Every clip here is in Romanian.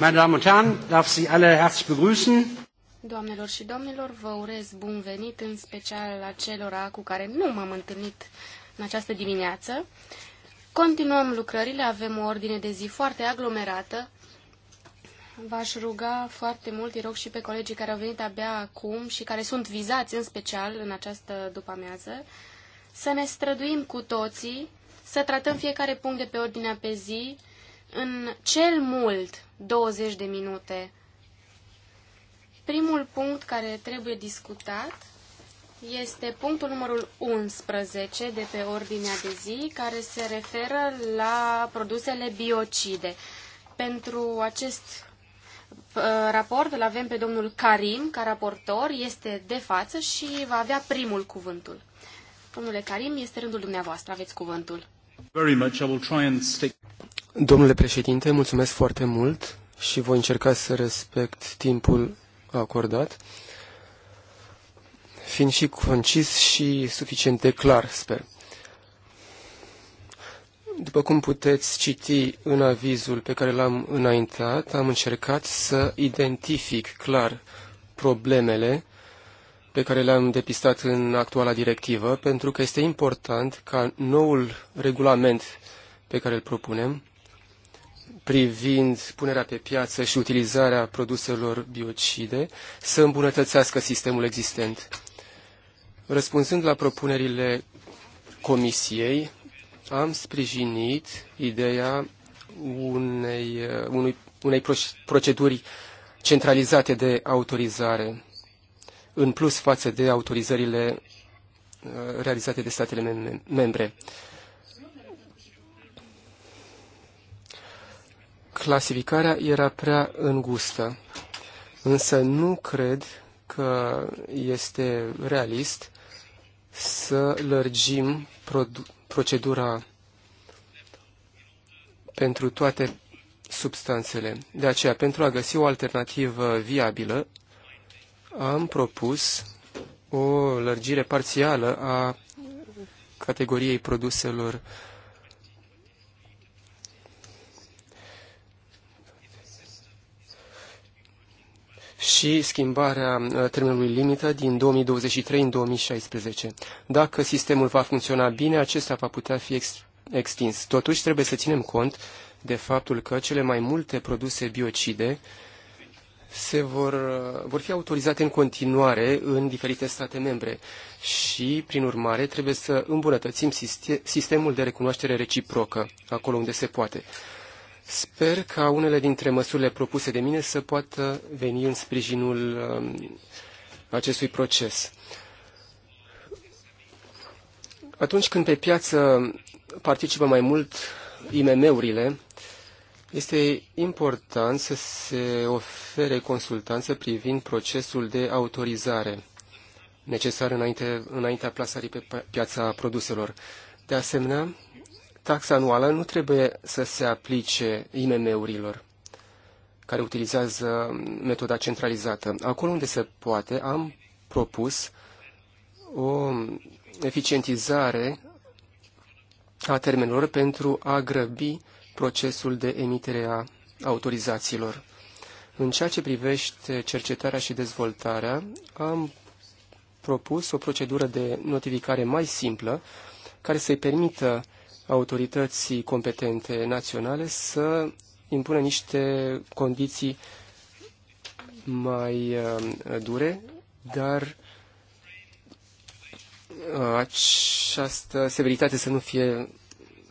Meine Damen und Herren, darf Sie alle herzlich begrüßen. Doamnelor și domnilor, vă urez bun venit, în special acelora cu care nu m-am întâlnit în această dimineață. Continuăm lucrările, avem o ordine de zi foarte aglomerată. V-aș ruga foarte mult, îi rog și pe colegii care au venit abia acum și care sunt vizați în special în această după-amiază, să ne străduim cu toții, să tratăm fiecare punct de pe ordinea pe zi, în cel mult 20 de minute. Primul punct care trebuie discutat este punctul numărul 11 de pe ordinea de zi, care se referă la produsele biocide. Pentru acest uh, raport îl avem pe domnul Karim, ca raportor, este de față și va avea primul cuvântul. Domnule Karim, este rândul dumneavoastră, aveți cuvântul. Very much. I will try and stick... Domnule președinte, mulțumesc foarte mult și voi încerca să respect timpul acordat, fiind și concis și suficient de clar, sper. După cum puteți citi în avizul pe care l-am înaintat, am încercat să identific clar problemele pe care le-am depistat în actuala directivă, pentru că este important ca noul regulament pe care îl propunem privind punerea pe piață și utilizarea produselor biocide să îmbunătățească sistemul existent. Răspunzând la propunerile Comisiei, am sprijinit ideea unei, uh, unui, unei proceduri centralizate de autorizare, în plus față de autorizările uh, realizate de statele membre. clasificarea era prea îngustă. Însă nu cred că este realist să lărgim procedura pentru toate substanțele. De aceea, pentru a găsi o alternativă viabilă, am propus o lărgire parțială a categoriei produselor și schimbarea uh, termenului limită din 2023 în 2016. Dacă sistemul va funcționa bine, acesta va putea fi ex extins. Totuși, trebuie să ținem cont de faptul că cele mai multe produse biocide se vor, uh, vor fi autorizate în continuare în diferite state membre și, prin urmare, trebuie să îmbunătățim sistemul de recunoaștere reciprocă, acolo unde se poate. Sper ca unele dintre măsurile propuse de mine să poată veni în sprijinul um, acestui proces. Atunci când pe piață participă mai mult IMM-urile, este important să se ofere consultanță privind procesul de autorizare necesar înainte, înaintea plasării pe piața produselor. De asemenea, taxa anuală nu trebuie să se aplice IMM-urilor care utilizează metoda centralizată. Acolo unde se poate, am propus o eficientizare a termenilor pentru a grăbi procesul de emitere a autorizațiilor. În ceea ce privește cercetarea și dezvoltarea, am propus o procedură de notificare mai simplă, care să-i permită autorității competente naționale să impună niște condiții mai uh, dure, dar uh, această severitate să nu fie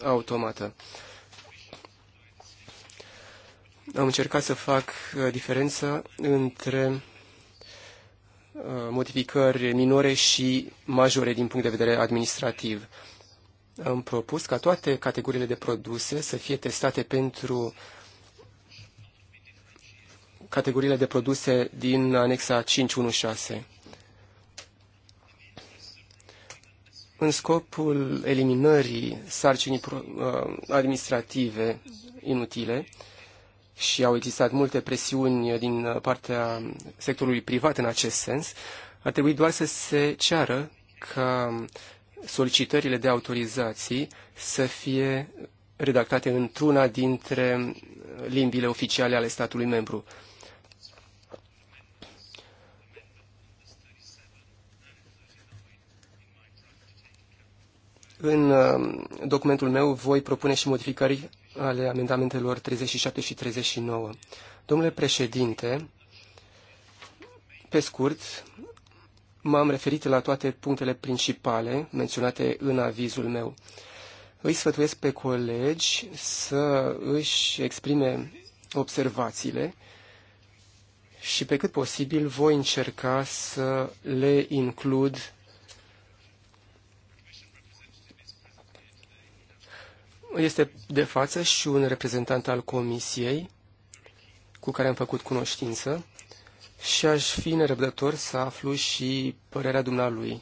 automată. Am încercat să fac uh, diferența între modificări minore și majore din punct de vedere administrativ am propus ca toate categoriile de produse să fie testate pentru categoriile de produse din anexa 516. În scopul eliminării sarcinii uh, administrative inutile, și au existat multe presiuni din partea sectorului privat în acest sens, ar trebui doar să se ceară ca solicitările de autorizații să fie redactate într-una dintre limbile oficiale ale statului membru. În uh, documentul meu voi propune și modificări ale amendamentelor 37 și 39. Domnule președinte, pe scurt, m-am referit la toate punctele principale menționate în avizul meu. Îi sfătuiesc pe colegi să își exprime observațiile și pe cât posibil voi încerca să le includ Este de față și un reprezentant al comisiei cu care am făcut cunoștință și aș fi nerăbdător să aflu și părerea dumnealui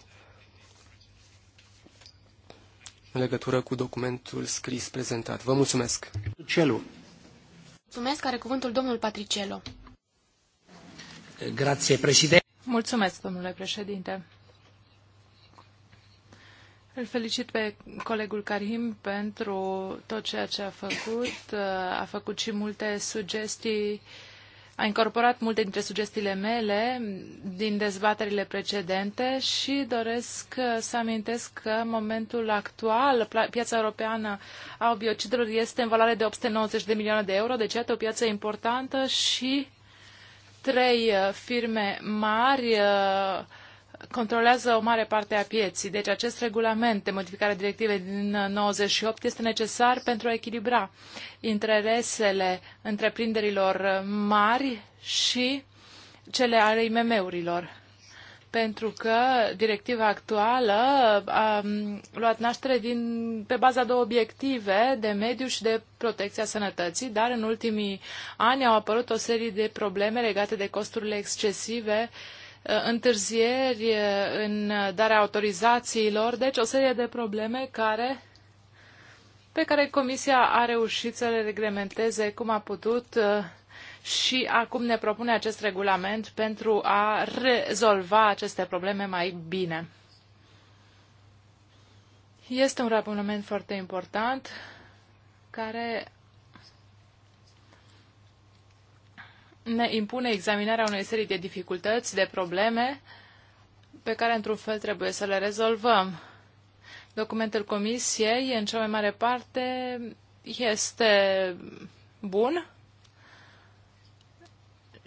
în legătură cu documentul scris prezentat. Vă mulțumesc! Celu. Mulțumesc, are cuvântul domnul Patricelo. Grație, președinte. Mulțumesc, domnule președinte. Îl felicit pe colegul Karim pentru tot ceea ce a făcut. A făcut și multe sugestii uh, a incorporat multe dintre sugestiile mele din dezbaterile precedente și doresc uh, să amintesc că în momentul actual piața europeană a biocidelor este în valoare de 890 de milioane de euro, deci este o piață importantă și trei uh, firme mari uh, controlează o mare parte a pieții. Deci acest regulament de modificare a directivei din 98 uh, este necesar pentru a echilibra interesele întreprinderilor uh, mari și cele ale IMM-urilor. Pentru că directiva actuală a um, luat naștere din, pe baza două obiective, de mediu și de protecția sănătății, dar în ultimii ani au apărut o serie de probleme legate de costurile excesive uh, Uh, întârzieri uh, în darea autorizațiilor, deci o serie de probleme care pe care Comisia a reușit să le reglementeze cum a putut uh, și acum ne propune acest regulament pentru a rezolva aceste probleme mai bine. Este un regulament foarte important care ne impune examinarea unei serii de dificultăți, de probleme pe care, într-un fel, trebuie să le rezolvăm. Documentul comisiei, în cea mai mare parte, este bun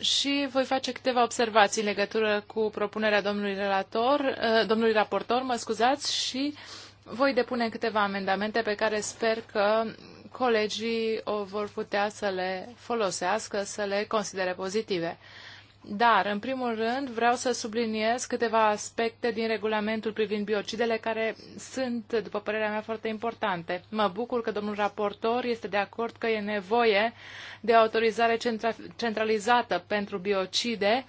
și voi face câteva observații în legătură cu propunerea domnului, relator, eh, domnului raportor mă scuzați, și voi depune câteva amendamente pe care sper că colegii o vor putea să le folosească, să le considere pozitive. Dar, în primul rând, vreau să subliniez câteva aspecte din regulamentul privind biocidele care sunt, după părerea mea, foarte importante. Mă bucur că domnul raportor este de acord că e nevoie de autorizare centra centralizată pentru biocide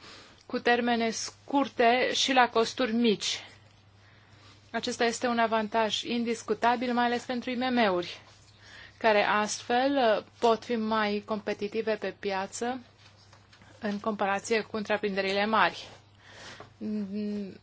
cu termene scurte și la costuri mici. Acesta este un avantaj indiscutabil, mai ales pentru IMM-uri care astfel uh, pot fi mai competitive pe piață în comparație cu întreprinderile mari. Mm,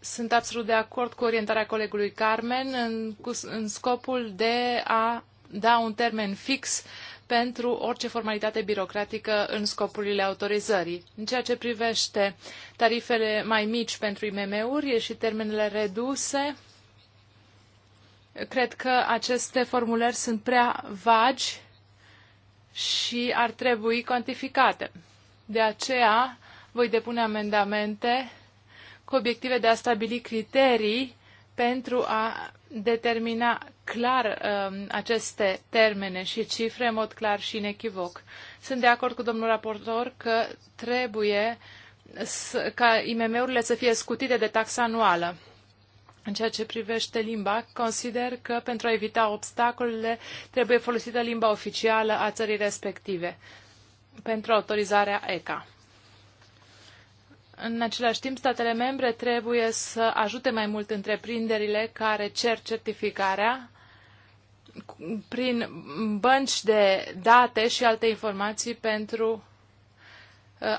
sunt absolut de acord cu orientarea colegului Carmen în, cu, în scopul de a da un termen fix pentru orice formalitate birocratică în scopurile autorizării. În ceea ce privește tarifele mai mici pentru IMM-uri și termenele reduse, Cred că aceste formulări sunt prea vagi și ar trebui cuantificate. De aceea voi depune amendamente cu obiective de a stabili criterii pentru a determina clar um, aceste termene și cifre în mod clar și inechivoc. Sunt de acord cu domnul raportor că trebuie să, ca IMM-urile să fie scutite de taxa anuală. În ceea ce privește limba, consider că pentru a evita obstacolele trebuie folosită limba oficială a țării respective pentru autorizarea ECA. În același timp, statele membre trebuie să ajute mai mult întreprinderile care cer certificarea prin bănci de date și alte informații pentru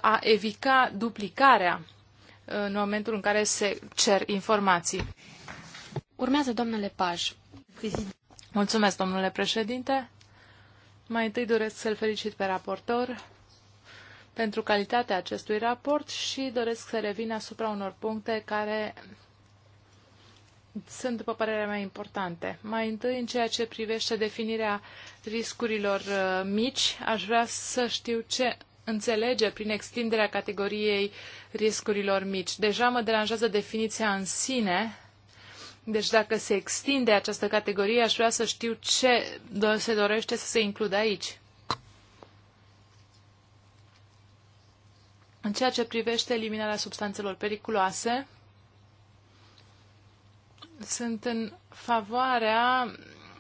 a evita duplicarea în momentul în care se cer informații. Urmează domnule Paj. Mulțumesc, domnule președinte. Mai întâi doresc să-l felicit pe raportor pentru calitatea acestui raport și doresc să revin asupra unor puncte care sunt, după părerea mea, importante. Mai întâi, în ceea ce privește definirea riscurilor uh, mici, aș vrea să știu ce înțelege prin extinderea categoriei riscurilor mici. Deja mă deranjează definiția în sine, deci dacă se extinde această categorie, aș vrea să știu ce se dorește să se includă aici. În ceea ce privește eliminarea substanțelor periculoase, sunt în favoarea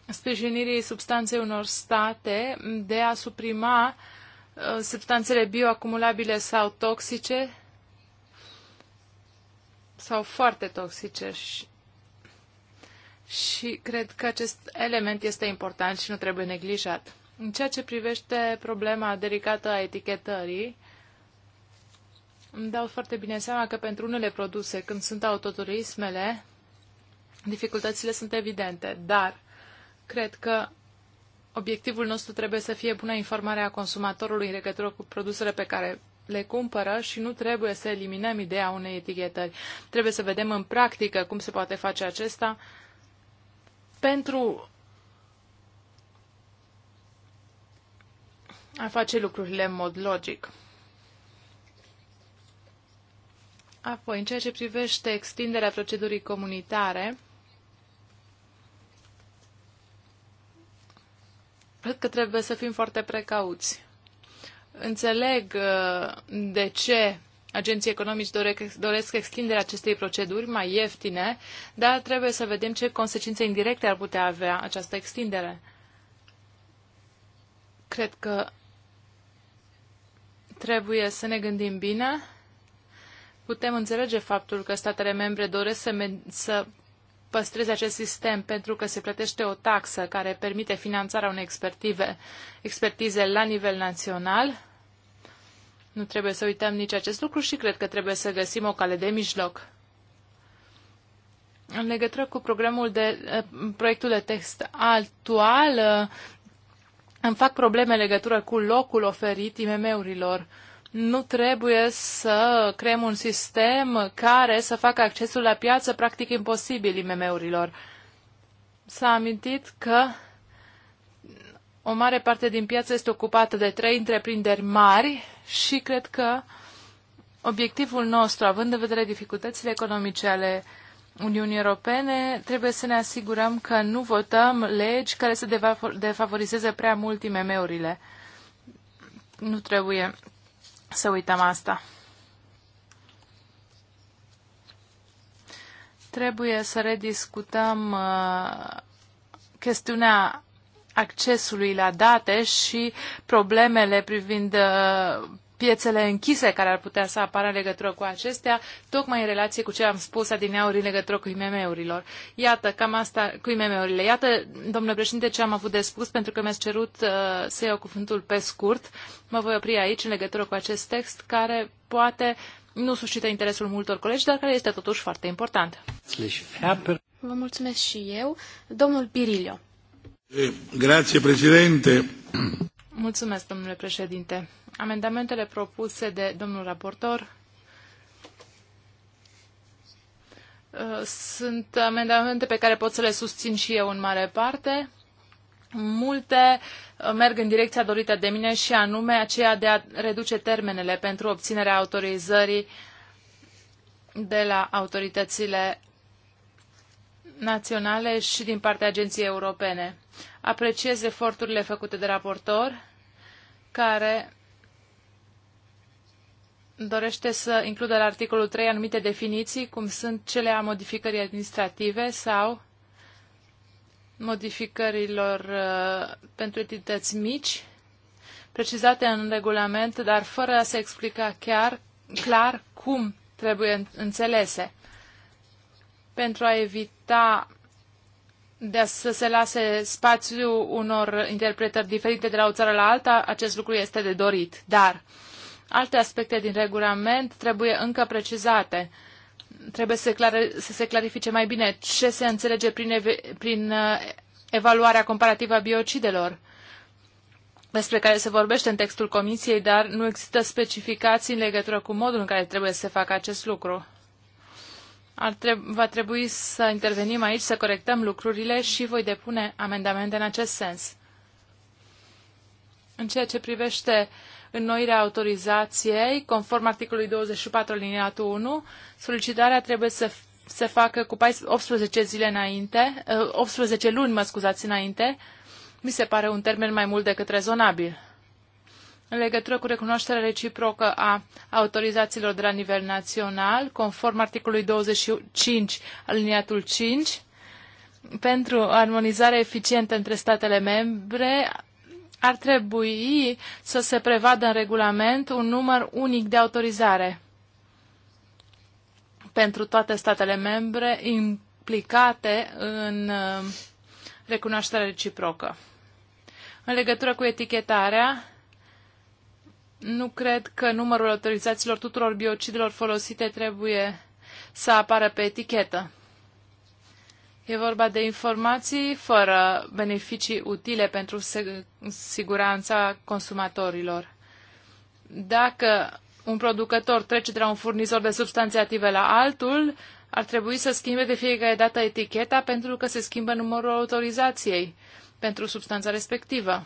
sprijinirii substanței unor state de a suprima uh, substanțele bioacumulabile sau toxice sau foarte toxice și și cred că acest element este important și nu trebuie neglijat. În ceea ce privește problema delicată a etichetării, îmi dau foarte bine seama că pentru unele produse, când sunt autoturismele, dificultățile sunt evidente, dar cred că obiectivul nostru trebuie să fie bună informare a consumatorului în legătură cu produsele pe care le cumpără și nu trebuie să eliminăm ideea unei etichetări. Trebuie să vedem în practică cum se poate face acesta pentru a face lucrurile în mod logic. Apoi, în ceea ce privește extinderea procedurii comunitare, cred că trebuie să fim foarte precauți. Înțeleg uh, de ce agenții economici doresc, doresc extinderea acestei proceduri mai ieftine, dar trebuie să vedem ce consecințe indirecte ar putea avea această extindere. Cred că trebuie să ne gândim bine. Putem înțelege faptul că statele membre doresc să, să păstreze acest sistem pentru că se plătește o taxă care permite finanțarea unei expertive, expertize la nivel național nu trebuie să uităm nici acest lucru și cred că trebuie să găsim o cale de mijloc. În legătură cu programul de eh, proiectul de text actual, eh, îmi fac probleme în legătură cu locul oferit IMM-urilor. Nu trebuie să creăm un sistem care să facă accesul la piață practic imposibil IMM-urilor. S-a amintit că o mare parte din piață este ocupată de trei întreprinderi mari și cred că obiectivul nostru, având în vedere dificultățile economice ale Uniunii Europene, trebuie să ne asigurăm că nu votăm legi care să defavorizeze prea mult IMM-urile. Nu trebuie să uităm asta. Trebuie să rediscutăm uh, chestiunea accesului la date și problemele privind uh, piețele închise care ar putea să apară în legătură cu acestea, tocmai în relație cu ce am spus adineauri în legătură cu IMM-urilor. Iată, cam asta cu IMM-urile. Iată, domnule președinte, ce am avut de spus, pentru că mi-ați cerut uh, să iau cuvântul pe scurt. Mă voi opri aici în legătură cu acest text care poate nu suscită interesul multor colegi, dar care este totuși foarte important. Vă mulțumesc și eu. Domnul Pirilio. Eh, Mulțumesc, domnule președinte. Amendamentele propuse de domnul raportor eh, sunt amendamente pe care pot să le susțin și eu în mare parte. Multe eh, merg în direcția dorită de mine și anume aceea de a reduce termenele pentru obținerea autorizării de la autoritățile naționale și din partea agenției europene. Apreciez eforturile făcute de raportor, care dorește să includă la articolul 3 anumite definiții, cum sunt cele a modificării administrative sau modificărilor uh, pentru entități mici, precizate în regulament, dar fără a se explica chiar clar cum trebuie înțelese pentru a evita de a să se lase spațiu unor interpretări diferite de la o țară la alta, acest lucru este de dorit. Dar alte aspecte din regulament trebuie încă precizate. Trebuie să, să se clarifice mai bine ce se înțelege prin, ev, prin uh, evaluarea comparativă a biocidelor despre care se vorbește în textul comisiei, dar nu există specificații în legătură cu modul în care trebuie să se facă acest lucru. Ar treb- va trebui să intervenim aici, să corectăm lucrurile și voi depune amendamente în acest sens. În ceea ce privește înnoirea autorizației, conform articolului 24 liniatul 1, solicitarea trebuie să se facă cu 18 zile înainte, 18 eh, luni, mă scuzați, înainte, mi se pare un termen mai mult decât rezonabil în legătură cu recunoașterea reciprocă a autorizațiilor de la nivel național, conform articolului 25 aliniatul 5, pentru armonizarea eficientă între statele membre, ar trebui să se prevadă în regulament un număr unic de autorizare pentru toate statele membre implicate în uh, recunoașterea reciprocă. În legătură cu etichetarea, nu cred că numărul autorizațiilor tuturor biocidelor folosite trebuie să apară pe etichetă. E vorba de informații fără beneficii utile pentru siguranța consumatorilor. Dacă un producător trece de la un furnizor de substanțe active la altul, ar trebui să schimbe de fiecare dată eticheta pentru că se schimbă numărul autorizației pentru substanța respectivă.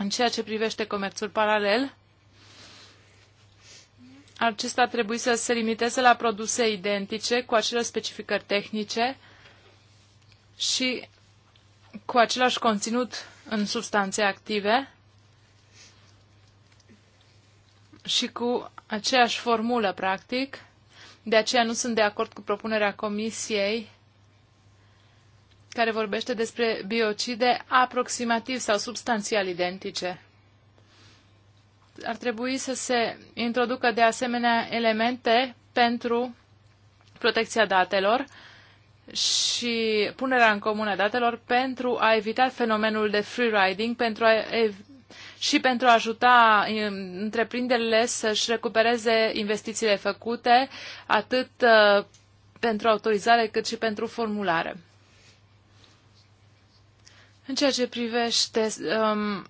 În ceea ce privește comerțul paralel, acesta ar trebui să se limiteze la produse identice, cu acele specificări tehnice și cu același conținut în substanțe active și cu aceeași formulă, practic. De aceea nu sunt de acord cu propunerea Comisiei care vorbește despre biocide aproximativ sau substanțial identice. Ar trebui să se introducă de asemenea elemente pentru protecția datelor și punerea în comună datelor pentru a evita fenomenul de free riding, pentru a și pentru a ajuta um, întreprinderile să-și recupereze investițiile făcute, atât uh, pentru autorizare cât și pentru formulare. În ceea ce privește um,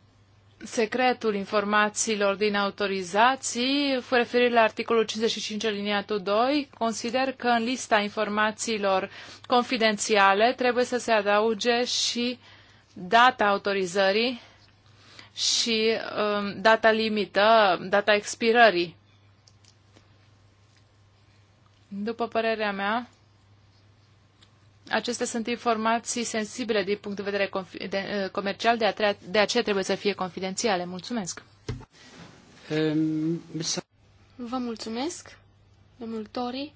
secretul informațiilor din autorizații, cu referire la articolul 55 aliniatul 2, consider că în lista informațiilor confidențiale trebuie să se adauge și data autorizării și um, data limită, data expirării. După părerea mea, Acestea sunt informații sensibile din punct de vedere eh, comercial, de, de aceea trebuie să fie confidențiale. Mulțumesc! Ehm, Vă mulțumesc, domnul Tori.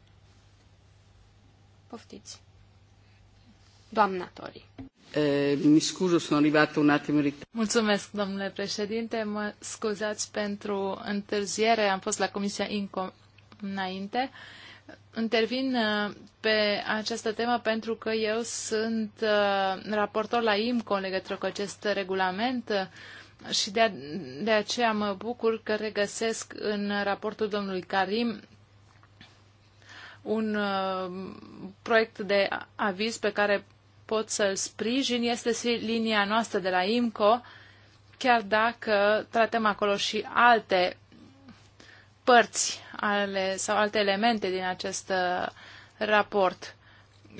Poftiți. Doamna Tori. Ehm, mi scuzo, sunt arrivat un attimo Mulțumesc, domnule președinte. Mă scuzați pentru întârziere. Am fost la Comisia INCO înainte intervin uh, pe această temă pentru că eu sunt uh, raportor la IMCO în legătură cu acest regulament uh, și de, de aceea mă bucur că regăsesc în raportul domnului Karim un proiect de aviz pe care pot să-l sprijin. Este și linia noastră de la IMCO, chiar dacă tratăm acolo și alte părți ale, sau alte elemente din acest uh, raport.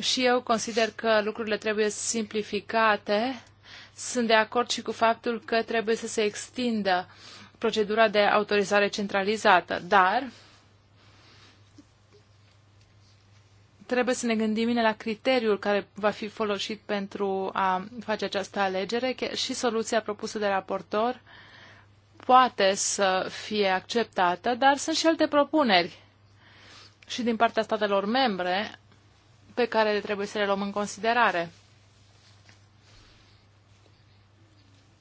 Și eu consider că lucrurile trebuie simplificate. Sunt de acord și cu faptul că trebuie să se extindă procedura de autorizare centralizată, dar trebuie să ne gândim bine la criteriul care va fi folosit pentru a face această alegere și soluția propusă de raportor uh, poate să fie acceptată, dar sunt și alte propuneri și din partea statelor membre pe care trebuie să le luăm în considerare.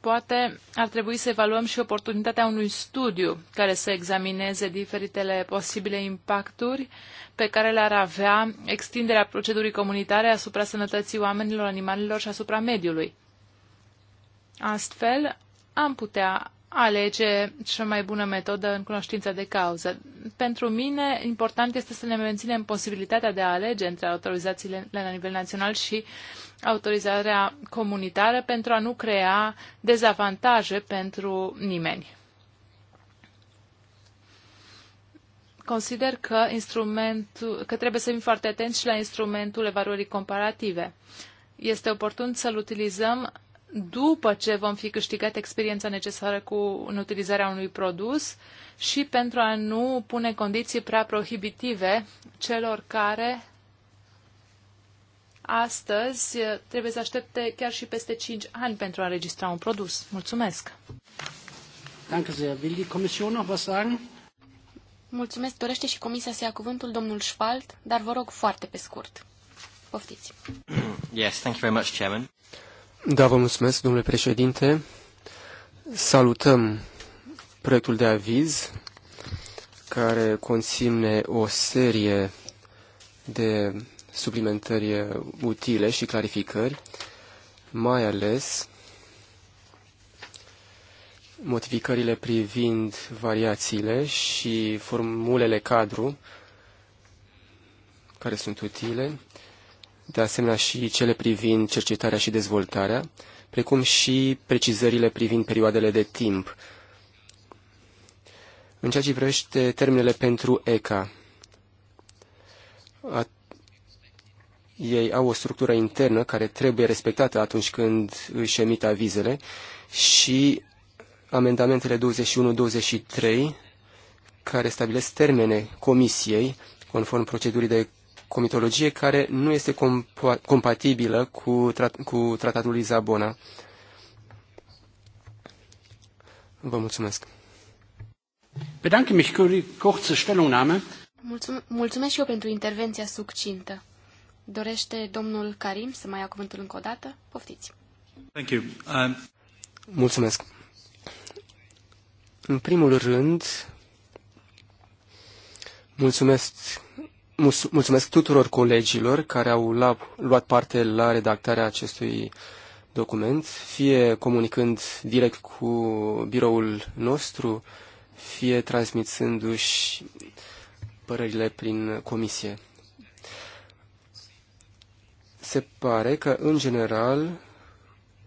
Poate ar trebui să evaluăm și oportunitatea unui studiu care să examineze diferitele posibile impacturi pe care le-ar avea extinderea procedurii comunitare asupra sănătății oamenilor, animalelor și asupra mediului. Astfel, am putea alege cea mai bună metodă în cunoștință de cauză. Pentru mine, important este să ne menținem posibilitatea de a alege între autorizațiile la nivel național și autorizarea comunitară pentru a nu crea dezavantaje pentru nimeni. Consider că, instrumentul, că trebuie să fim foarte atenți și la instrumentul evaluării comparative. Este oportun să-l utilizăm după ce vom fi câștigat experiența necesară cu în utilizarea unui produs și pentru a nu pune condiții prea prohibitive celor care astăzi trebuie să aștepte chiar și peste 5 ani pentru a registra un produs. Mulțumesc! Danke sehr. Will die Kommission noch was sagen? Mulțumesc. Dorește și Comisia să ia cuvântul domnul Schwalt, dar vă rog foarte pe scurt. Poftiți. Yes, thank you very much, Chairman. Da, vă mulțumesc, domnule președinte. Salutăm proiectul de aviz care conține o serie de suplimentări utile și clarificări, mai ales modificările privind variațiile și formulele cadru care sunt utile de asemenea și cele privind cercetarea și dezvoltarea, precum și precizările privind perioadele de timp. În ceea ce privește termenele pentru ECA, a, ei au o structură internă care trebuie respectată atunci când își emit avizele și amendamentele 21-23 care stabilesc termene comisiei conform procedurii de comitologie care nu este compatibilă cu, trat- cu tratatul Lisabona. Vă mulțumesc. Bedanke mich für die kurze Stellungnahme. Mulțumesc și eu pentru intervenția succintă. Dorește domnul Karim să mai ia cuvântul încă o dată? Poftiți. Thank you. Um... Mulțumesc. În primul rând, mulțumesc mulțumesc tuturor colegilor care au luat parte la redactarea acestui document, fie comunicând direct cu biroul nostru, fie transmițându-și părările prin comisie. Se pare că, în general,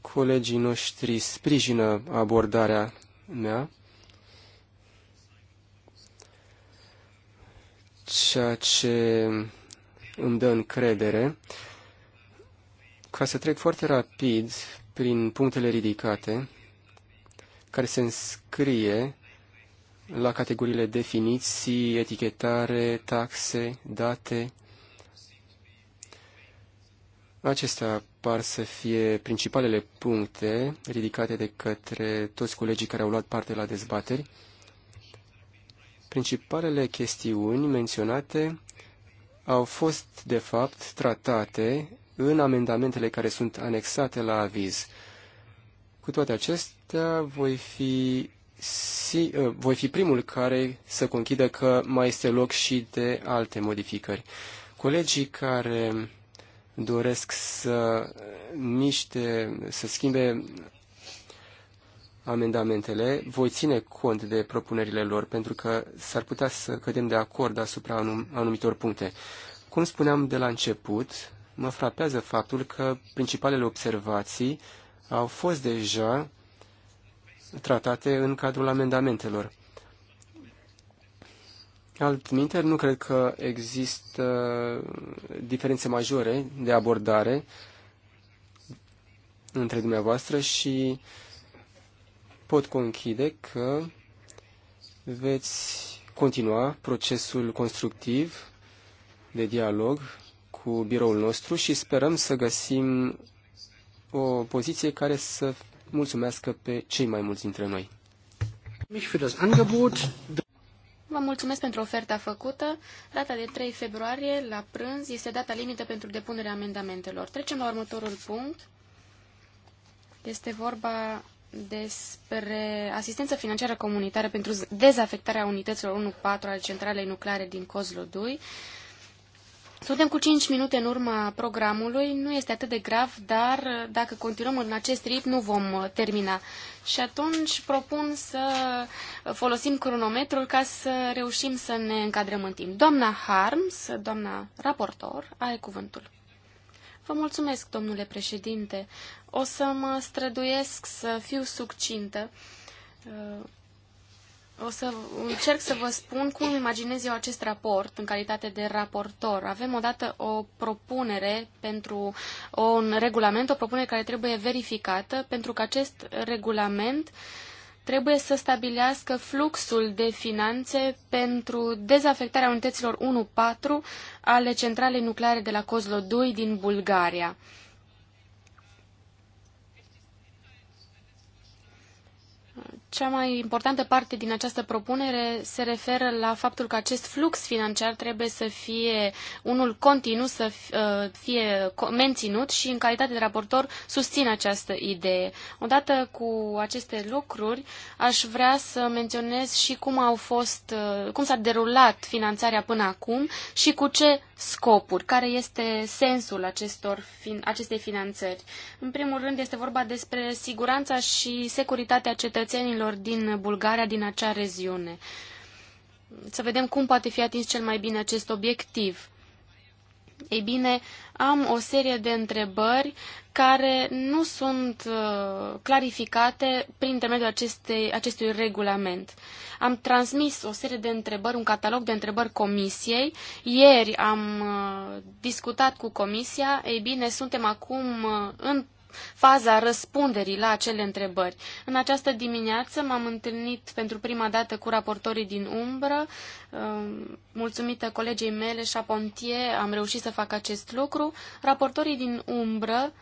colegii noștri sprijină abordarea mea ceea ce îmi dă încredere. Ca să trec foarte rapid prin punctele ridicate, care se înscrie la categoriile definiții, etichetare, taxe, date. Acestea par să fie principalele puncte ridicate de către toți colegii care au luat parte la dezbateri. Principalele chestiuni menționate au fost, de fapt, tratate în amendamentele care sunt anexate la aviz. Cu toate acestea, voi fi, si, ă, voi fi primul care să conchidă că mai este loc și de alte modificări. Colegii care doresc să miște, să schimbe amendamentele, voi ține cont de propunerile lor, pentru că s-ar putea să cădem de acord asupra anum anumitor puncte. Cum spuneam de la început, mă frapează faptul că principalele observații au fost deja tratate în cadrul amendamentelor. Altminteri, nu cred că există diferențe majore de abordare între dumneavoastră și uh, pot conchide că veți continua procesul constructiv de dialog cu biroul nostru și sperăm să găsim o poziție care să mulțumească pe cei mai mulți dintre noi. Vă mulțumesc pentru oferta făcută. Data de 3 februarie, la prânz, este data limită pentru depunerea amendamentelor. Trecem la următorul punct. Este vorba despre asistență financiară comunitară pentru dezafectarea unităților 1-4 ale centralei nucleare din Kozlodui. Suntem cu 5 minute în urma programului, nu este atât de grav, dar dacă continuăm în acest ritm nu vom uh, termina. Și atunci propun să folosim cronometrul ca să reușim să ne încadrăm în timp. Doamna Harms, doamna raportor, are cuvântul. Vă mulțumesc, domnule președinte. O să mă străduiesc să fiu succintă. Uh, o să încerc să vă spun cum imaginez eu acest raport în calitate de raportor. Avem odată o propunere pentru un regulament, o propunere care trebuie verificată pentru că acest regulament uh, trebuie să stabilească fluxul de finanțe pentru dezafectarea unităților 1-4 ale centralei nucleare de la Kozlodui din Bulgaria. Cea mai importantă parte din această propunere se referă la faptul că acest flux financiar trebuie să fie unul continuu, să uh, fie menținut și în calitate de raportor susțin această idee. Odată cu aceste lucruri, aș vrea să menționez și cum au fost, uh, cum s-a derulat finanțarea până acum și cu ce scopuri, care este sensul acestor, acestei finanțări. În primul rând este vorba despre siguranța și securitatea cetățenilor din Bulgaria, din acea regiune. Să vedem cum poate fi atins cel mai bine acest obiectiv. Ei bine, am o serie de întrebări care nu sunt uh, clarificate prin intermediul acestei, acestui regulament. Am transmis o serie de întrebări, un catalog de întrebări comisiei. Ieri am uh, discutat cu comisia. Ei bine, suntem acum uh, în faza răspunderii la acele întrebări. În această dimineață m-am întâlnit pentru prima dată cu raportorii din umbră. Ehm, mulțumită colegei mele, Chapontier, am reușit să fac acest lucru. Raportorii din umbră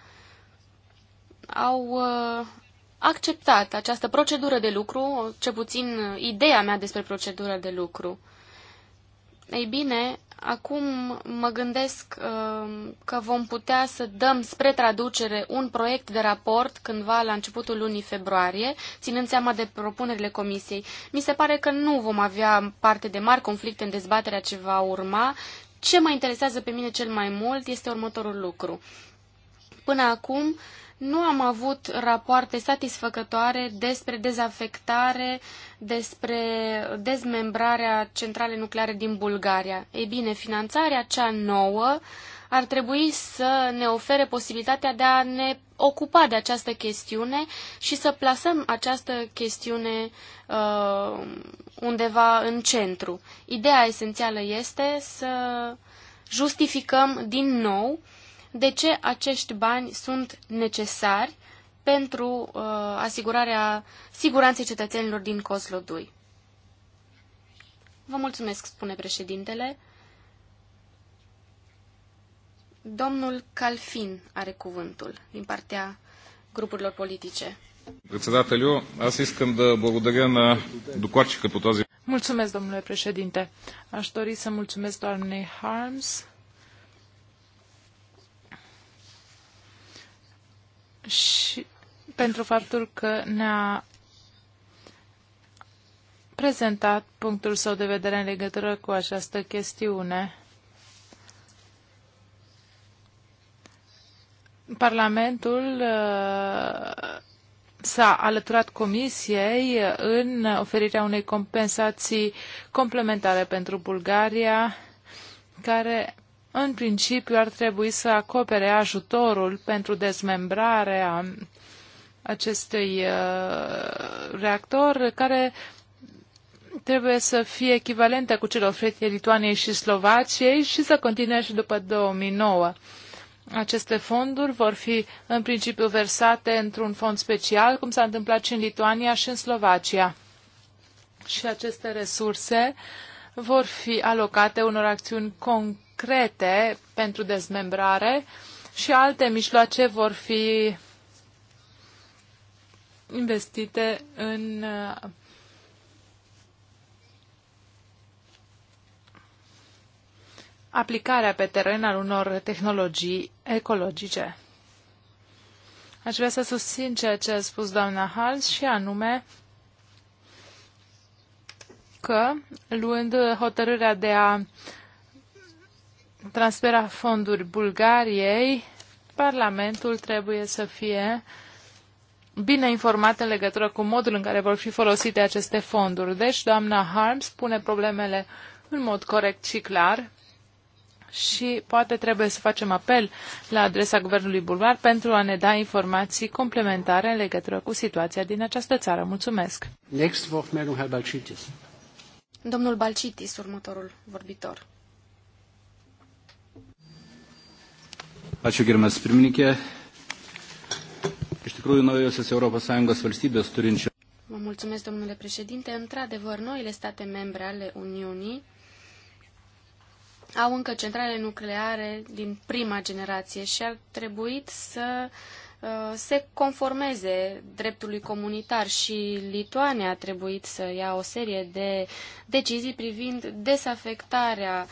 au ehm, acceptat această procedură de lucru, ce puțin eh, ideea mea despre procedură de lucru. Ei bine, Acum mă gândesc um, că vom putea să dăm spre traducere un proiect de raport cândva la începutul lunii februarie, ținând seama de propunerile comisiei. Mi se pare că nu vom avea parte de mari conflicte în dezbaterea ce va urma. Ce mă interesează pe mine cel mai mult este următorul lucru. Până acum, nu am avut rapoarte satisfăcătoare despre dezafectare, despre dezmembrarea centralei nucleare din Bulgaria. Ei bine, finanțarea cea nouă ar trebui să ne ofere posibilitatea de a ne ocupa de această chestiune și să plasăm această chestiune uh, undeva în centru. Ideea esențială este să justificăm din nou uh, de ce acești bani sunt necesari pentru uh, asigurarea siguranței cetățenilor din 2. Vă mulțumesc, spune președintele. Domnul Calfin are cuvântul din partea grupurilor politice. Председателю, аз искам да благодаря на докладчика по Mulțumesc, domnule președinte. Aș dori să mulțumesc doamnei Harms și pentru faptul că ne-a prezentat punctul său de vedere în legătură cu această chestiune. Parlamentul uh, s-a alăturat comisiei în oferirea unei compensații complementare pentru Bulgaria, care în principiu ar trebui să acopere ajutorul pentru dezmembrarea acestui uh, reactor, care trebuie să fie echivalentă cu cel oferite Lituaniei și Slovaciei și să continue și după 2009. Aceste fonduri vor fi în principiu versate într-un fond special, cum s-a întâmplat și în Lituania și în Slovacia. Și aceste resurse vor fi alocate unor acțiuni concrete concrete pentru dezmembrare și alte mijloace vor fi investite în uh, aplicarea pe teren al unor tehnologii ecologice. Aș vrea să susțin ceea ce a spus doamna Hals și anume că, luând hotărârea de a transfera fonduri Bulgariei, Parlamentul trebuie să fie bine informat în legătură cu modul în care vor fi folosite aceste fonduri. Deci, doamna Harms pune problemele în mod corect și clar și poate trebuie să facem apel la adresa Guvernului Bulgar pentru a ne da informații complementare în legătură cu situația din această țară. Mulțumesc! Next, Domnul Balcitis, următorul vorbitor. Ačiū gerbiamas pirmininkė. Iš tikrųjų, naujosios ES valstybės turinčios. Vă mulțumesc, domnule președinte. Într-adevăr, noile state membre ale Uniunii au încă centrale nucleare din prima generație și ar trebui să uh, Uh, se conformeze dreptului comunitar și Lituania a trebuit să ia o serie de decizii privind desafectarea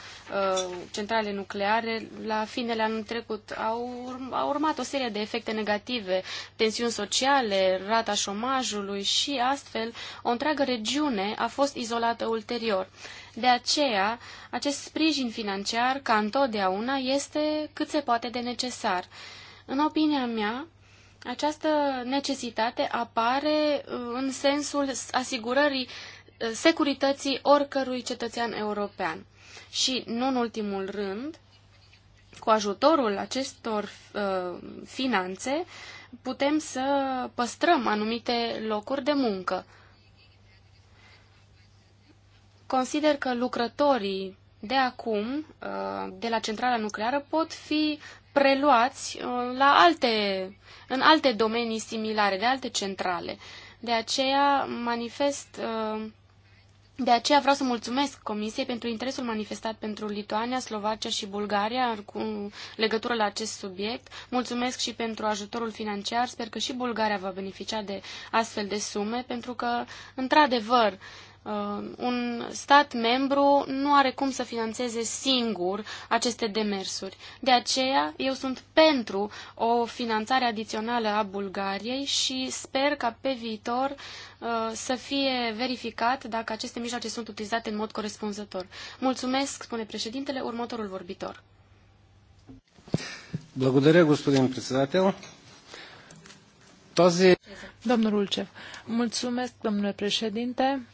uh, centralei nucleare. La finele anului trecut au, au urmat o serie de efecte negative, tensiuni sociale, rata șomajului și astfel o întreagă regiune a fost izolată ulterior. De aceea, acest sprijin financiar, ca întotdeauna, este cât se poate de necesar. În opinia mea, această necesitate apare uh, în sensul asigurării uh, securității oricărui cetățean european. Și, nu în ultimul rând, cu ajutorul acestor uh, finanțe, putem să păstrăm anumite locuri de muncă. Consider că lucrătorii de acum, uh, de la centrala nucleară, pot fi preluați uh, la alte, în alte domenii similare, de alte centrale. De aceea manifest, uh, de aceea vreau să mulțumesc Comisiei pentru interesul manifestat pentru Lituania, Slovacia și Bulgaria cu legătură la acest subiect. Mulțumesc și pentru ajutorul financiar. Sper că și Bulgaria va beneficia de astfel de sume, pentru că, într-adevăr, Uh, un stat membru nu are cum să financeze singur aceste demersuri. De aceea, eu sunt pentru o finanțare adițională a Bulgariei și sper ca pe viitor uh, să fie verificat dacă aceste mijloace sunt utilizate în mod corespunzător. Mulțumesc, spune președintele, următorul vorbitor. Благодаря, господин председател. Този... Domnul Ulcev, mulțumesc, domnule președinte.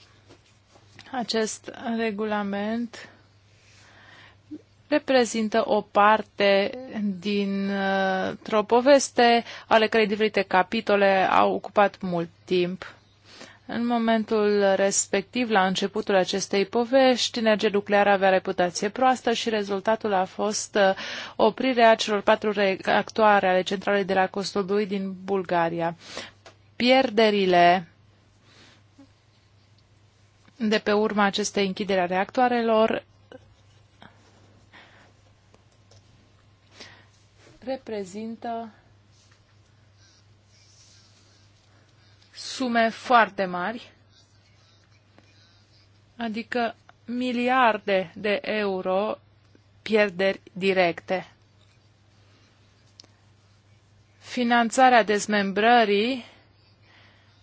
Acest regulament reprezintă o parte dintr-o poveste ale cărei diferite capitole au ocupat mult timp. În momentul respectiv, la începutul acestei povești, energia nucleară avea reputație proastă și rezultatul a fost uh, oprirea celor patru reactoare ale centralei de la Costodui din Bulgaria. Pierderile de pe urma acestei închideri a reactoarelor reprezintă sume foarte mari, adică miliarde de euro pierderi directe. Finanțarea dezmembrării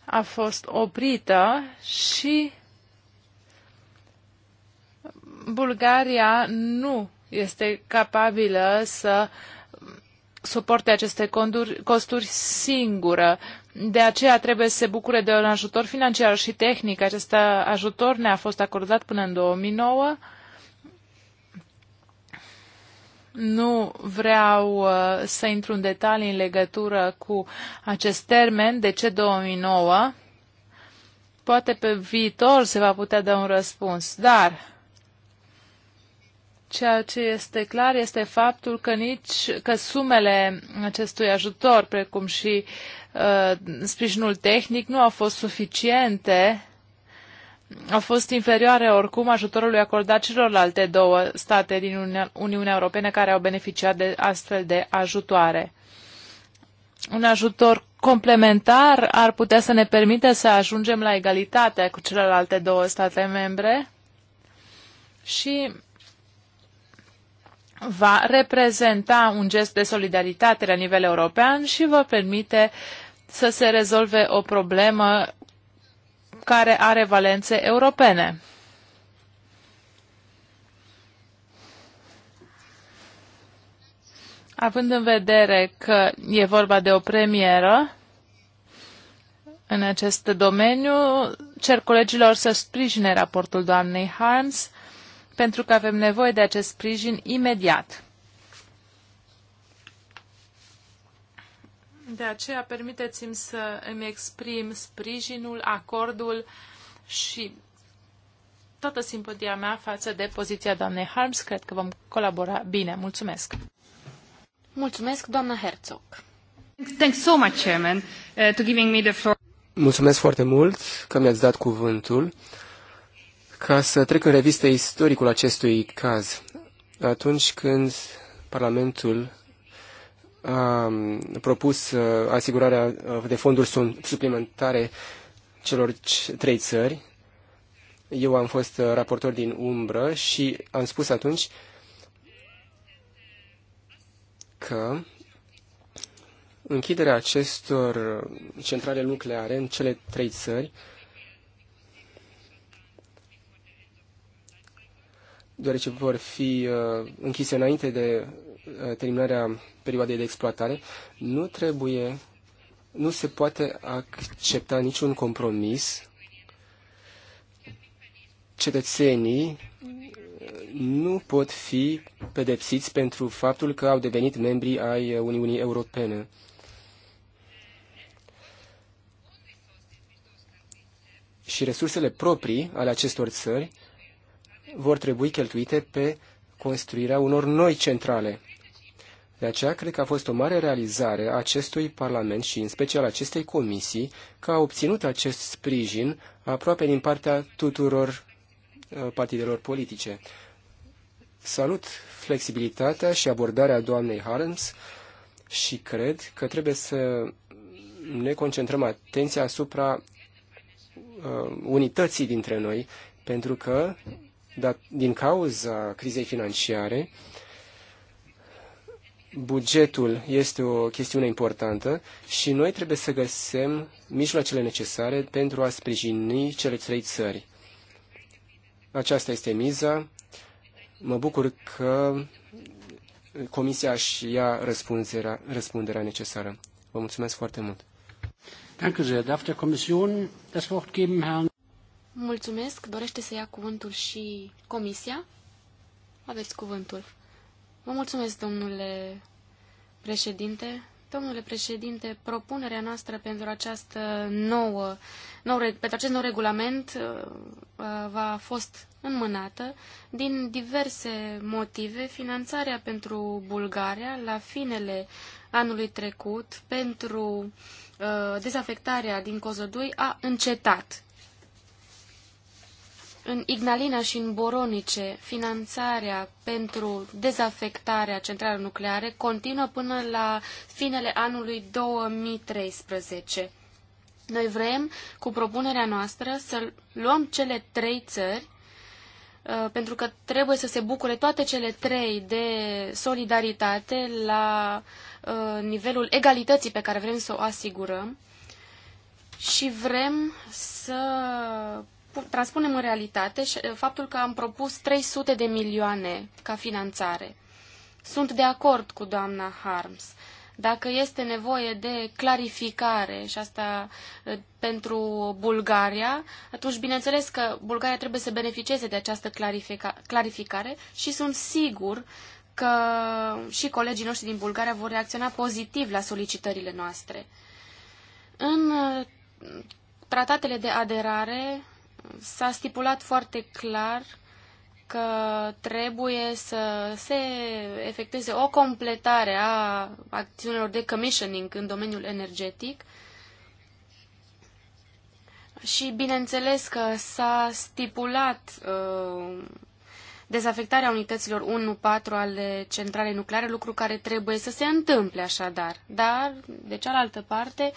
a fost oprită și Bulgaria nu este capabilă să suporte aceste conduri, costuri singură. De aceea trebuie să se bucure de un ajutor financiar și tehnic. Acest ajutor ne-a fost acordat până în 2009. Nu vreau uh, să intru în detalii în legătură cu acest termen, de ce 2009. Poate pe viitor se va putea da un răspuns, dar Ceea ce este clar este faptul că nici că sumele acestui ajutor, precum și uh, sprijinul tehnic, nu au fost suficiente, au fost inferioare oricum ajutorului acordat celorlalte două state din Uniunea, Europeană care au beneficiat de astfel de ajutoare. Un ajutor complementar ar putea să ne permite să ajungem la egalitate cu celelalte două state membre și va reprezenta un gest de solidaritate la nivel european și va permite să se rezolve o problemă care are valențe europene. Având în vedere că e vorba de o premieră în acest domeniu, cer colegilor să sprijine raportul doamnei Harms pentru că avem nevoie de acest sprijin imediat. De aceea, permiteți-mi să îmi exprim sprijinul, acordul și toată simpatia mea față de poziția doamnei Harms. Cred că vom colabora bine. Mulțumesc! Mulțumesc, doamna Herzog! Thanks so much, Chairman, uh, to giving me the floor. Mulțumesc foarte mult că mi-ați dat cuvântul. Ca să trec în revistă istoricul acestui caz, atunci când Parlamentul a um, propus uh, asigurarea uh, de fonduri suplimentare celor trei țări, eu am fost uh, raportor din umbră și am spus atunci că închiderea acestor centrale nucleare în cele trei țări deoarece vor fi uh, închise înainte de uh, terminarea perioadei de exploatare, nu trebuie, nu se poate accepta niciun compromis. Cetățenii uh, nu pot fi pedepsiți pentru faptul că au devenit membri ai Uniunii Europene. Și resursele proprii ale acestor țări vor trebui cheltuite pe construirea unor noi centrale. De aceea, cred că a fost o mare realizare a acestui Parlament și, în special, acestei comisii, că a obținut acest sprijin aproape din partea tuturor uh, partidelor politice. Salut flexibilitatea și abordarea doamnei Harms și cred că trebuie să ne concentrăm atenția asupra uh, unității dintre noi, pentru că dat, din cauza crizei financiare, bugetul este o chestiune importantă și noi trebuie să găsim mijloacele necesare pentru a sprijini cele trei țări. Aceasta este miza. Mă bucur că Comisia și ia răspunderea, răspunderea necesară. Vă mulțumesc foarte mult. Danke sehr. Darf der Kommission das Wort geben, Herrn Mulțumesc. Dorește să ia cuvântul și comisia? Aveți cuvântul. Vă mulțumesc, domnule președinte. Domnule președinte, propunerea noastră pentru, această nouă, nou, pentru acest nou regulament uh, va fost înmânată din diverse motive. Finanțarea pentru Bulgaria la finele anului trecut pentru uh, dezafectarea din Cozodui a încetat în Ignalina și în Boronice, finanțarea pentru dezafectarea centralei nucleare continuă până la finele anului 2013. Noi vrem, cu propunerea noastră, să luăm cele trei țări, uh, pentru că trebuie să se bucure toate cele trei de solidaritate la uh, nivelul egalității pe care vrem să o asigurăm și vrem să transpunem în realitate faptul că am propus 300 de milioane ca finanțare. Sunt de acord cu doamna Harms. Dacă este nevoie de clarificare și asta pentru Bulgaria, atunci bineînțeles că Bulgaria trebuie să beneficieze de această clarifica clarificare și sunt sigur că și colegii noștri din Bulgaria vor reacționa pozitiv la solicitările noastre. În tratatele de aderare s-a stipulat foarte clar că trebuie să se efecteze o completare a acțiunilor de commissioning în domeniul energetic și bineînțeles că s-a stipulat uh, dezafectarea unităților 1-4 ale centralei nucleare, lucru care trebuie să se întâmple așadar. Dar, de cealaltă parte,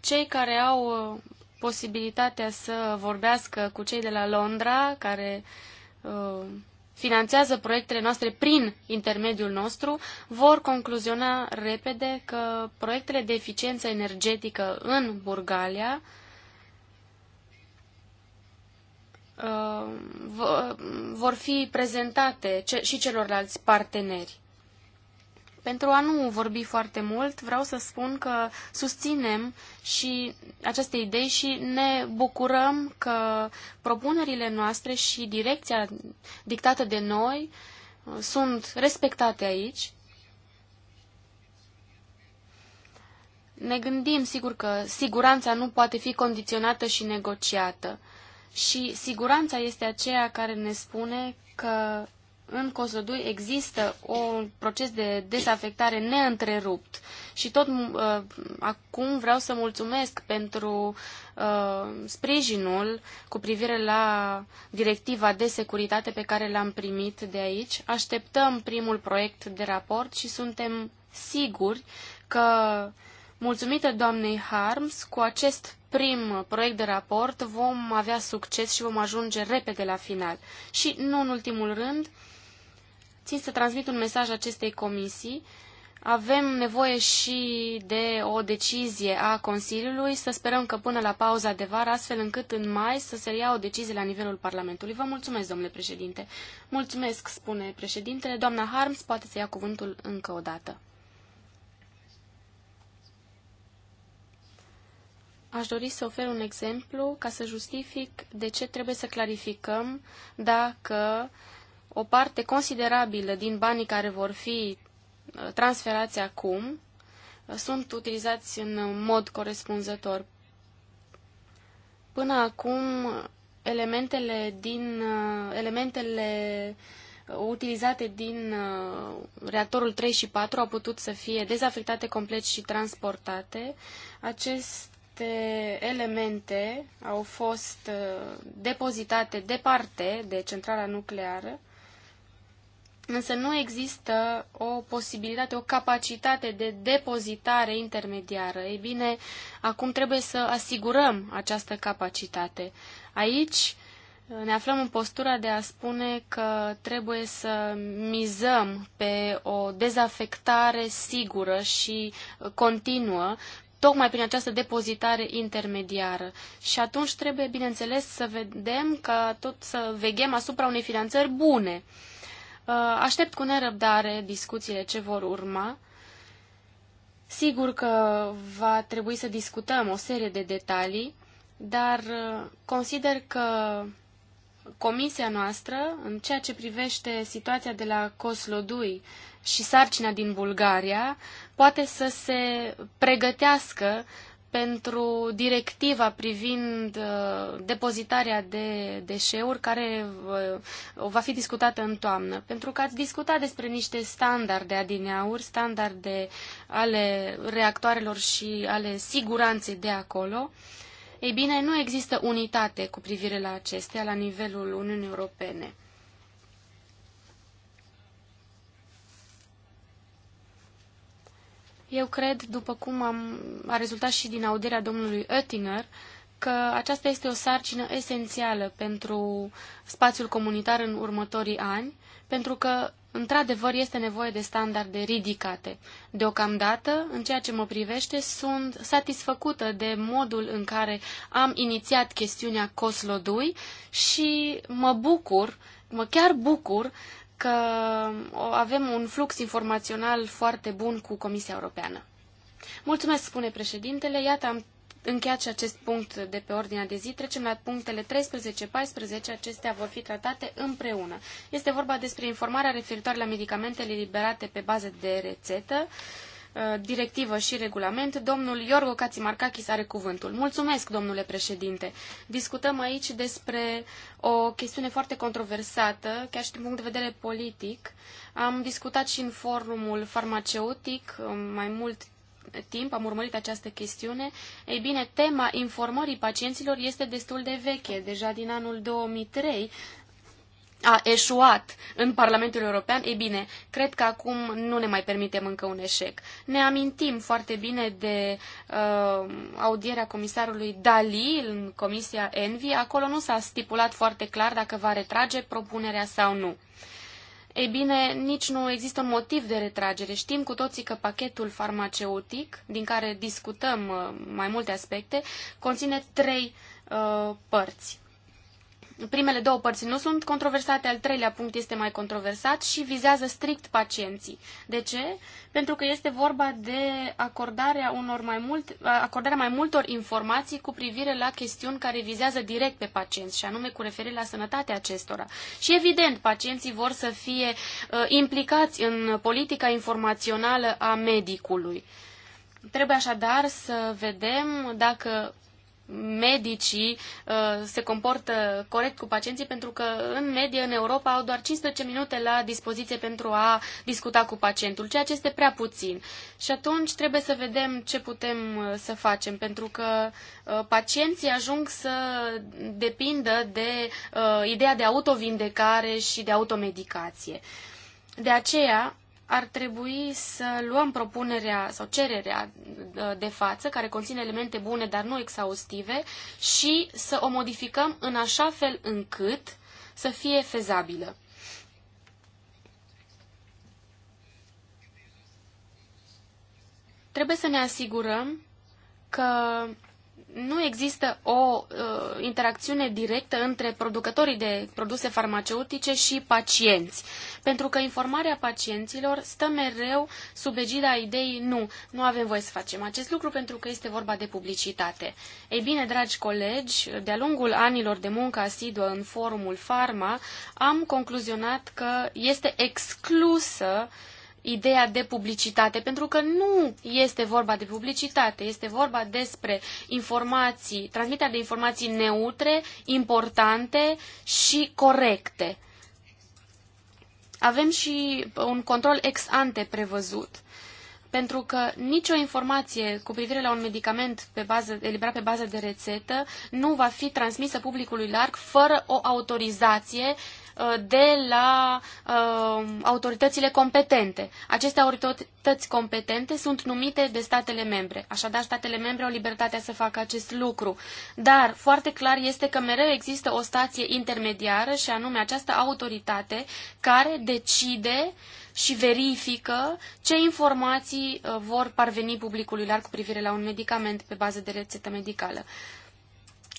cei care au uh, posibilitatea să vorbească cu cei de la Londra, care uh, finanțează proiectele noastre prin intermediul nostru, vor concluziona repede că proiectele de eficiență energetică în Burgalia uh, vor fi prezentate și celorlalți parteneri. Pentru a nu vorbi foarte mult, vreau să spun că susținem și aceste idei și ne bucurăm că propunerile noastre și direcția dictată de noi uh, sunt respectate aici. Ne gândim, sigur, că siguranța nu poate fi condiționată și negociată. Și siguranța este aceea care ne spune că în Coslodui există un proces de desafectare neîntrerupt și tot uh, acum vreau să mulțumesc pentru uh, sprijinul cu privire la directiva de securitate pe care l-am primit de aici. Așteptăm primul proiect de raport și suntem siguri că, mulțumită doamnei Harms, cu acest prim proiect de raport vom avea succes și vom ajunge repede la final. Și, nu în ultimul rând, țin să transmit un mesaj acestei comisii. Avem nevoie și de o decizie a Consiliului, să sperăm că până la pauza de vară, astfel încât în mai să se ia o decizie la nivelul Parlamentului. Vă mulțumesc, domnule președinte. Mulțumesc, spune președintele. Doamna Harms poate să ia cuvântul încă o dată. Aș dori să ofer un exemplu ca să justific de ce trebuie să clarificăm dacă uh, o parte considerabilă din banii care vor fi uh, transferați acum uh, sunt utilizați în mod corespunzător. Până acum, elementele, din, uh, elementele utilizate din reactorul 3 și 4 au putut să fie dezafectate complet și transportate. aceste elemente au fost depozitate departe de centrala nucleară însă nu există o posibilitate, o capacitate de depozitare intermediară. Ei bine, acum trebuie să asigurăm această capacitate. Aici uh, ne aflăm în postura de a spune că trebuie să mizăm pe o dezafectare sigură și uh, continuă tocmai prin această depozitare intermediară. Și atunci trebuie, bineînțeles, să vedem că tot să veghem asupra unei finanțări bune. Uh, aștept cu nerăbdare discuțiile ce vor urma. Sigur că va trebui să discutăm o serie de detalii, dar uh, consider că comisia noastră, în ceea ce privește situația de la Coslodui și sarcina din Bulgaria, poate să se pregătească pentru directiva privind uh, depozitarea de deșeuri, care uh, va fi discutată în toamnă. Pentru că ați discutat despre niște standarde adineauri, standarde ale reactoarelor și ale siguranței de acolo. Ei bine, nu există unitate cu privire la acestea la nivelul Uniunii Europene. Eu cred, după cum am, a rezultat și din audierea domnului Oettinger, că aceasta este o sarcină esențială pentru spațiul comunitar în următorii ani, pentru că, într-adevăr, este nevoie de standarde ridicate. Deocamdată, în ceea ce mă privește, sunt satisfăcută de modul în care am inițiat chestiunea Coslodui și mă bucur, mă chiar bucur că avem un flux informațional foarte bun cu Comisia Europeană. Mulțumesc, spune președintele. Iată, am încheiat și acest punct de pe ordinea de zi. Trecem la punctele 13-14. Acestea vor fi tratate împreună. Este vorba despre informarea referitoare la medicamentele liberate pe bază de rețetă. Uh, Uh, directivă și regulament. Domnul Iorgo Kațimarkakis are cuvântul. Mulțumesc, domnule președinte. Discutăm aici despre o chestiune foarte controversată, chiar și din punct de vedere politic. Am discutat și în forumul farmaceutic um, mai mult timp, am urmărit această chestiune. Ei bine, tema informării pacienților este destul de veche. Deja din anul 2003 a eșuat în Parlamentul European, e bine, cred că acum nu ne mai permitem încă un eșec. Ne amintim foarte bine de uh, audierea comisarului Dali în Comisia Envi. Acolo nu s-a stipulat foarte clar dacă va retrage propunerea sau nu. Ei bine, nici nu există un motiv de retragere. Știm cu toții că pachetul farmaceutic, din care discutăm uh, mai multe aspecte, conține trei uh, părți Primele două părți nu sunt controversate, al treilea punct este mai controversat și vizează strict pacienții. De ce? Pentru că este vorba de acordarea, unor mai mult, acordarea mai multor informații cu privire la chestiuni care vizează direct pe pacienți, și anume cu referire la sănătatea acestora. Și evident, pacienții vor să fie uh, implicați în politica informațională a medicului. Trebuie așadar să vedem dacă medicii uh, se comportă corect cu pacienții, pentru că, în medie, în Europa au doar 15 minute la dispoziție pentru a discuta cu pacientul, ceea ce este prea puțin. Și atunci trebuie să vedem ce putem uh, să facem, pentru că uh, pacienții ajung să depindă de uh, ideea de autovindecare și de automedicație. De aceea, ar trebui să luăm propunerea sau cererea de față, care conține elemente bune, dar nu exhaustive, și să o modificăm în așa fel încât să fie fezabilă. Trebuie să ne asigurăm că nu există o uh, interacțiune directă între producătorii de produse farmaceutice și pacienți, pentru că informarea pacienților stă mereu sub egida ideii nu, nu avem voie să facem acest lucru pentru că este vorba de publicitate. Ei bine, dragi colegi, de-a lungul anilor de muncă asiduă în forumul Pharma, am concluzionat că este exclusă uh, ideea de publicitate, pentru că nu este vorba de publicitate, este vorba despre informații, transmiterea de informații neutre, importante și corecte. Avem și un control ex ante prevăzut, pentru că nicio informație cu privire la un medicament pe bază, eliberat pe bază de rețetă nu va fi transmisă publicului larg fără o autorizație Uh, de la uh, autoritățile competente. Aceste autorități competente sunt numite de statele membre. Așadar, statele membre au libertatea să facă acest lucru. Dar foarte clar este că mereu există o stație intermediară și anume această autoritate care decide și verifică ce informații uh, vor parveni publicului larg cu privire la un medicament pe bază de rețetă medicală.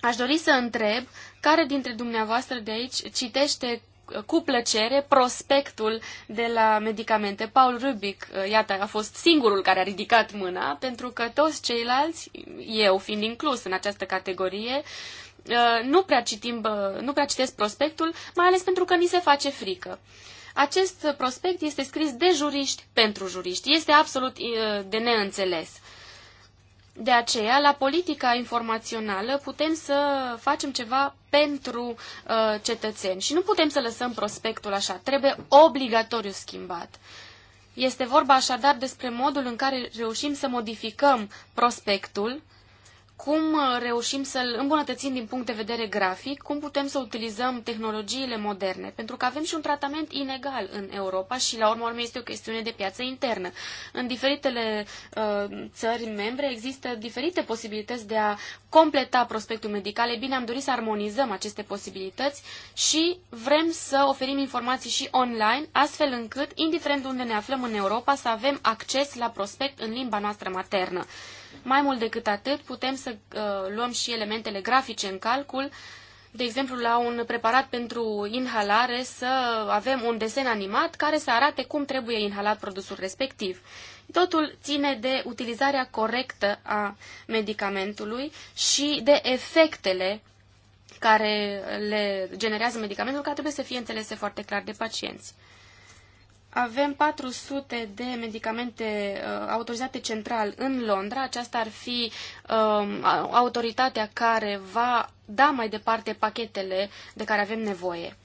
Aș dori să întreb care dintre dumneavoastră de aici citește cu plăcere prospectul de la medicamente. Paul Rubic, uh, iată, a fost singurul care a ridicat mâna, pentru că toți ceilalți, eu fiind inclus în această categorie, uh, nu prea, citim, uh, nu prea citesc prospectul, mai ales pentru că mi se face frică. Acest prospect este scris de juriști pentru juriști. Este absolut de neînțeles. De aceea, la politica informațională putem să facem ceva pentru uh, cetățeni și nu putem să lăsăm prospectul așa. Trebuie obligatoriu schimbat. Este vorba așadar despre modul în care reușim să modificăm prospectul cum uh, reușim să-l îmbunătățim din punct de vedere grafic, cum putem să utilizăm tehnologiile moderne, pentru că avem și un tratament inegal în Europa și la urmă este o chestiune de piață internă. În diferitele uh, țări membre există diferite posibilități de a completa prospectul medical. E bine, am dorit să armonizăm aceste posibilități și vrem să oferim informații și online, astfel încât, indiferent unde ne aflăm în Europa, să avem acces la prospect în limba noastră maternă. Mai mult decât atât, putem să uh, luăm și elementele grafice în calcul, de exemplu, la un preparat pentru inhalare să avem un desen animat care să arate cum trebuie inhalat produsul respectiv. Totul ține de utilizarea corectă a medicamentului și de efectele care le generează medicamentul, care trebuie să fie înțelese foarte clar de pacienți. Avem 400 de medicamente uh, autorizate central în Londra. Aceasta ar fi uh, autoritatea care va da mai departe pachetele de care avem nevoie.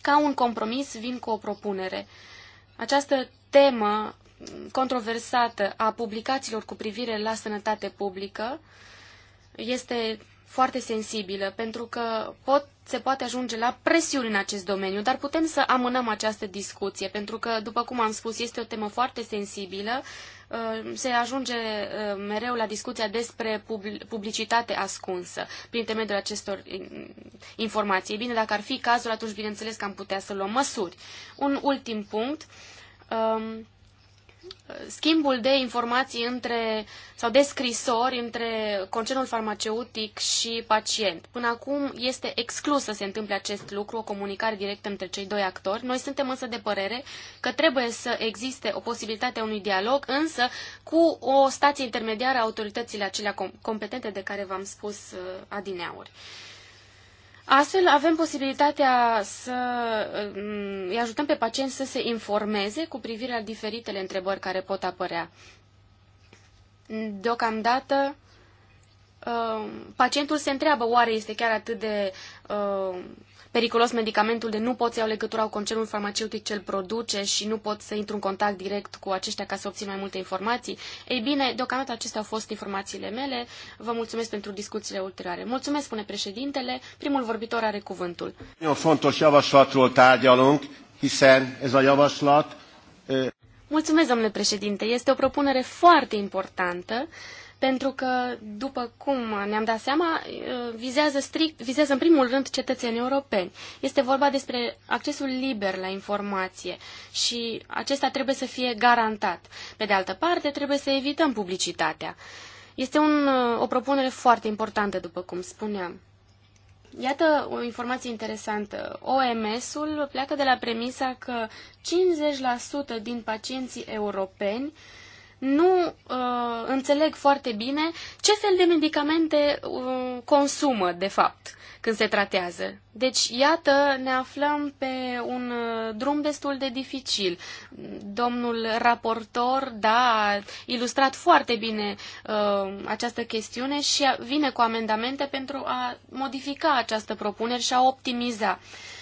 Ca un compromis vin cu o propunere. Această temă controversată a publicațiilor cu privire la sănătate publică este foarte sensibilă, pentru că pot, se poate ajunge la presiuni în acest domeniu, dar putem să amânăm această discuție, pentru că, după cum am spus, este o temă foarte sensibilă, uh, se ajunge uh, mereu la discuția despre publicitate ascunsă prin temediul acestor informații. Bine, dacă ar fi cazul, atunci bineînțeles că am putea să luăm măsuri. Un ultim punct. Um, schimbul de informații între, sau de scrisori între concernul farmaceutic și pacient. Până acum este exclus să se întâmple acest lucru, o comunicare directă între cei doi actori. Noi suntem însă de părere că trebuie să existe o posibilitate a unui dialog, însă cu o stație intermediară a autoritățile acelea competente de care v-am spus uh, adineauri. Uh, Astfel avem posibilitatea să mm, îi ajutăm pe pacienți să se informeze cu privire la diferitele întrebări care pot apărea. Deocamdată, uh, pacientul se întreabă oare este chiar atât de uh, periculos medicamentul de nu pot să iau legătura cu concernul farmaceutic ce îl produce și nu pot să intru în contact direct cu aceștia ca să obțin mai multe informații. Ei bine, deocamdată acestea au fost informațiile mele. Vă mulțumesc pentru discuțiile ulterioare. Mulțumesc, spune președintele. Primul vorbitor are cuvântul. Mulțumesc, domnule președinte. Este o propunere foarte importantă pentru că, după cum ne-am dat seama, vizează, strict, vizează în primul rând cetățenii europeni. Este vorba despre accesul liber la informație și acesta trebuie să fie garantat. Pe de altă parte, trebuie să evităm publicitatea. Este un, o propunere foarte importantă, după cum spuneam. Iată o informație interesantă. OMS-ul pleacă de la premisa că 50% din pacienții europeni uh, nu uh, înțeleg foarte bine ce fel de medicamente uh, consumă, de fapt, când se tratează. Deci, iată, ne aflăm pe un uh, drum destul de dificil. Domnul raportor, da, a ilustrat foarte bine uh, această chestiune și vine cu amendamente pentru a modifica această propunere și a optimiza. Uh,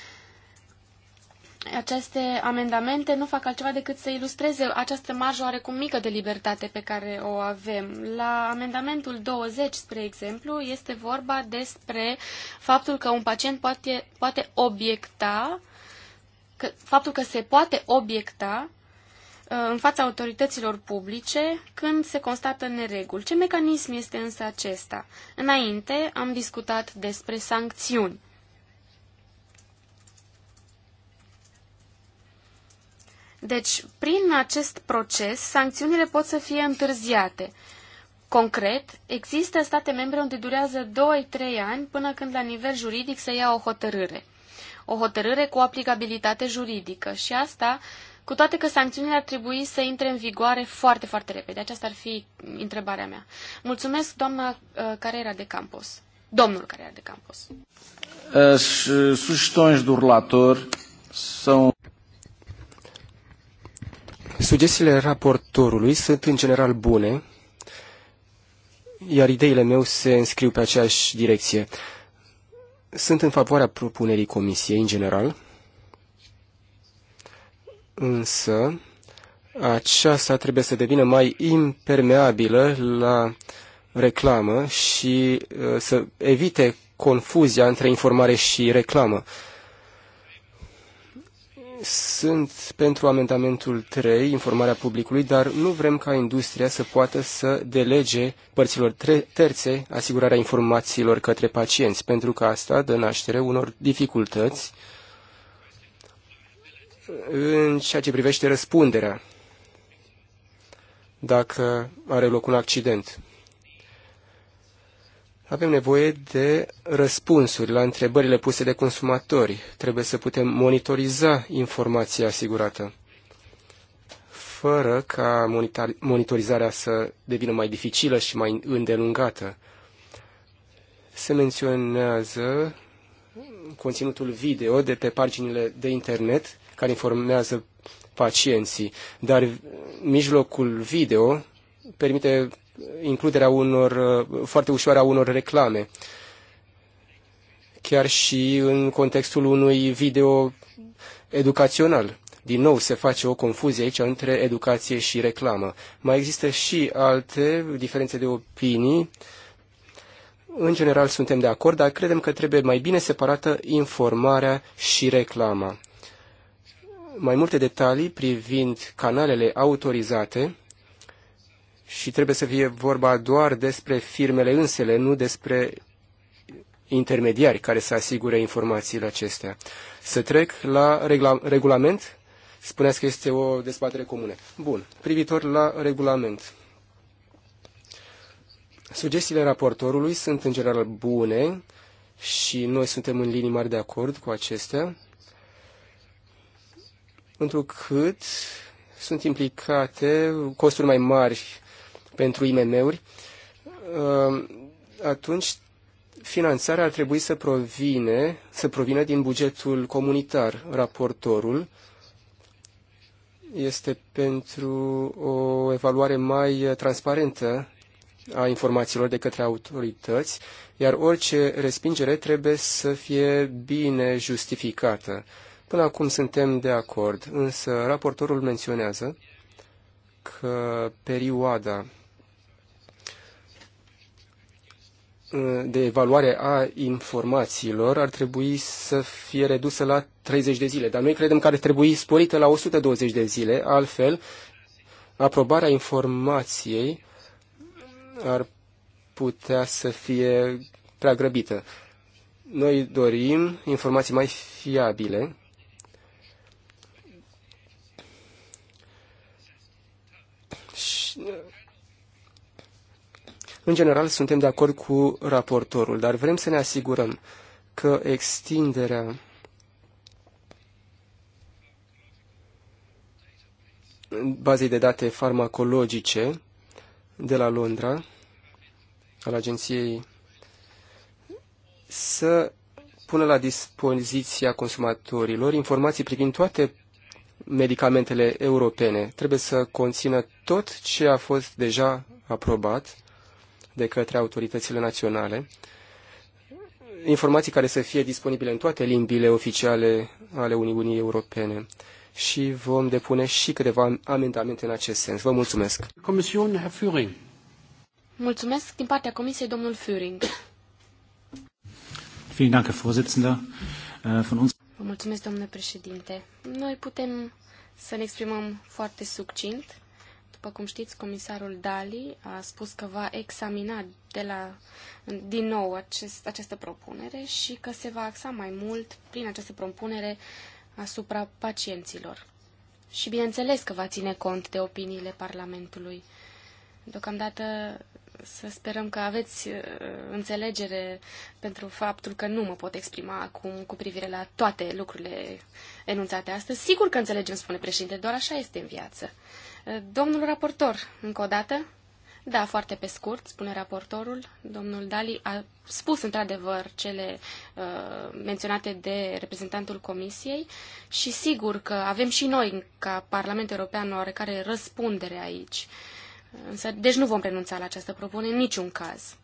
aceste amendamente nu fac altceva decât să ilustreze această marjă oarecum mică de libertate pe care o avem. La amendamentul 20, spre exemplu, este vorba despre faptul că un pacient poate, poate obiecta, că, faptul că se poate obiecta uh, în fața autorităților publice când se constată nereguli. Ce mecanism este însă acesta? Înainte am discutat despre sancțiuni. Deci, prin acest proces, sancțiunile pot să fie întârziate. Concret, există state membre unde durează 2-3 ani până când la nivel juridic se ia o hotărâre. O hotărâre cu aplicabilitate juridică și asta cu toate că sancțiunile ar trebui să intre în vigoare foarte, foarte repede. Aceasta ar fi întrebarea mea. Mulțumesc, doamna uh, care era de campus. Domnul care era de campus. Uh, Sugestões do relator sunt. Sugestiile raportorului sunt în general bune, iar ideile meu se înscriu pe aceeași direcție. Sunt în favoarea propunerii comisiei în general, însă aceasta trebuie să devină mai impermeabilă la reclamă și uh, să evite confuzia între informare și reclamă sunt pentru amendamentul 3, informarea publicului, dar nu vrem ca industria să poată să delege părților terțe asigurarea informațiilor către pacienți, pentru că asta dă naștere unor dificultăți în ceea ce privește răspunderea dacă are loc un accident. Avem nevoie de răspunsuri la întrebările puse de consumatori. Trebuie să putem monitoriza informația asigurată, fără ca monitorizarea să devină mai dificilă și mai îndelungată. Se menționează conținutul video de pe paginile de internet care informează pacienții, dar mijlocul video permite includerea unor, uh, foarte ușoară a unor reclame. Chiar și în contextul unui video educațional. Din nou se face o confuzie aici între educație și reclamă. Mai există și alte diferențe de opinii. În general suntem de acord, dar credem că trebuie mai bine separată informarea și reclama. Mai multe detalii privind canalele autorizate și trebuie să fie vorba doar despre firmele însele, nu despre intermediari care să asigure informațiile acestea. Să trec la regla- regulament. Spuneați că este o dezbatere comună. Bun. Privitor la regulament. Sugestiile raportorului sunt în general bune și noi suntem în linii mari de acord cu acestea, întrucât sunt implicate costuri mai mari pentru IMM-uri, uh, atunci finanțarea ar trebui să, provine, să provină din bugetul comunitar. Raportorul este pentru o evaluare mai transparentă a informațiilor de către autorități, iar orice respingere trebuie să fie bine justificată. Până acum suntem de acord, însă raportorul menționează că perioada Uh, de evaluare a informațiilor ar trebui să fie redusă la 30 de zile, dar noi credem că ar trebui sporită la 120 de zile, altfel aprobarea informației ar putea să fie prea grăbită. Noi dorim informații mai fiabile, uh, în general, suntem de acord cu raportorul, dar vrem să ne asigurăm că extinderea bazei de date farmacologice de la Londra, al agenției, să pună la dispoziția consumatorilor informații privind toate medicamentele europene. Trebuie să conțină tot ce a fost deja aprobat de către autoritățile naționale, informații care să fie disponibile în toate limbile oficiale ale Uniunii Europene și vom depune și câteva amendamente în acest sens. Vă mulțumesc. Mulțumesc din partea Comisiei, domnul Führing. Äh, Vă mulțumesc, domnule președinte. Noi putem să ne exprimăm foarte succint. După cum știți, comisarul Dali a spus că va examina de la, din nou acest, această propunere și că se va axa mai mult prin această propunere asupra pacienților. Și bineînțeles că va ține cont de opiniile Parlamentului. Deocamdată să sperăm că aveți uh, înțelegere pentru faptul că nu mă pot exprima acum cu privire la toate lucrurile enunțate astăzi. Sigur că înțelegem, spune președinte, doar așa este în viață. Uh, domnul raportor, încă o dată? Da, foarte pe scurt, spune raportorul. Domnul Dali a spus într-adevăr cele uh, menționate de reprezentantul Comisiei și sigur că avem și noi, ca Parlament European, oarecare răspundere aici. Uh, Însă, deci nu vom renunța la această propunere în niciun caz.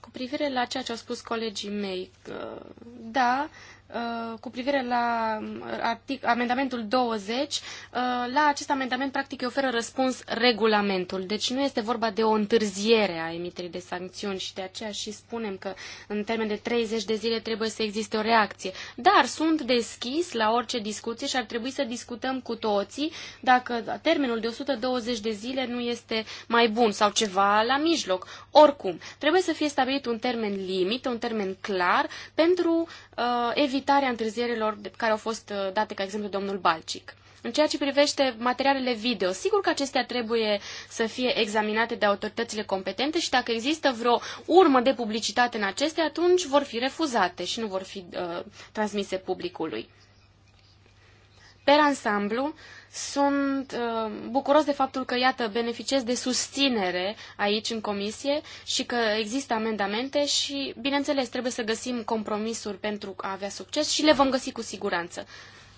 Cu privire la ceea ce au spus colegii mei, da, Uh, cu privire la mm, artic, amendamentul 20, uh, la acest amendament practic oferă răspuns regulamentul. Deci nu este vorba de o întârziere a emiterii de sancțiuni și de aceea și spunem că în termen de 30 de zile trebuie să existe o reacție. Dar sunt deschis la orice discuție și ar trebui să discutăm cu toții dacă termenul de 120 de zile nu este mai bun sau ceva la mijloc. Oricum, trebuie să fie stabilit un termen limit, un termen clar pentru uh, evitarea evitarea întârzierilor care au fost uh, date ca exemplu domnul Balcic. În ceea ce privește materialele video, sigur că acestea trebuie să fie examinate de autoritățile competente și dacă există vreo urmă de publicitate în acestea, atunci vor fi refuzate și nu vor fi uh, transmise publicului. Per ansamblu, sunt uh, bucuros de faptul că, iată, beneficiez de susținere aici în comisie și că există amendamente și, bineînțeles, trebuie să găsim compromisuri pentru a avea succes și le vom găsi cu siguranță.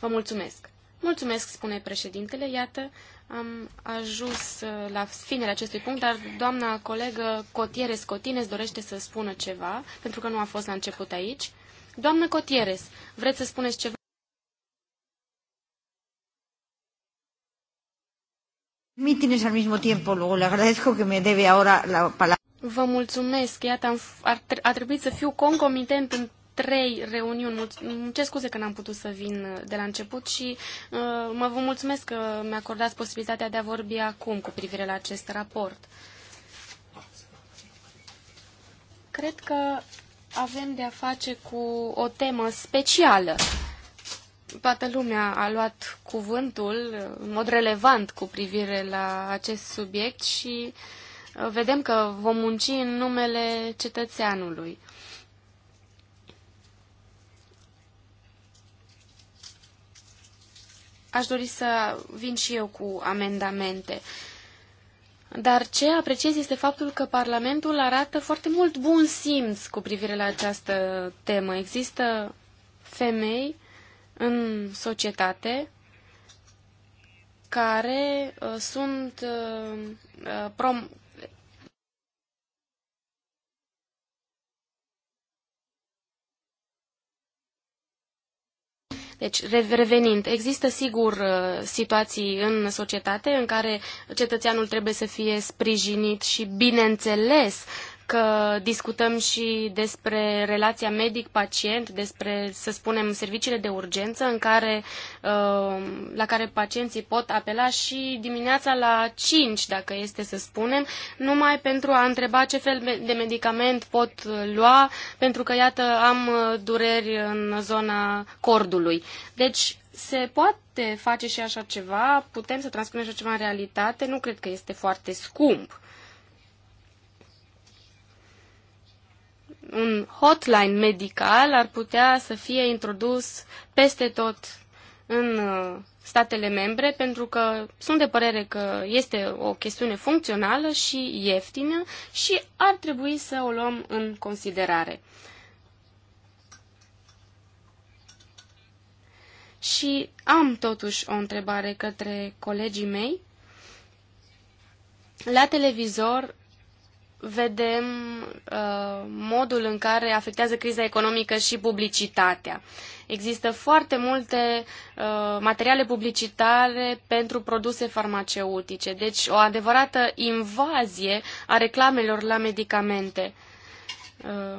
Vă mulțumesc! Mulțumesc, spune președintele. Iată, am ajuns uh, la finele acestui punct, dar doamna colegă Cotieres Cotines dorește să spună ceva, pentru că nu a fost la început aici. Doamnă Cotieres, vreți să spuneți ceva? mítines al mismo tiempo, luego le agradezco que me debe ahora la palabra. Vă mulțumesc, iată, am, ar, a trebuit să fiu concomitent în trei reuniuni. Îmi ce scuze că n-am putut să vin uh, de la început și uh, mă vă mulțumesc că mi-a acordat posibilitatea de a vorbi acum cu privire la acest raport. Cred că avem de a face cu o temă specială Toată lumea a luat cuvântul în mod relevant cu privire la acest subiect și uh, vedem că vom munci în numele cetățeanului. Aș dori să vin și eu cu amendamente. Dar ce apreciez este faptul că Parlamentul arată foarte mult bun simț cu privire la această temă. Există femei în societate care uh, sunt uh, uh prom Deci, revenind, există sigur uh, situații în societate în care cetățeanul trebuie să fie sprijinit și, bineînțeles, că discutăm și despre relația medic-pacient, despre, să spunem, serviciile de urgență în care, uh, la care pacienții pot apela și dimineața la 5, dacă este să spunem, numai pentru a întreba ce fel de medicament pot lua, pentru că, iată, am uh, dureri în zona cordului. Deci, se poate face și așa ceva, putem să transpunem așa ceva în realitate, nu cred că este foarte scump un hotline medical ar putea să fie introdus peste tot în uh, statele membre, pentru că sunt de părere că este o chestiune funcțională și ieftină și ar trebui să o luăm în considerare. Și am totuși o întrebare către colegii mei. La televizor vedem uh, modul în care afectează criza economică și publicitatea. Există foarte multe uh, materiale publicitare pentru produse farmaceutice, deci o adevărată invazie a reclamelor la medicamente. Uh,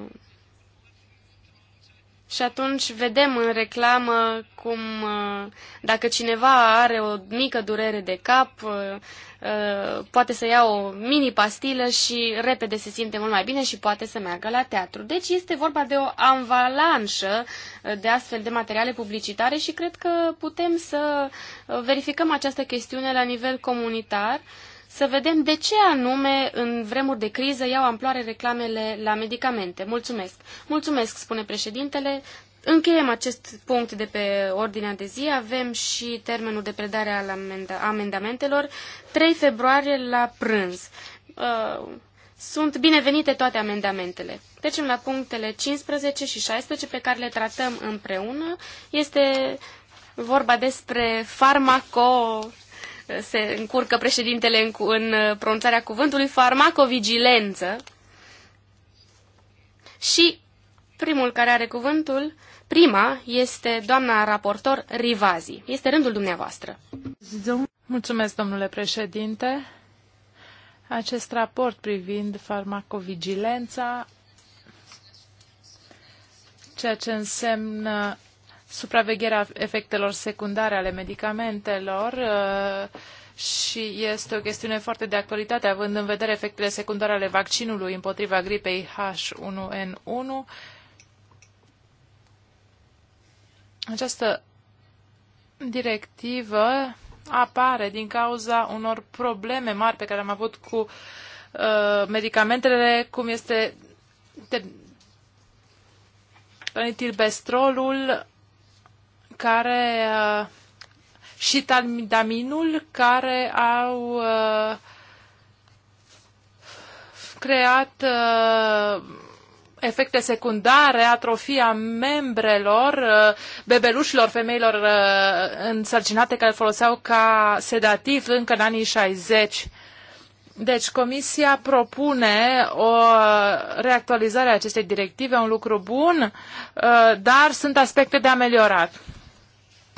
și atunci vedem în reclamă cum uh, dacă cineva are o mică durere de cap, uh, Uh, poate să ia o mini-pastilă și repede se simte mult mai bine și poate să meargă la teatru. Deci este vorba de o avalanșă uh, de astfel de materiale publicitare și cred că putem să uh, verificăm această chestiune la nivel comunitar să vedem de ce anume în vremuri de criză iau amploare reclamele la medicamente. Mulțumesc. Mulțumesc, spune președintele. Încheiem acest punct de pe ordinea de zi. Avem și termenul de predare al amendamentelor, 3 februarie la prânz. Uh, sunt binevenite toate amendamentele. Trecem la punctele 15 și 16 pe care le tratăm împreună. Este vorba despre farmaco se încurcă președintele în, uh, pronunțarea cuvântului farmacovigilență. Și primul care are cuvântul Prima este doamna raportor Rivazi. Este rândul dumneavoastră. Mulțumesc, domnule președinte. Acest raport privind farmacovigilența, ceea ce înseamnă supravegherea efectelor secundare ale medicamentelor, uh, și este o chestiune foarte de actualitate, având în vedere efectele secundare ale vaccinului împotriva gripei H1N1 Această directivă apare din cauza unor probleme mari pe care am avut cu uh, medicamentele, cum este tilbestrolul care uh, și talmidaminul care au uh, creat uh, efecte secundare, atrofia membrelor, uh, bebelușilor femeilor uh, însărcinate care foloseau ca sedativ încă în anii 60. Deci, Comisia propune o reactualizare a acestei directive, un lucru bun, uh, dar sunt aspecte de ameliorat.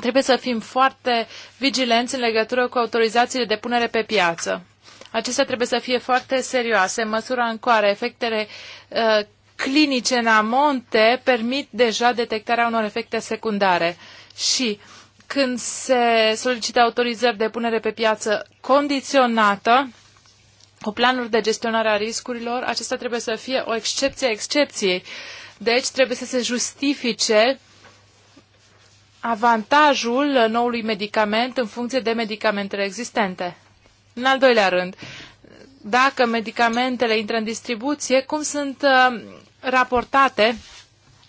Trebuie să fim foarte vigilenți în legătură cu autorizațiile de punere pe piață. Acestea trebuie să fie foarte serioase, în măsura în care efectele clinice în amonte permit deja detectarea unor efecte secundare. Și când se solicită autorizări de punere pe piață condiționată, cu planuri de gestionare a riscurilor, acesta trebuie să fie o excepție a excepției. Deci trebuie să se justifice avantajul noului medicament în funcție de medicamentele existente. În al doilea rând, dacă medicamentele intră în distribuție, cum sunt uh, raportate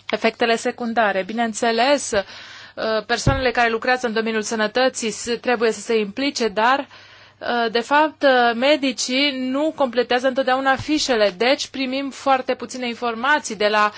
efectele secundare. Bineînțeles, uh, persoanele care lucrează în domeniul sănătății trebuie să se implice, dar uh, Eh, de fapt, eh, medicii nu completează întotdeauna fișele, deci primim foarte puține informații de la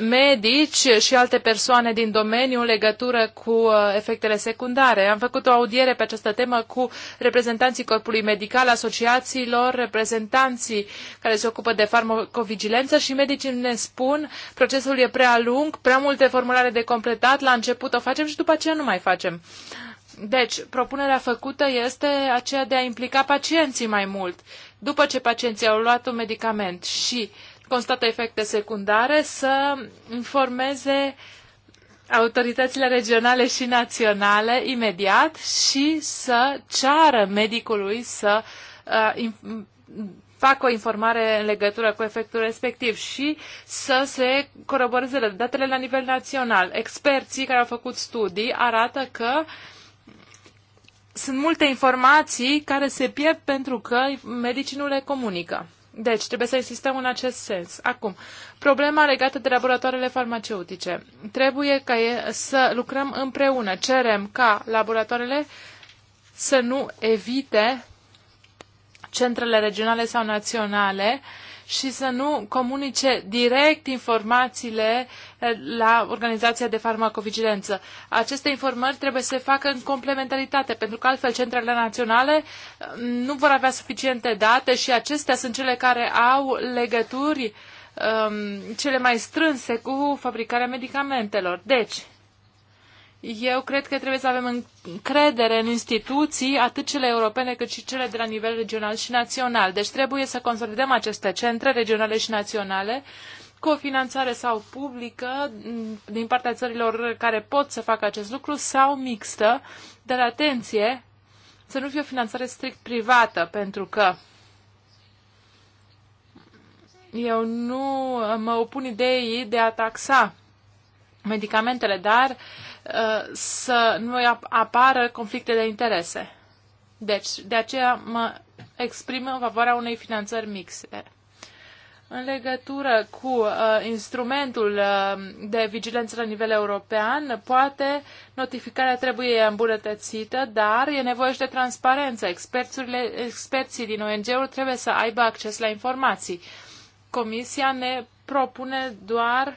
medici și alte persoane din domeniu în legătură cu eh, efectele secundare. Am făcut o audiere pe această temă cu reprezentanții corpului medical, asociațiilor, reprezentanții care se ocupă de farmacovigilență și medicii ne spun procesul e prea lung, prea multe formulare de completat, la început o facem și după aceea nu mai facem. Uh, deci, propunerea făcută este aceea de a implica pacienții mai mult. După ce pacienții au luat un medicament și constată efecte secundare, să informeze autoritățile regionale și naționale imediat și să ceară medicului să uh, facă o informare în legătură cu efectul respectiv și să se coroboreze datele la nivel național. Experții care au făcut studii arată că uh, sunt multe informații care se pierd pentru că medicii nu le comunică. Deci, trebuie să insistăm în acest sens. Acum, problema legată de laboratoarele farmaceutice. Trebuie ca e, să lucrăm împreună. Cerem ca laboratoarele să nu evite centrele regionale sau naționale și să nu comunice direct informațiile eh, la Organizația de Farmacovigilență. Aceste informări trebuie să se facă în complementaritate, pentru că altfel centrele naționale eh, nu vor avea suficiente date și acestea sunt cele care au legături um, cele mai strânse cu fabricarea medicamentelor. Deci, eu cred că trebuie să avem încredere în instituții, atât cele europene cât și cele de la nivel regional și național. Deci trebuie să consolidăm aceste centre regionale și naționale cu o finanțare sau publică din partea țărilor care pot să facă acest lucru sau mixtă, dar atenție să nu fie o finanțare strict privată, pentru că eu nu mă opun ideii de a taxa medicamentele, dar uh, Uh, să nu apară conflicte de interese. Deci, de aceea mă exprim în favoarea unei finanțări mixte. În legătură cu uh, instrumentul uh, de vigilență la nivel european, poate notificarea trebuie îmbunătățită, dar e nevoie și de transparență. Experții din ONG-uri trebuie să aibă acces la informații. Comisia ne propune doar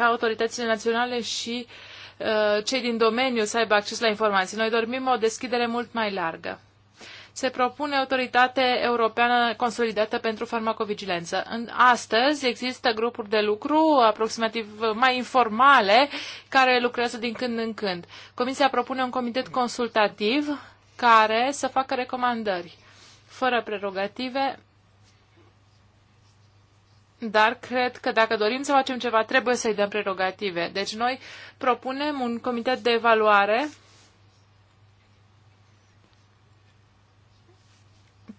ca autoritățile naționale și uh, cei din domeniu să aibă acces la informații. Noi dormim o deschidere mult mai largă. Se propune autoritate europeană consolidată pentru farmacovigilență. astăzi există grupuri de lucru, aproximativ mai informale, care lucrează din când în când. Comisia propune un comitet consultativ care să facă recomandări fără prerogative dar cred că dacă dorim să facem ceva, trebuie să-i dăm prerogative. Deci noi propunem un comitet de evaluare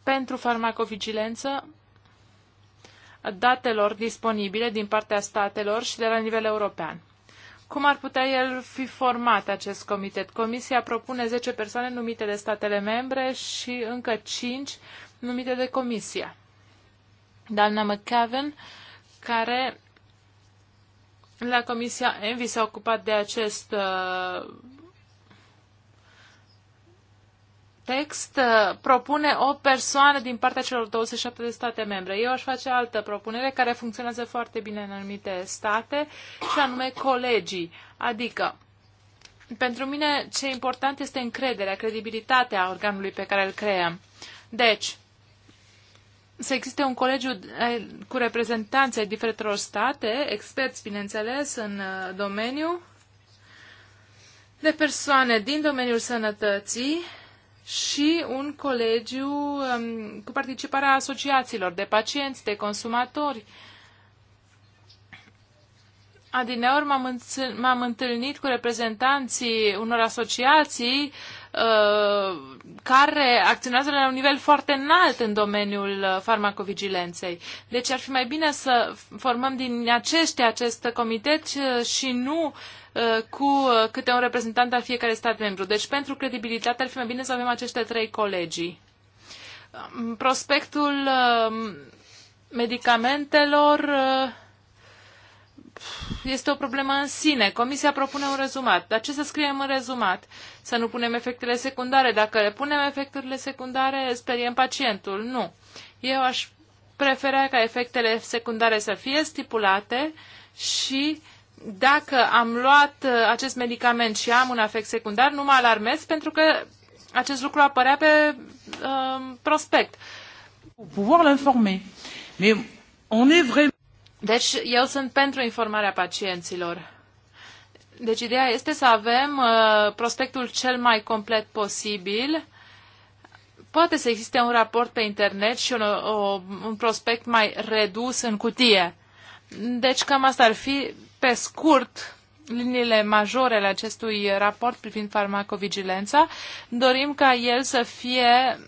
pentru farmacovigilență datelor disponibile din partea statelor și de la nivel european. Cum ar putea el fi format acest comitet? Comisia propune 10 persoane numite de statele membre și încă 5 numite de comisia. Dalna McCaven, care la Comisia Envi s-a ocupat de acest uh, text, uh, propune o persoană din partea celor 27 de state membre. Eu aș face altă propunere care funcționează foarte bine în anumite state, și anume colegii. Adică, pentru mine ce important este încrederea, credibilitatea organului pe care îl creăm. Deci, să existe un colegiu eh, cu reprezentanți ai diferitelor state, experți, bineînțeles, în eh, domeniu, de persoane din domeniul sănătății și un colegiu ehm, cu participarea asociațiilor de pacienți, de consumatori. Adineori m-am întâlnit cu reprezentanții unor asociații uh, Uh, care acționează la un nivel foarte înalt în domeniul uh, farmacovigilenței. Deci ar fi mai bine să formăm din aceștia acest comitet și uh, nu cu câte un reprezentant al fiecare stat membru. Deci pentru credibilitate ar fi mai bine să avem aceste trei colegii. Um, prospectul um, medicamentelor este o problemă în sine. Comisia propune un rezumat. Dar ce să scriem în rezumat? Să nu punem efectele secundare. Dacă le punem efectele secundare, speriem pacientul. Nu. Eu aș prefera ca efectele secundare să fie stipulate și dacă am luat uh, acest medicament și am un efect secundar, nu mă alarmez pentru că acest lucru apărea pe uh, prospect. pouvoir l'informer. Mais on est vraiment deci eu sunt pentru informarea pacienților. Deci ideea este să avem uh, prospectul cel mai complet posibil. Poate să existe un raport pe internet și un, o, un prospect mai redus în cutie. Deci cam asta ar fi, pe scurt, liniile majore ale acestui raport privind farmacovigilența. Dorim ca el să fie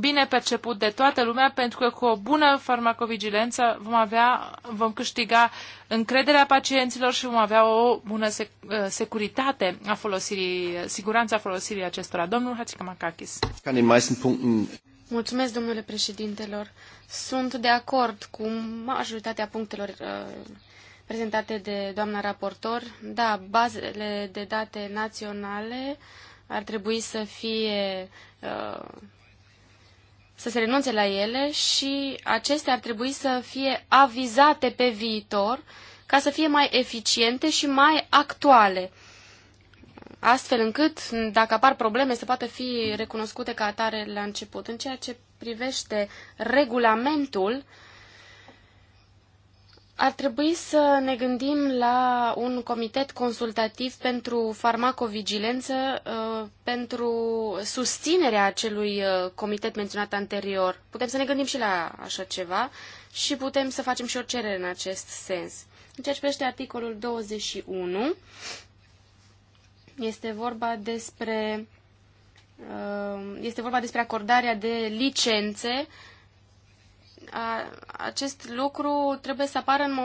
bine perceput de toată lumea, pentru că cu o bună farmacovigilență vom avea, vom câștiga încrederea pacienților și vom avea o bună sec- uh, securitate a folosirii, siguranța folosirii acestora. Domnul Hatzicamakakis. Mulțumesc, domnule președintelor. Sunt de acord cu majoritatea punctelor uh, prezentate de doamna raportor. Da, bazele de date naționale ar trebui să fie uh, să se renunțe la ele și acestea ar trebui să fie avizate pe viitor ca să fie mai eficiente și mai actuale, astfel încât, dacă apar probleme, să poată fi recunoscute ca atare la început. În ceea ce privește regulamentul, uh, ar trebui să ne gândim la un comitet consultativ pentru farmacovigilență, uh, pentru susținerea acelui uh, comitet menționat anterior. Putem să ne gândim și la așa ceva și putem să facem și o cerere în acest sens. În ceea ce privește articolul 21, este vorba despre uh, este vorba despre acordarea de licențe acest lucru trebuie să apară în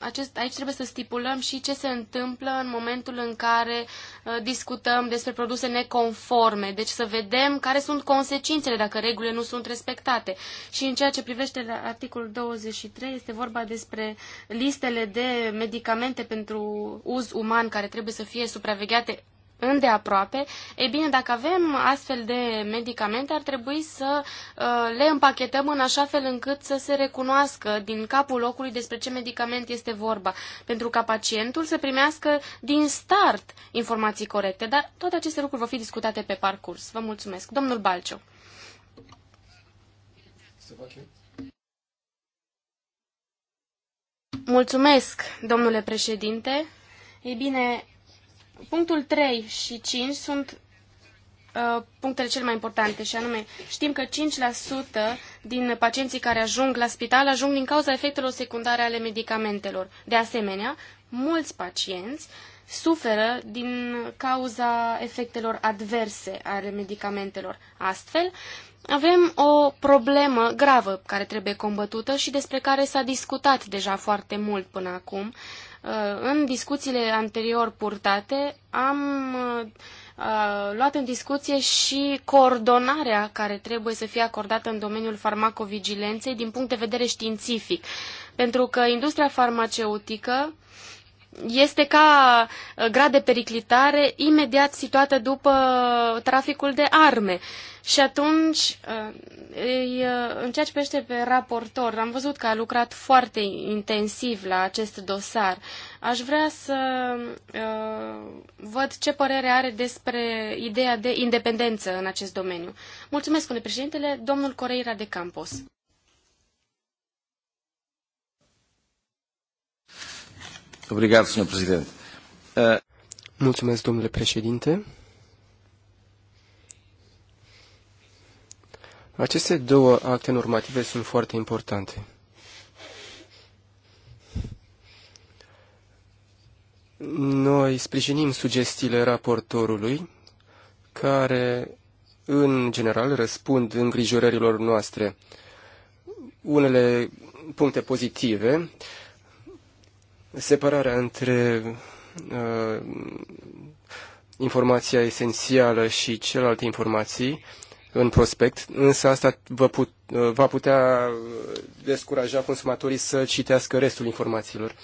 acest, aici trebuie să stipulăm și ce se întâmplă în momentul în care uh, discutăm despre produse neconforme. Deci să vedem care sunt consecințele dacă regulile nu sunt respectate. Și în ceea ce privește la articolul 23 este vorba despre listele de medicamente pentru uz uman care trebuie să fie supravegheate îndeaproape, e bine, dacă avem astfel de medicamente, ar trebui să uh, le împachetăm în așa fel încât să se recunoască din capul locului despre ce medicament este vorba, pentru ca pacientul să primească din start informații corecte, dar toate aceste lucruri vor fi discutate pe parcurs. Vă mulțumesc. Domnul Balciu. Mulțumesc, domnule președinte. Ei bine, Punctul 3 și 5 sunt uh, punctele cele mai importante și anume știm că 5% din pacienții care ajung la spital ajung din cauza efectelor secundare ale medicamentelor. De asemenea, mulți pacienți suferă din cauza efectelor adverse ale medicamentelor. Astfel, avem o problemă gravă care trebuie combătută și despre care s-a discutat deja foarte mult până acum, Uh, în discuțiile anterior purtate am uh, uh, luat în discuție și coordonarea care trebuie să fie acordată în domeniul farmacovigilenței din punct de vedere științific. Pentru că industria farmaceutică este ca uh, grad de periclitare imediat situată după traficul de arme. Și atunci, uh, uh, în ceea ce privește pe raportor, am văzut că a lucrat foarte intensiv la acest dosar. Aș vrea să văd ce părere are despre ideea de independență în acest domeniu. Mulțumesc, domnule președintele, domnul Coreira de Campos. Obrigado, Sr. Presidente. Uh... Mulțumesc, domnule președinte. Aceste două acte normative sunt foarte importante. Noi sprijinim sugestiile raportorului, care, în general, răspund îngrijorărilor noastre. Unele puncte pozitive separarea între uh, informația esențială și celelalte informații în prospect, însă asta vă put, uh, va putea uh, descuraja consumatorii să citească restul informațiilor.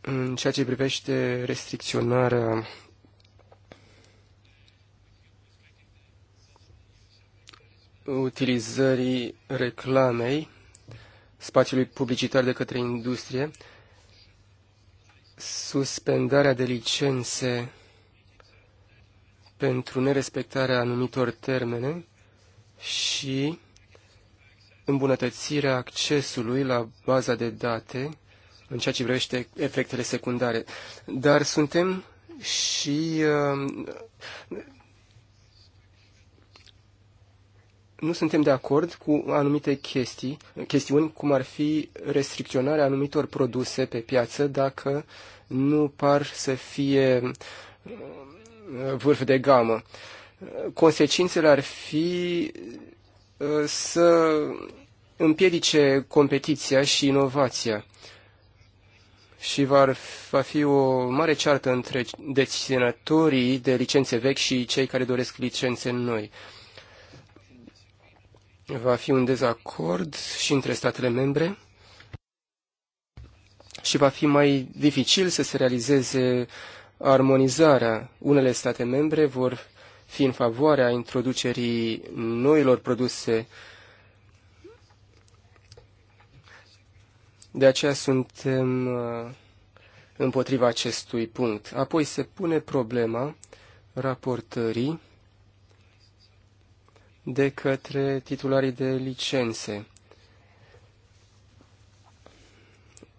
În ceea ce privește restricționarea utilizării reclamei, spațiului publicitar de către industrie, suspendarea de licențe pentru nerespectarea anumitor termene și îmbunătățirea accesului la baza de date în ceea ce privește efectele secundare. Dar suntem și uh, nu suntem de acord cu anumite chestii, chestiuni, cum ar fi restricționarea anumitor produse pe piață dacă nu par să fie uh, vârf de gamă. Consecințele ar fi uh, să împiedice competiția și inovația și va, va fi o mare ceartă între deținătorii de licențe vechi și cei care doresc licențe noi va fi un dezacord și între statele membre și va fi mai dificil să se realizeze armonizarea. Unele state membre vor fi în favoarea introducerii noilor produse. De aceea suntem uh, împotriva acestui punct. Apoi se pune problema raportării de către titularii de licențe.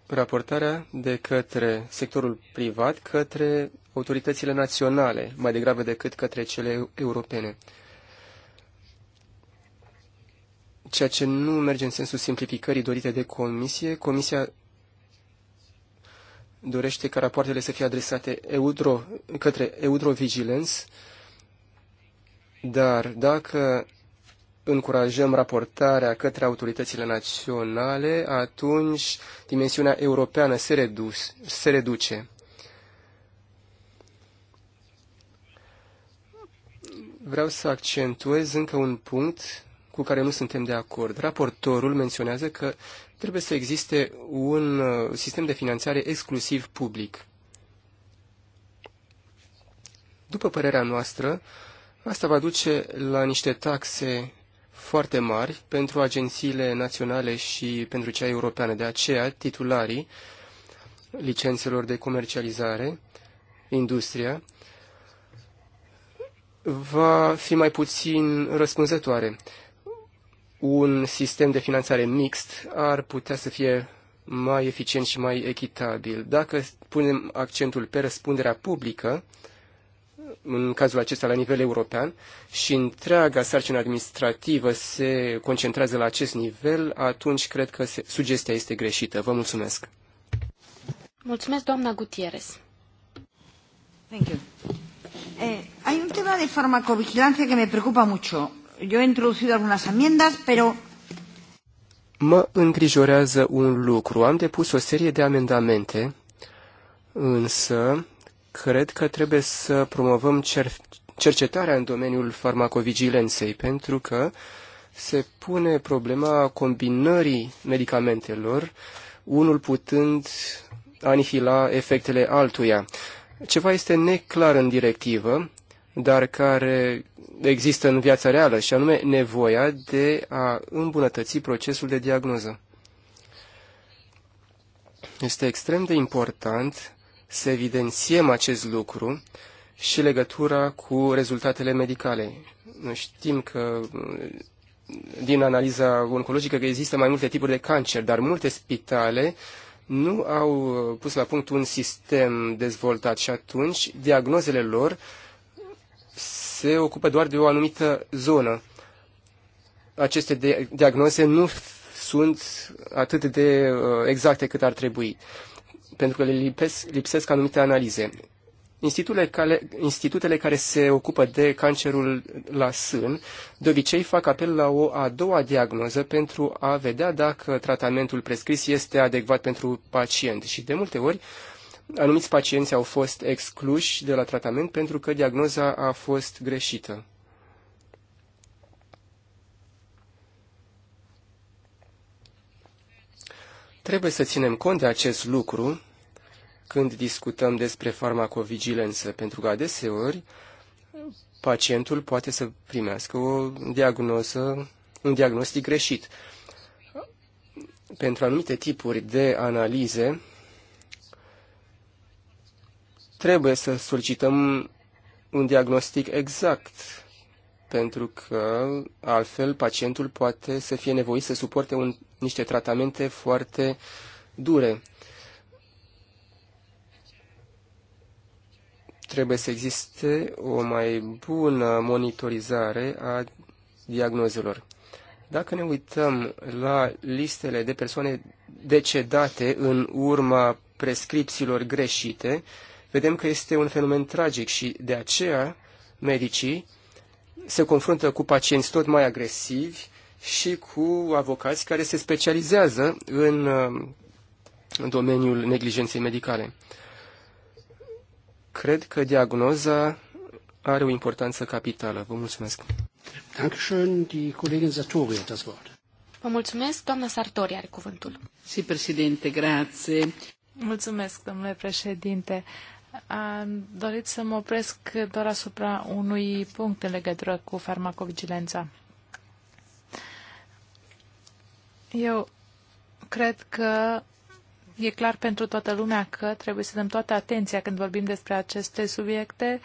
Raportarea de către sectorul privat către autoritățile naționale, mai degrabă decât către cele europene. Ceea ce nu merge în sensul simplificării dorite de comisie, comisia dorește ca rapoartele să fie adresate eudro, către Eudrovigilance, dar dacă încurajăm raportarea către autoritățile naționale, atunci dimensiunea europeană se, redus, se reduce. Vreau să accentuez încă un punct cu care nu suntem de acord. Raportorul menționează că trebuie să existe un uh, sistem de finanțare exclusiv public. După părerea noastră, asta va duce la niște taxe foarte mari pentru agențiile naționale și pentru cea europeană. De aceea, titularii licențelor de comercializare, industria, va fi mai puțin răspunzătoare. Un sistem de finanțare mixt ar putea să fie mai eficient și mai echitabil. Dacă punem accentul pe răspunderea publică, în cazul acesta la nivel european și întreaga sarcină administrativă se concentrează la acest nivel, atunci cred că se, sugestia este greșită. Vă mulțumesc. Mulțumesc, doamna Gutierrez. Thank you. Eh, hay un tema de care que me preocupa mucho. Yo he introducido algunas enmiendas, pero... Mă îngrijorează un lucru. Am depus o serie de amendamente, însă cred că trebuie să promovăm cer- cercetarea în domeniul farmacovigilenței, pentru că se pune problema combinării medicamentelor, unul putând anihila efectele altuia. Ceva este neclar în directivă, dar care există în viața reală, și anume nevoia de a îmbunătăți procesul de diagnoză. Este extrem de important să evidențiem acest lucru și legătura cu rezultatele medicale. Noi știm că din analiza oncologică că există mai multe tipuri de cancer, dar multe spitale nu au pus la punct un sistem dezvoltat și atunci diagnozele lor se ocupă doar de o anumită zonă. Aceste diagnoze nu sunt atât de uh, exacte cât ar trebui pentru că le lipesc, lipsesc anumite analize. Institutele care, institutele care se ocupă de cancerul la sân de obicei fac apel la o a doua diagnoză pentru a vedea dacă tratamentul prescris este adecvat pentru pacient și de multe ori anumiți pacienți au fost excluși de la tratament pentru că diagnoza a fost greșită. Trebuie să ținem cont de acest lucru când discutăm despre farmacovigilență, pentru că adeseori pacientul poate să primească o diagnoză, un diagnostic greșit. Pentru anumite tipuri de analize, trebuie să solicităm un diagnostic exact pentru că altfel pacientul poate să fie nevoit să suporte un, niște tratamente foarte dure. Trebuie să existe o mai bună monitorizare a diagnozelor. Dacă ne uităm la listele de persoane decedate în urma prescripțiilor greșite, vedem că este un fenomen tragic și de aceea medicii se confruntă cu pacienți tot mai agresivi și cu avocați care se specializează în, uh, în domeniul neglijenței medicale. Cred că diagnoza are o importanță capitală. Vă mulțumesc. Dankeschön, die Kollegin Sartori hat das Wort. Vă mulțumesc, doamna Sartori are cuvântul. Si, președinte, Mulțumesc, domnule președinte. Am dorit să mă opresc doar asupra unui punct în legătură cu farmacovigilența. Eu cred că e clar pentru toată lumea că trebuie să dăm toată atenția când vorbim despre aceste subiecte.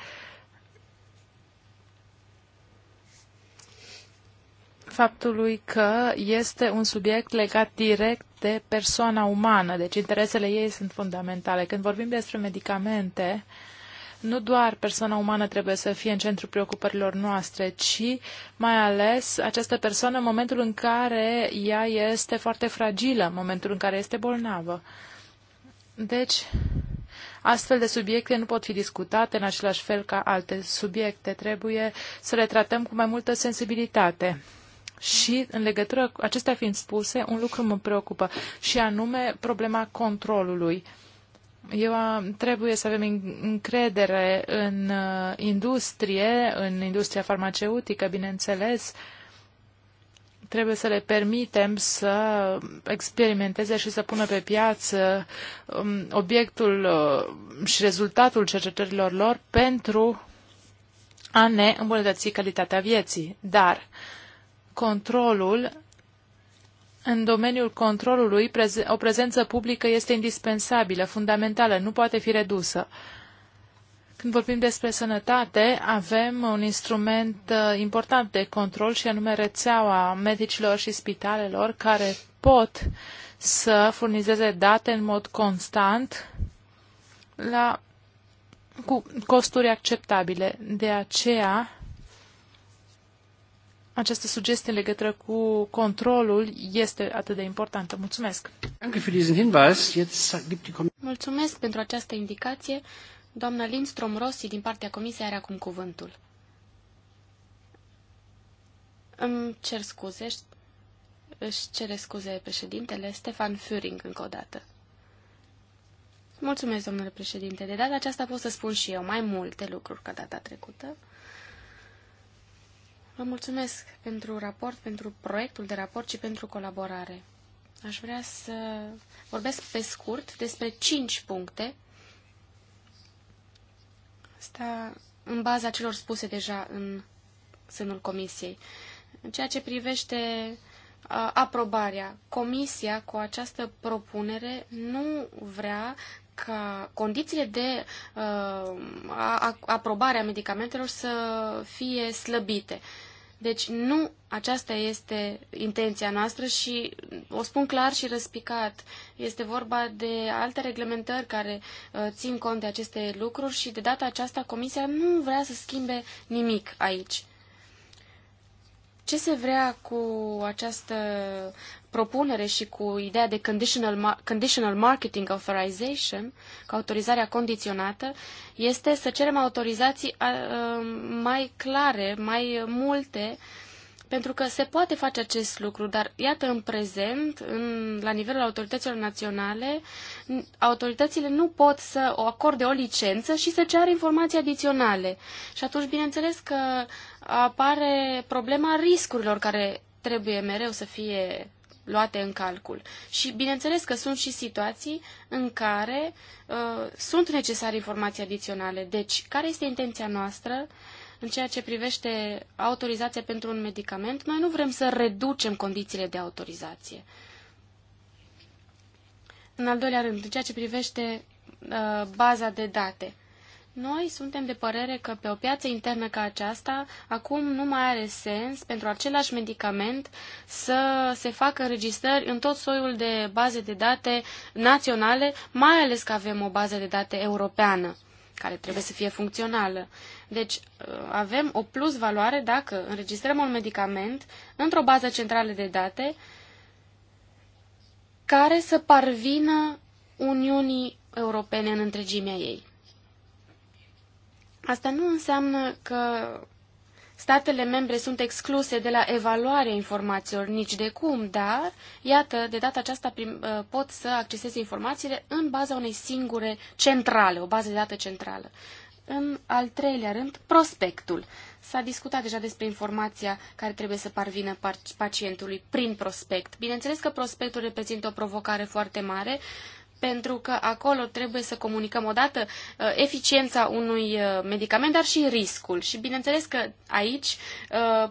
faptului că este un subiect legat direct de persoana umană, deci interesele ei sunt fundamentale. Când vorbim despre medicamente, nu doar persoana umană trebuie să fie în centrul preocupărilor noastre, ci mai ales această persoană în momentul în care ea este foarte fragilă, în momentul în care este bolnavă. Deci, astfel de subiecte nu pot fi discutate în același fel ca alte subiecte. Trebuie să le tratăm cu mai multă sensibilitate. Și în legătură cu acestea fiind spuse, un lucru mă preocupă și anume problema controlului. Eu am, trebuie să avem încredere în uh, industrie, în industria farmaceutică, bineînțeles. Trebuie să le permitem să experimenteze și să pună pe piață um, obiectul uh, și rezultatul cercetărilor lor pentru a ne îmbunătăți calitatea vieții. Dar uh, controlul, în domeniul controlului, o prezență publică este indispensabilă, fundamentală, nu poate fi redusă. Când vorbim despre sănătate, avem un instrument uh, important de control și anume rețeaua medicilor și spitalelor care pot să furnizeze date în mod constant la, cu costuri acceptabile. De aceea, această sugestie în legătură cu controlul este atât de importantă. Mulțumesc! Mulțumesc pentru această indicație. Doamna Lindstrom Rossi din partea Comisiei are acum cuvântul. Îmi cer scuze, își cere scuze președintele Stefan Füring încă o dată. Mulțumesc, domnule președinte. De data aceasta pot să spun și eu mai multe lucruri ca data trecută. Vă mulțumesc pentru raport, pentru proiectul de raport și pentru colaborare. Aș vrea să vorbesc pe scurt despre cinci puncte. Asta în baza celor spuse deja în sânul comisiei. În ceea ce privește aprobarea. Comisia cu această propunere nu vrea ca condițiile de uh, a, aprobare a medicamentelor să fie slăbite. Deci nu aceasta este intenția noastră și o spun clar și răspicat. Este vorba de alte reglementări care uh, țin cont de aceste lucruri și de data aceasta Comisia nu vrea să schimbe nimic aici. Ce se vrea cu această propunere și cu ideea de conditional, conditional marketing authorization, cu autorizarea condiționată, este să cerem autorizații mai clare, mai multe, pentru că se poate face acest lucru, dar iată în prezent, în, la nivelul autorităților naționale, autoritățile nu pot să o acorde o licență și să ceară informații adiționale. Și atunci, bineînțeles că apare problema riscurilor care trebuie mereu să fie luate în calcul. Și bineînțeles că sunt și situații în care uh, sunt necesare informații adiționale. Deci, care este intenția noastră în ceea ce privește autorizația pentru un medicament? Noi nu vrem să reducem condițiile de autorizație. În al doilea rând, în ceea ce privește uh, baza de date. Noi suntem de părere că pe o piață internă ca aceasta, acum nu mai are sens pentru același medicament să se facă înregistrări în tot soiul de baze de date naționale, mai ales că avem o bază de date europeană care trebuie să fie funcțională. Deci uh, avem o plus valoare dacă înregistrăm un medicament într-o bază centrală de date care să parvină Uniunii Europene în întregimea ei. Asta nu înseamnă că statele membre sunt excluse de la evaluarea informațiilor nici de cum, dar, iată, de data aceasta prim, uh, pot să acceseze informațiile în baza unei singure centrale, o bază de date centrală. În al treilea rând, prospectul. S-a discutat deja despre informația care trebuie să parvină pacientului prin prospect. Bineînțeles că prospectul reprezintă o provocare foarte mare, pentru că acolo trebuie să comunicăm odată uh, eficiența unui uh, medicament, dar și riscul. Și bineînțeles că aici uh,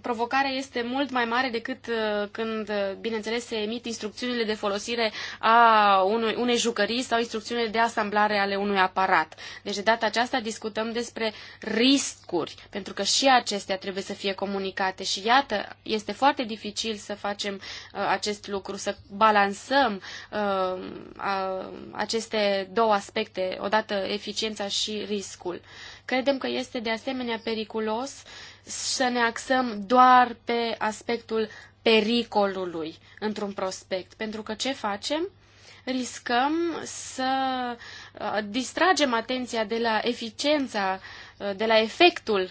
provocarea este mult mai mare decât când, bineînțeles, se emit instrucțiunile de folosire a unui, unei jucării sau instrucțiunile de asamblare ale unui aparat. Deci, de data aceasta, discutăm despre riscuri, pentru că și acestea trebuie să fie comunicate. Și iată, este foarte dificil să facem acest lucru, să balansăm aceste două aspecte, odată eficiența și riscul. Credem că este de asemenea periculos să ne axăm doar pe aspectul pericolului într-un prospect, pentru că ce facem? riscăm să distragem atenția de la eficiența, de la efectul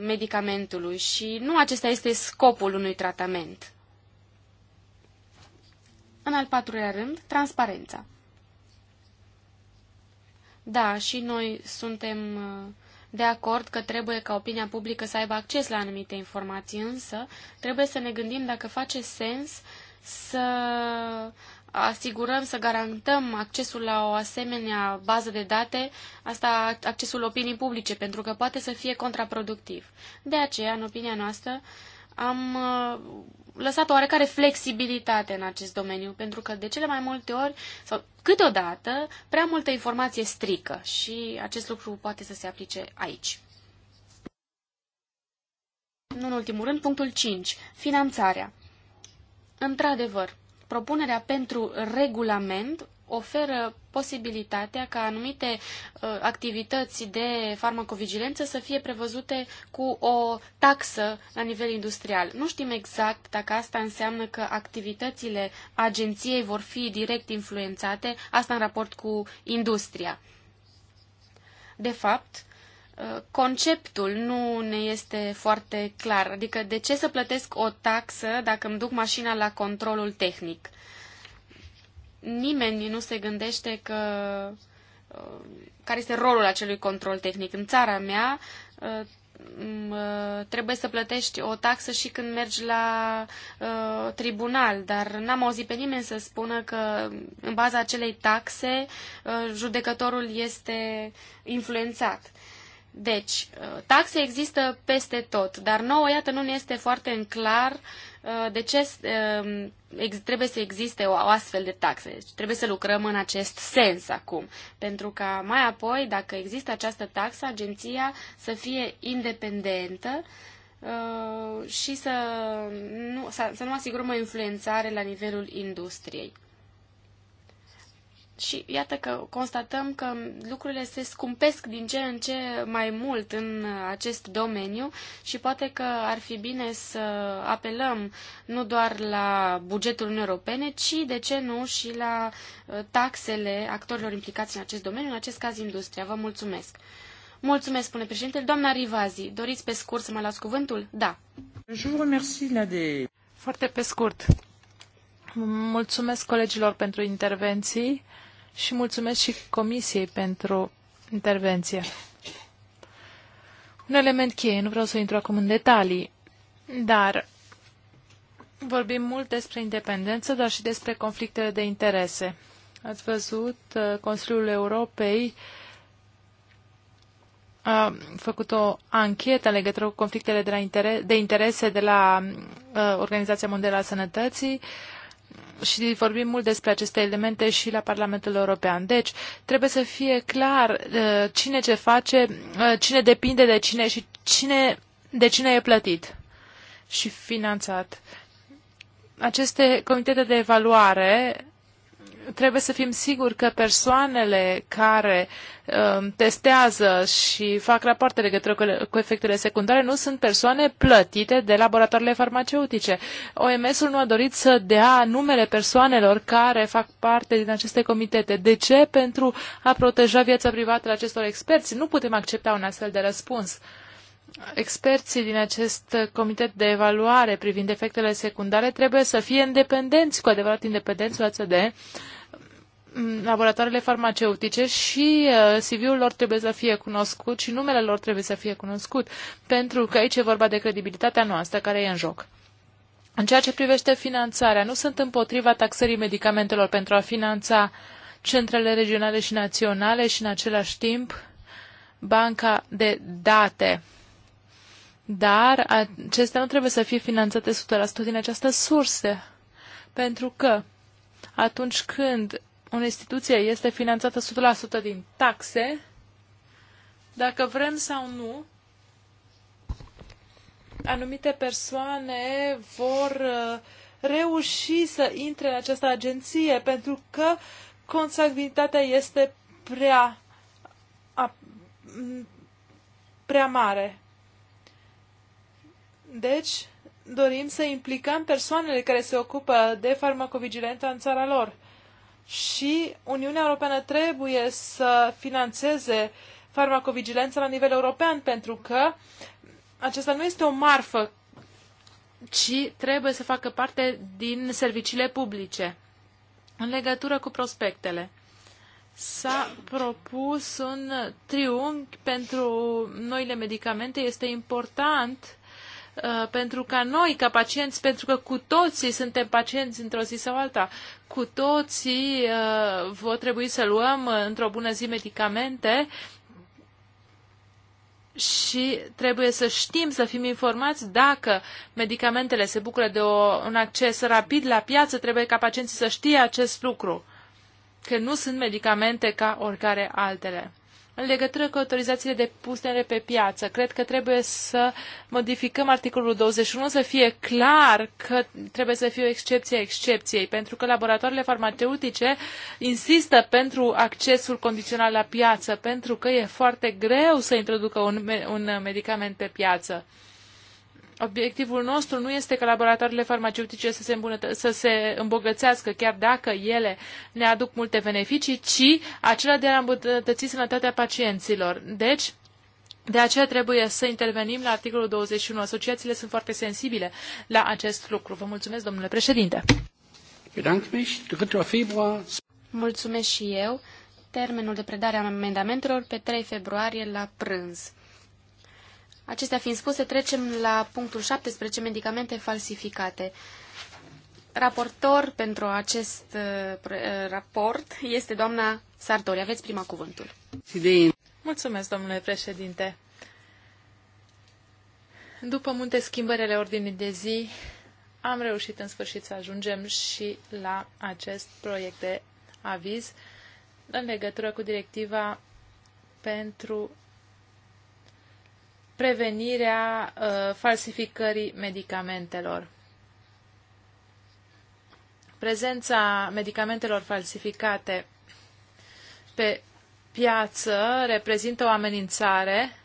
medicamentului și nu acesta este scopul unui tratament. În al patrulea rând, transparența. Da, și noi suntem uh, de acord că trebuie ca opinia publică să aibă acces la anumite informații, însă trebuie să ne gândim dacă face sens să asigurăm, să garantăm accesul la o asemenea bază de date, asta accesul opinii publice, pentru că poate să fie contraproductiv. De aceea, în opinia noastră, am uh, lăsat oarecare flexibilitate în acest domeniu, pentru că de cele mai multe ori, sau câteodată, prea multă informație strică și acest lucru poate să se aplice aici. Nu în ultimul rând, punctul 5. Finanțarea. Într-adevăr, propunerea pentru regulament oferă posibilitatea ca anumite uh, activități de farmacovigilență să fie prevăzute cu o taxă la nivel industrial. Nu știm exact dacă asta înseamnă că activitățile agenției vor fi direct influențate, asta în raport cu industria. De fapt, uh, conceptul nu ne este foarte clar, adică de ce să plătesc o taxă dacă îmi duc mașina la controlul tehnic. Uh, nimeni nu se gândește că uh, care este rolul acelui control tehnic. În țara mea uh, uh, trebuie să plătești o taxă și când mergi la uh, tribunal, dar n-am auzit pe nimeni să spună că în baza acelei taxe uh, judecătorul este influențat. Deci, uh, taxe există peste tot, dar nouă, iată, nu ne este foarte în clar uh, Uh, de ce uh, trebuie să existe o astfel de taxă. Deci trebuie să lucrăm în acest sens acum, pentru ca mai apoi, dacă există această taxă, agenția să fie independentă uh, și să nu, să nu asigurăm o influențare la nivelul industriei. Și iată că constatăm că lucrurile se scumpesc din ce în ce mai mult în acest domeniu și poate că ar fi bine să apelăm nu doar la bugetul Uniunii Europene, ci, de ce nu, și la uh, taxele actorilor implicați în acest domeniu, în acest caz industria. Vă mulțumesc! Mulțumesc, spune președintele. Doamna Rivazi, doriți pe scurt să mă las cuvântul? Da. Foarte pe scurt. Mulțumesc colegilor pentru intervenții și mulțumesc și Comisiei pentru intervenție. Un element cheie, nu vreau să intru acum în detalii, dar vorbim mult despre independență, dar și despre conflictele de interese. Ați văzut, uh, Consiliul Europei a făcut o anchetă în legătură cu conflictele de, la inter- de interese de la uh, Organizația Mondială a Sănătății. Uh, și vorbim mult despre aceste elemente și la Parlamentul European. Deci, trebuie să fie clar uh, cine ce face, uh, cine depinde de cine și cine, de cine e plătit și finanțat. Aceste comitete de evaluare trebuie să fim siguri că persoanele care uh, testează și fac rapoarte legătură cu, cu efectele secundare nu sunt persoane plătite de laboratoarele farmaceutice. OMS-ul nu a dorit să dea numele persoanelor care fac parte din aceste comitete. De ce? Pentru a proteja viața privată a acestor experți. Nu putem accepta un astfel de răspuns experții din acest comitet de evaluare privind efectele secundare trebuie să fie independenți, cu adevărat independenți față de mm, laboratoarele farmaceutice și uh, CV-ul lor trebuie să fie cunoscut și numele lor trebuie să fie cunoscut, pentru că aici e vorba de credibilitatea noastră care e în joc. În ceea ce privește finanțarea, nu sunt împotriva taxării medicamentelor pentru a finanța centrele regionale și naționale și în același timp banca de date dar acestea nu trebuie să fie finanțate 100% din această sursă, pentru că atunci când o instituție este finanțată 100% din taxe, dacă vrem sau nu, anumite persoane vor uh, reuși să intre în această agenție pentru că consanguinitatea este prea, a, prea mare. Deci, dorim să implicăm persoanele care se ocupă de farmacovigilență în țara lor. Și Uniunea Europeană trebuie să financeze farmacovigilența la nivel european, pentru că acesta nu este o marfă, ci trebuie să facă parte din serviciile publice. În legătură cu prospectele, s-a propus un triunghi pentru noile medicamente. Este important Uh, pentru ca noi, ca pacienți, pentru că cu toții suntem pacienți într-o zi sau alta, cu toții uh, vor trebui să luăm uh, într-o bună zi medicamente și trebuie să știm, să fim informați dacă medicamentele se bucură de o, un acces rapid la piață, trebuie ca pacienții să știe acest lucru, că nu sunt medicamente ca oricare altele. În legătură cu autorizațiile de punere pe piață, cred că trebuie să modificăm articolul 21 să fie clar că trebuie să fie o excepție a excepției, pentru că laboratoarele farmaceutice insistă pentru accesul condițional la piață, pentru că e foarte greu să introducă un, un medicament pe piață. Obiectivul nostru nu este ca laboratoarele farmaceutice să se, să se îmbogățească, chiar dacă ele ne aduc multe beneficii, ci acela de a îmbunătăți sănătatea pacienților. Deci, de aceea trebuie să intervenim la articolul 21. Asociațiile sunt foarte sensibile la acest lucru. Vă mulțumesc, domnule președinte. Mulțumesc și eu. Termenul de predare a amendamentelor pe 3 februarie la prânz. Acestea fiind spuse, trecem la punctul 17, medicamente falsificate. Raportor pentru acest uh, uh, raport este doamna Sartori. Aveți prima cuvântul. Mulțumesc, domnule președinte. După multe schimbări ale ordinii de zi, am reușit în sfârșit să ajungem și la acest proiect de aviz în legătură cu directiva pentru prevenirea uh, falsificării medicamentelor. Prezența medicamentelor falsificate pe piață reprezintă o amenințare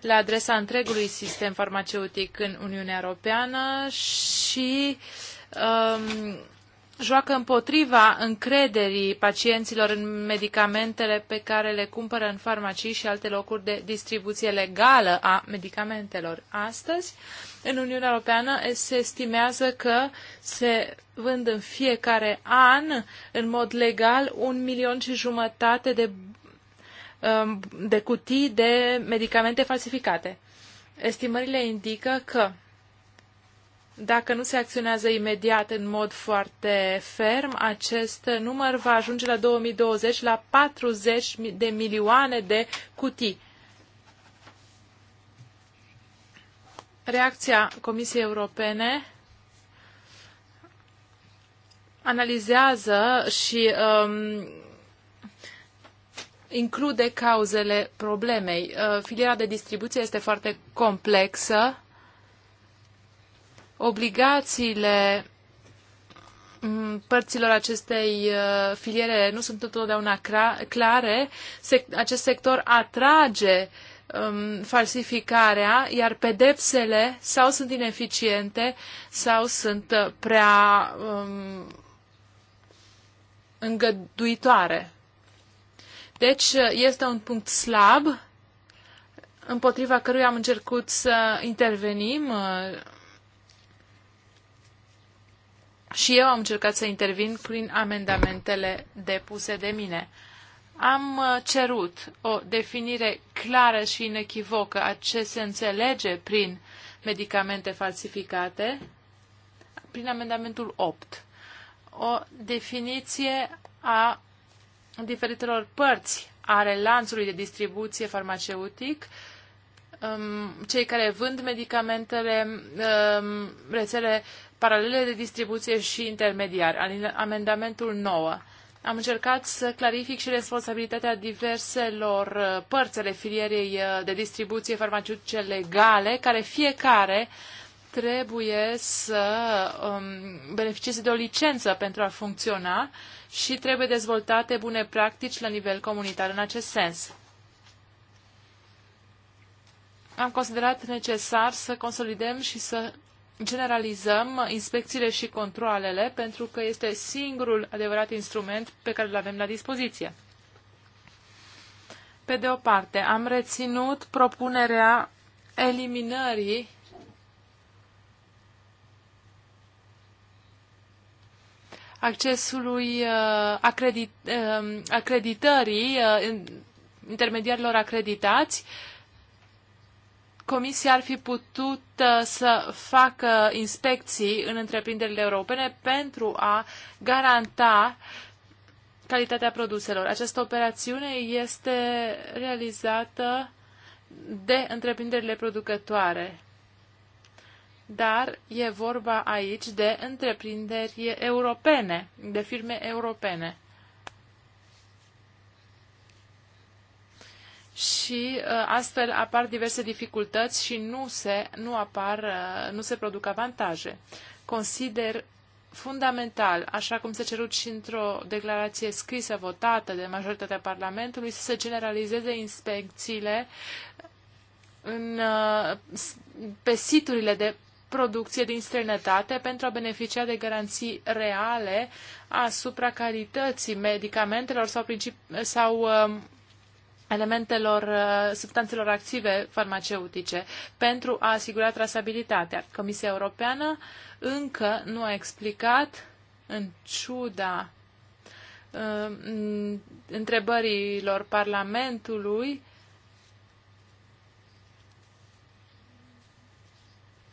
la adresa întregului sistem farmaceutic în Uniunea Europeană și um, joacă împotriva încrederii pacienților în medicamentele pe care le cumpără în farmacii și alte locuri de distribuție legală a medicamentelor. Astăzi, în Uniunea Europeană, se estimează că se vând în fiecare an, în mod legal, un milion și jumătate de, um, de cutii de medicamente falsificate. Estimările indică că dacă nu se acționează imediat în mod foarte ferm, acest număr va ajunge la 2020 la 40 de milioane de cutii. Reacția Comisiei Europene analizează și um, include cauzele problemei. Uh, filiera de distribuție este foarte complexă obligațiile mm, părților acestei uh, filiere nu sunt întotdeauna clare, acest sector atrage um, falsificarea, iar pedepsele sau sunt ineficiente sau sunt uh, prea um, îngăduitoare. Deci uh, este un punct slab împotriva căruia am încercat să intervenim și eu am încercat să intervin prin amendamentele depuse de mine. Am uh, cerut o definire clară și inechivocă a ce se înțelege prin medicamente falsificate prin amendamentul 8. O definiție a diferitelor părți are lanțului de distribuție farmaceutic, um, cei care vând medicamentele, um, rețele paralele de distribuție și intermediari, amendamentul 9. Am încercat să clarific și responsabilitatea diverselor ale uh, filierei uh, de distribuție farmaceutice legale, care fiecare trebuie să um, beneficieze de o licență pentru a funcționa și trebuie dezvoltate bune practici la nivel comunitar în acest sens. Am considerat necesar să consolidăm și să generalizăm inspecțiile și controlele pentru că este singurul adevărat instrument pe care îl avem la dispoziție. Pe de o parte, am reținut propunerea eliminării accesului uh, acredit, uh, acreditării uh, intermediarilor acreditați uh, Comisia ar fi putut uh, să facă inspecții în întreprinderile europene pentru a garanta calitatea produselor. Această operațiune este realizată de întreprinderile producătoare, dar e vorba aici de întreprinderi europene, de firme europene. și uh, astfel apar diverse dificultăți și nu se, nu apar, uh, nu se produc avantaje. Consider fundamental, așa cum s-a cerut și într-o declarație scrisă votată de majoritatea Parlamentului, să se generalizeze inspecțiile în, uh, pe siturile de producție din străinătate pentru a beneficia de garanții reale asupra calității medicamentelor sau, sau uh, elementelor, uh, substanțelor active farmaceutice pentru a asigura trasabilitatea. Comisia Europeană încă nu a explicat, în ciuda uh, întrebărilor Parlamentului,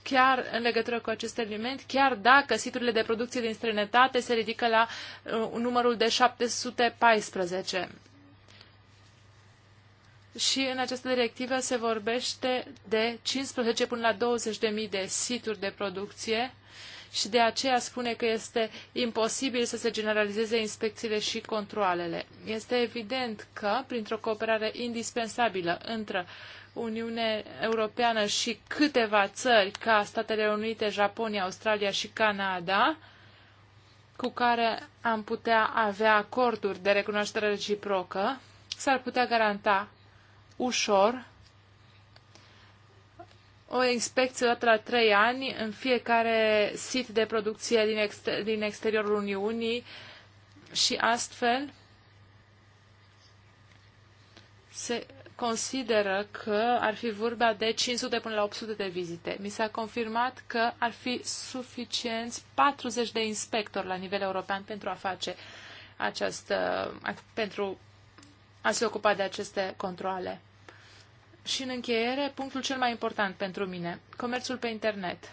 chiar în legătură cu acest element, chiar dacă siturile de producție din străinătate se ridică la uh, numărul de 714 și în această directivă se vorbește de 15 până la 20.000 de situri de producție și de aceea spune că este imposibil să se generalizeze inspecțiile și controalele. Este evident că, printr-o cooperare indispensabilă între Uniunea Europeană și câteva țări ca Statele Unite, Japonia, Australia și Canada, cu care am putea avea acorduri de recunoaștere reciprocă, s-ar putea garanta ușor o inspecție dată la trei ani în fiecare sit de producție din, exter- din exteriorul Uniunii și astfel se consideră că ar fi vorba de 500 până la 800 de vizite. Mi s-a confirmat că ar fi suficienți 40 de inspectori la nivel european pentru a face această, pentru a se ocupa de aceste controle. Și în încheiere, punctul cel mai important pentru mine, comerțul pe internet.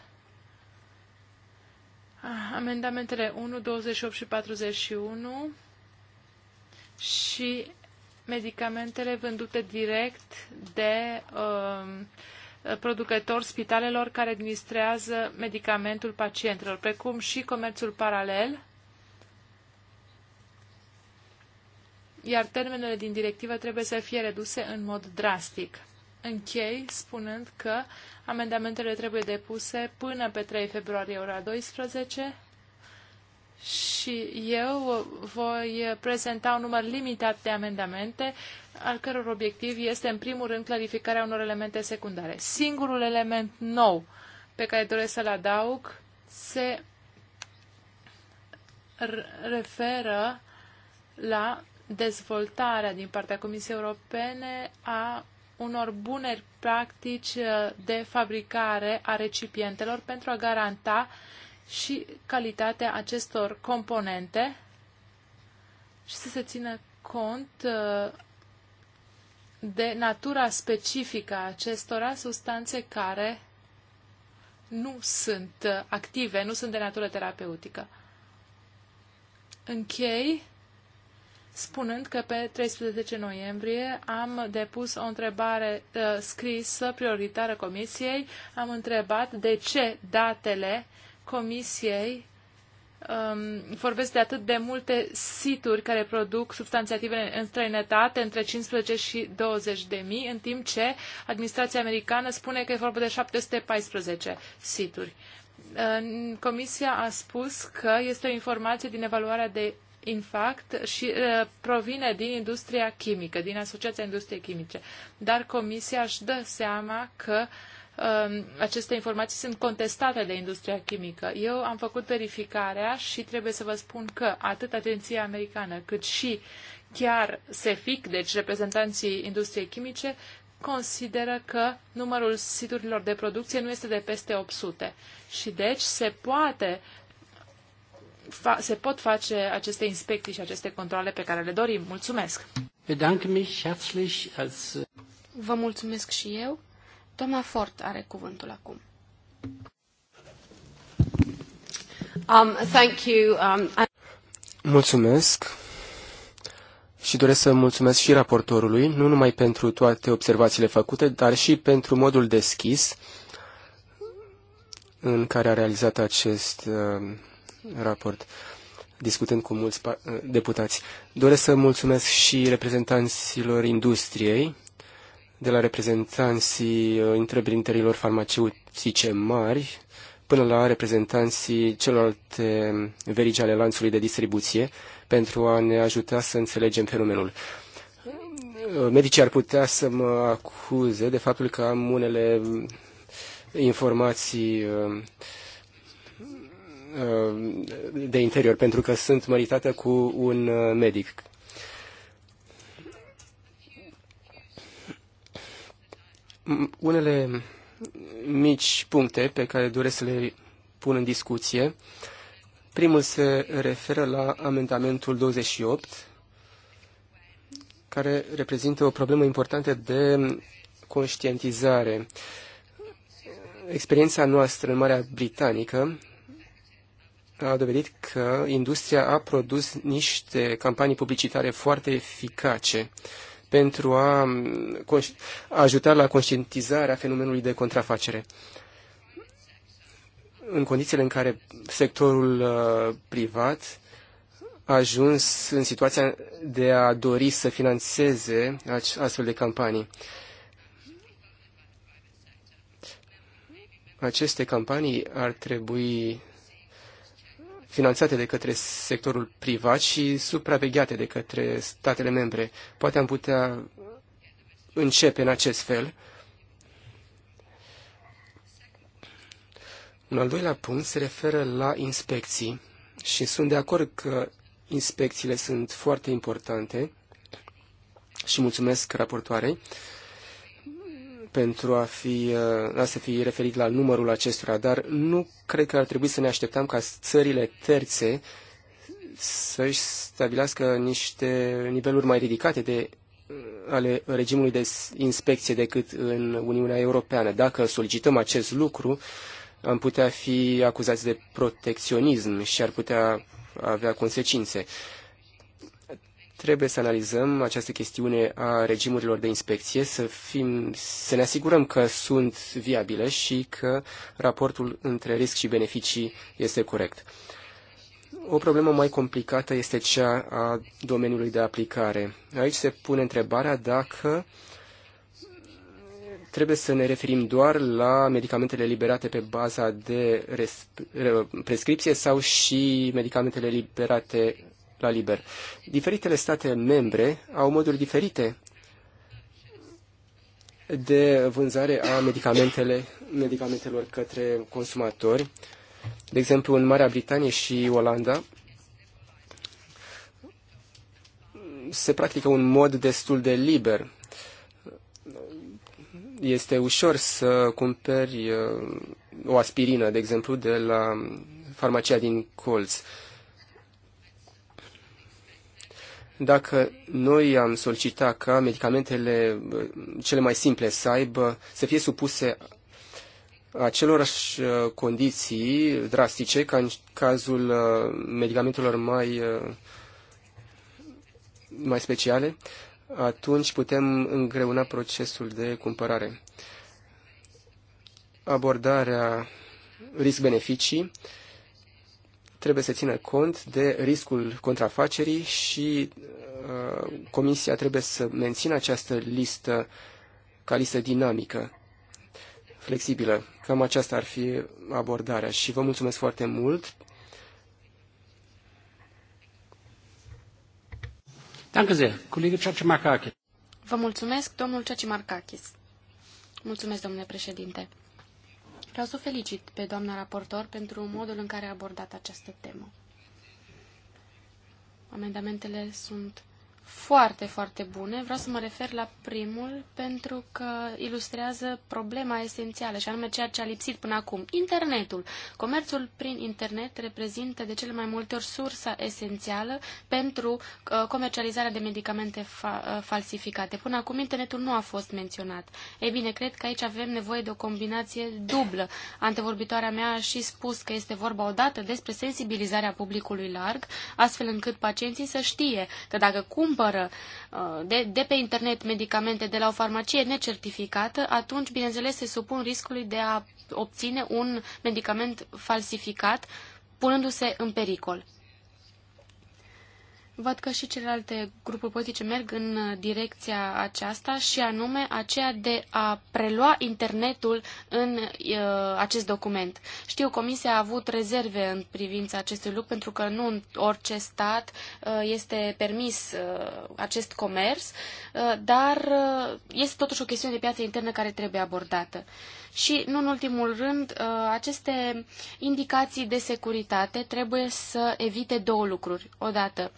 Ah, amendamentele 1, 28 și 41 și medicamentele vândute direct de uh, producători spitalelor care administrează medicamentul pacientelor, precum și comerțul paralel, iar termenele din directivă trebuie să fie reduse în mod drastic închei spunând că amendamentele trebuie depuse până pe 3 februarie ora 12 și eu voi prezenta un număr limitat de amendamente, al căror obiectiv este, în primul rând, clarificarea unor elemente secundare. Singurul element nou pe care doresc să-l adaug se referă la dezvoltarea din partea Comisiei Europene a unor bune practici uh, de fabricare a recipientelor pentru a garanta și calitatea acestor componente și să se țină cont uh, de natura specifică a acestora substanțe care nu sunt uh, active, nu sunt de natură terapeutică. Închei spunând că pe 13 noiembrie am depus o întrebare uh, scrisă prioritară comisiei. Am întrebat de ce datele comisiei um, vorbesc de atât de multe situri care produc substanțe active în străinătate, între 15 și 20 de mii, în timp ce administrația americană spune că e vorba de 714 situri. comisia a spus că este o informație din evaluarea de fact, și uh, provine din industria chimică, din Asociația Industriei Chimice. Dar comisia își dă seama că um, aceste informații sunt contestate de industria chimică. Eu am făcut verificarea și trebuie să vă spun că atât Agenția Americană cât și chiar SEFIC, deci reprezentanții industriei chimice, consideră că numărul siturilor de producție nu este de peste 800 și deci se poate se pot face aceste inspecții și aceste controle pe care le dorim. Mulțumesc! Vă mulțumesc și eu. Doamna Fort are cuvântul acum. Um, thank you, um, and... Mulțumesc și doresc să mulțumesc și raportorului, nu numai pentru toate observațiile făcute, dar și pentru modul deschis în care a realizat acest uh, raport, discutând cu mulți eh, deputați. Doresc să mulțumesc și reprezentanților industriei, de la reprezentanții eh, întreprinderilor farmaceutice mari până la reprezentanții celorlalte verige ale lanțului de distribuție pentru a ne ajuta să înțelegem fenomenul. Eh, medicii ar putea să mă acuze de faptul că am unele informații Uh, de interior, pentru că sunt măritată cu un uh, medic. Mm, unele mici puncte pe care doresc să le pun în discuție. Primul se referă la amendamentul 28, care reprezintă o problemă importantă de conștientizare. Experiența noastră în Marea Britanică a dovedit că industria a produs niște campanii publicitare foarte eficace pentru a ajuta la conștientizarea fenomenului de contrafacere. În condițiile în care sectorul uh, privat a ajuns în situația de a dori să financeze astfel de campanii. Aceste campanii ar trebui finanțate de către sectorul privat și supravegheate de către statele membre. Poate am putea începe în acest fel. Un al doilea punct se referă la inspecții și sunt de acord că inspecțiile sunt foarte importante și mulțumesc raportoarei. Uh, pentru a, fi, uh, a să fi referit la numărul acestora, dar nu cred că ar trebui să ne așteptăm ca țările terțe să-și stabilească niște niveluri mai ridicate de, uh, ale regimului de inspecție decât în Uniunea Europeană. Dacă solicităm acest lucru, am putea fi acuzați de protecționism și ar putea avea consecințe. Trebuie să analizăm această chestiune a regimurilor de inspecție, să, fim, să ne asigurăm că sunt viabile și că raportul între risc și beneficii este corect. O problemă mai complicată este cea a domeniului de aplicare. Aici se pune întrebarea dacă trebuie să ne referim doar la medicamentele liberate pe baza de prescripție sau și medicamentele liberate la liber. Diferitele state membre au moduri diferite de vânzare a medicamentele, medicamentelor către consumatori. De exemplu, în Marea Britanie și Olanda se practică un mod destul de liber. Este ușor să cumperi uh, o aspirină, de exemplu, de la farmacia din colț. Dacă noi am solicitat ca medicamentele uh, cele mai simple să aibă, să fie supuse acelorași uh, condiții drastice ca în cazul uh, medicamentelor mai, mai speciale, atunci putem îngreuna procesul de cumpărare. Abordarea risc-beneficii trebuie să țină cont de riscul contrafacerii și uh, Comisia trebuie să mențină această listă ca listă dinamică, flexibilă. Cam aceasta ar fi abordarea și vă mulțumesc foarte mult. Vă mulțumesc, domnul Marcachis. Mulțumesc, domnule președinte. Vreau să o felicit pe doamna raportor pentru modul în care a abordat această temă. Amendamentele sunt foarte, foarte bune. Vreau să mă refer la primul pentru că ilustrează problema esențială și anume ceea ce a lipsit până acum. Internetul. Comerțul prin internet reprezintă de cele mai multe ori sursa esențială pentru uh, comercializarea de medicamente fa uh, falsificate. Până acum internetul nu a fost menționat. Ei bine, cred că aici avem nevoie de o combinație dublă. Antevorbitoarea mea a și spus că este vorba odată despre sensibilizarea publicului larg, astfel încât pacienții să știe că dacă cumpă cumpără uh, de, de pe internet medicamente de la o farmacie necertificată, atunci, bineînțeles, se supun riscului de a obține un medicament falsificat, punându-se în pericol. Văd că și celelalte grupuri politice merg în uh, direcția aceasta și anume aceea de a prelua internetul în uh, acest document. Știu, Comisia a avut rezerve în privința acestui lucru pentru că nu în orice stat uh, este permis uh, acest comerț, uh, dar uh, este totuși o chestiune de piață internă care trebuie abordată. Și, nu în ultimul rând, uh, aceste indicații de securitate trebuie să evite două lucruri. Odată,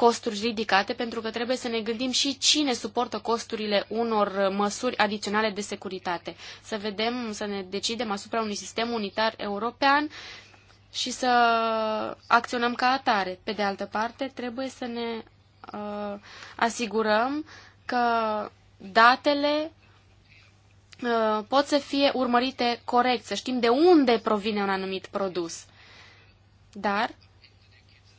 costuri ridicate, pentru că trebuie să ne gândim și cine suportă costurile unor măsuri adiționale de securitate. Să vedem, să ne decidem asupra unui sistem unitar european și să acționăm ca atare. Pe de altă parte, trebuie să ne uh, asigurăm că datele uh, pot să fie urmărite corect, să știm de unde provine un anumit produs. Dar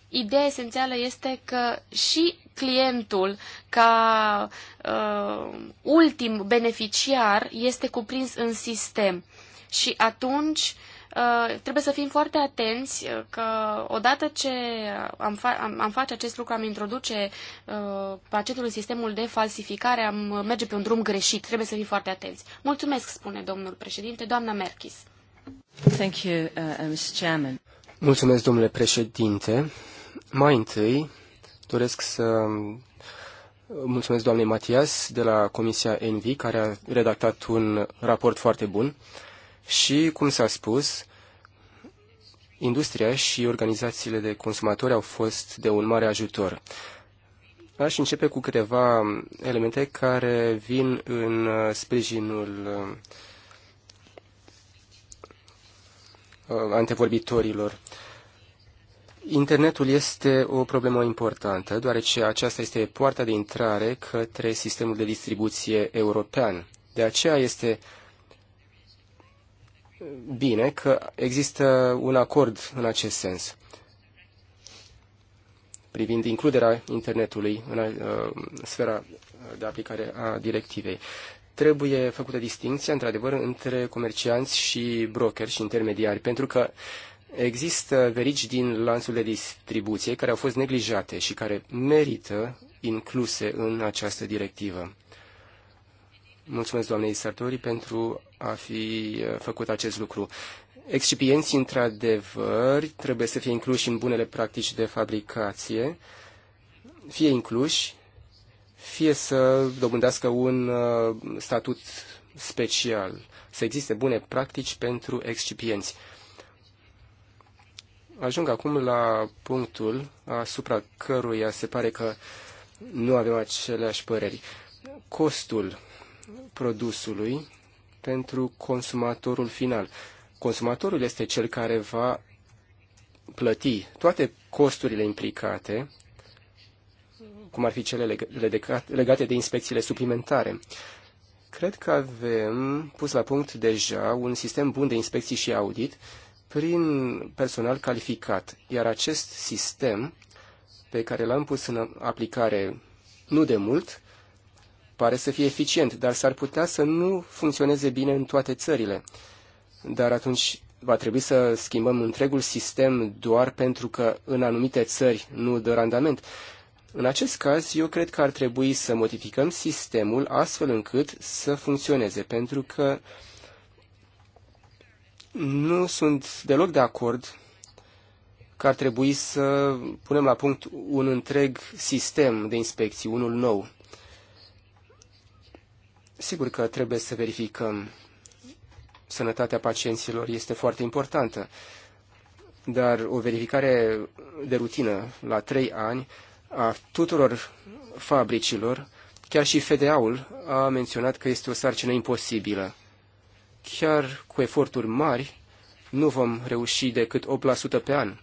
ideea esențială este că și clientul ca uh, ultim beneficiar este cuprins în sistem. Și atunci uh, trebuie să fim foarte atenți uh, că odată ce am, fa- am, am face acest lucru, am introduce uh, în sistemul de falsificare, am uh, merge pe un drum greșit. Trebuie să fim foarte atenți. Mulțumesc, spune domnul președinte, doamna Merkis. Thank you, uh, uh Mr. Chairman. Mulțumesc, domnule președinte. Mai întâi, doresc să mulțumesc doamnei Matias de la Comisia ENVI, care a redactat un raport foarte bun și, cum s-a spus, industria și organizațiile de consumatori au fost de un mare ajutor. Aș începe cu câteva elemente care vin în sprijinul uh, antevorbitorilor. Internetul este o problemă importantă, deoarece aceasta este poarta de intrare către sistemul de distribuție european. De aceea este bine că există un acord în acest sens privind includerea internetului în uh, sfera de aplicare a directivei. Trebuie făcută distinția, într-adevăr, între comercianți și brokeri și intermediari, pentru că uh, Există verigi din lanțul de distribuție care au fost neglijate și care merită incluse în această directivă. Mulțumesc doamnei Sartori pentru a fi uh, făcut acest lucru. Excipienții, într-adevăr, trebuie să fie incluși în bunele practici de fabricație, fie incluși, fie să dobândească un uh, statut special, să existe bune practici pentru excipienți. Ajung acum la punctul asupra căruia se pare că nu avem aceleași păreri. Costul produsului pentru consumatorul final. Consumatorul este cel care va plăti toate costurile implicate, cum ar fi cele legate de inspecțiile suplimentare. Cred că avem pus la punct deja un sistem bun de inspecții și audit prin personal calificat, iar acest sistem pe care l-am pus în aplicare nu de mult, pare să fie eficient, dar s-ar putea să nu funcționeze bine în toate țările. Dar atunci va trebui să schimbăm întregul sistem doar pentru că în anumite țări nu dă randament. În acest caz, eu cred că ar trebui să modificăm sistemul astfel încât să funcționeze, pentru că nu sunt deloc de acord că ar trebui să punem la punct un întreg sistem de inspecții, unul nou. Sigur că trebuie să verificăm sănătatea pacienților este foarte importantă, dar o verificare de rutină la trei ani a tuturor fabricilor, chiar și FDA-ul a menționat că este o sarcină imposibilă. Chiar cu eforturi mari, nu vom reuși decât 8% pe an,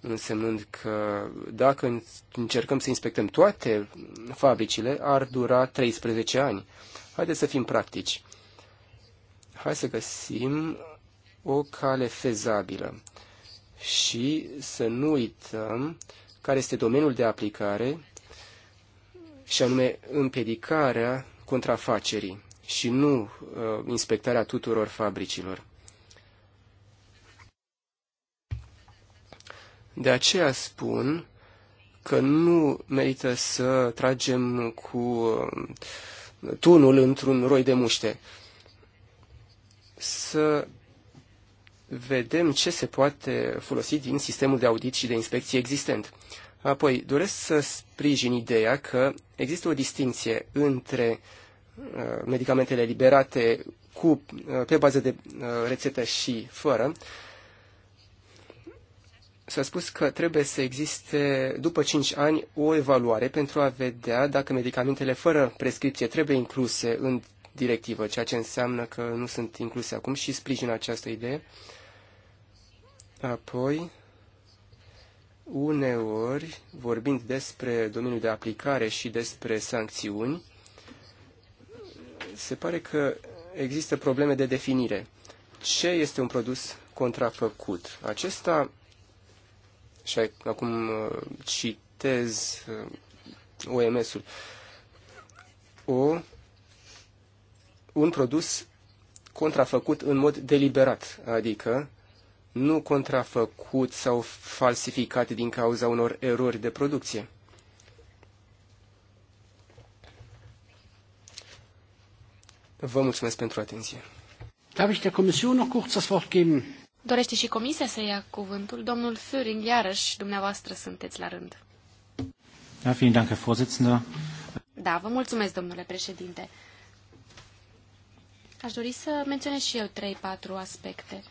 însemnând că dacă încercăm să inspectăm toate fabricile, ar dura 13 ani. Haideți să fim practici. Hai să găsim o cale fezabilă și să nu uităm care este domeniul de aplicare și anume împiedicarea contrafacerii și nu uh, inspectarea tuturor fabricilor. De aceea spun că nu merită să tragem cu uh, tunul într-un roi de muște. Să vedem ce se poate folosi din sistemul de audit și de inspecție existent. Apoi, doresc să sprijin ideea că există o distinție între uh, Uh, medicamentele liberate cu, uh, pe bază de uh, rețetă și fără, s-a spus că trebuie să existe, după 5 ani, o evaluare pentru a vedea dacă medicamentele fără prescripție trebuie incluse în directivă, ceea ce înseamnă că nu sunt incluse acum și sprijin această idee. Apoi, uneori, vorbind despre domeniul de aplicare și despre sancțiuni, se pare că există probleme de definire. Ce este un produs contrafăcut? Acesta, și acum uh, citez uh, OMS-ul, o, un produs contrafăcut în mod deliberat, adică nu contrafăcut sau falsificat din cauza unor erori de producție. Vă mulțumesc pentru atenție. Darf ich der Kommission noch kurz das Wort geben? Dorește și comisia să ia cuvântul. Domnul Führing, iarăși, dumneavoastră sunteți la rând. Da, vielen Dank, Herr Vorsitzender. Da, vă mulțumesc, domnule președinte. Aș dori să menționez și eu trei patru aspecte.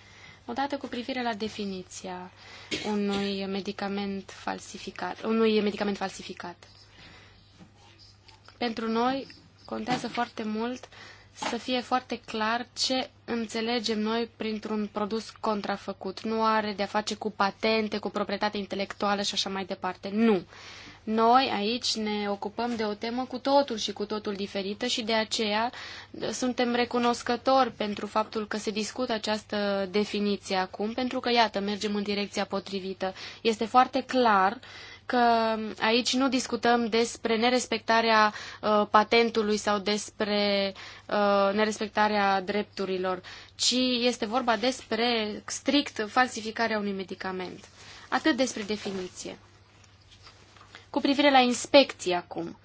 Odată cu privire la definiția unui medicament falsificat, unui medicament falsificat. Pentru noi contează foarte mult uh, să fie foarte clar ce înțelegem noi printr-un produs contrafăcut. Nu are de-a face cu patente, cu proprietate intelectuală și așa mai departe. Nu. Noi aici ne ocupăm de o temă cu totul și cu totul diferită și de aceea suntem recunoscători pentru faptul că se discută această definiție acum, pentru că, iată, mergem în direcția potrivită. Este foarte clar uh, că aici nu discutăm despre nerespectarea uh, patentului sau despre uh, nerespectarea drepturilor, ci este vorba despre strict falsificarea unui medicament. Atât despre definiție. Cu privire la inspecție acum.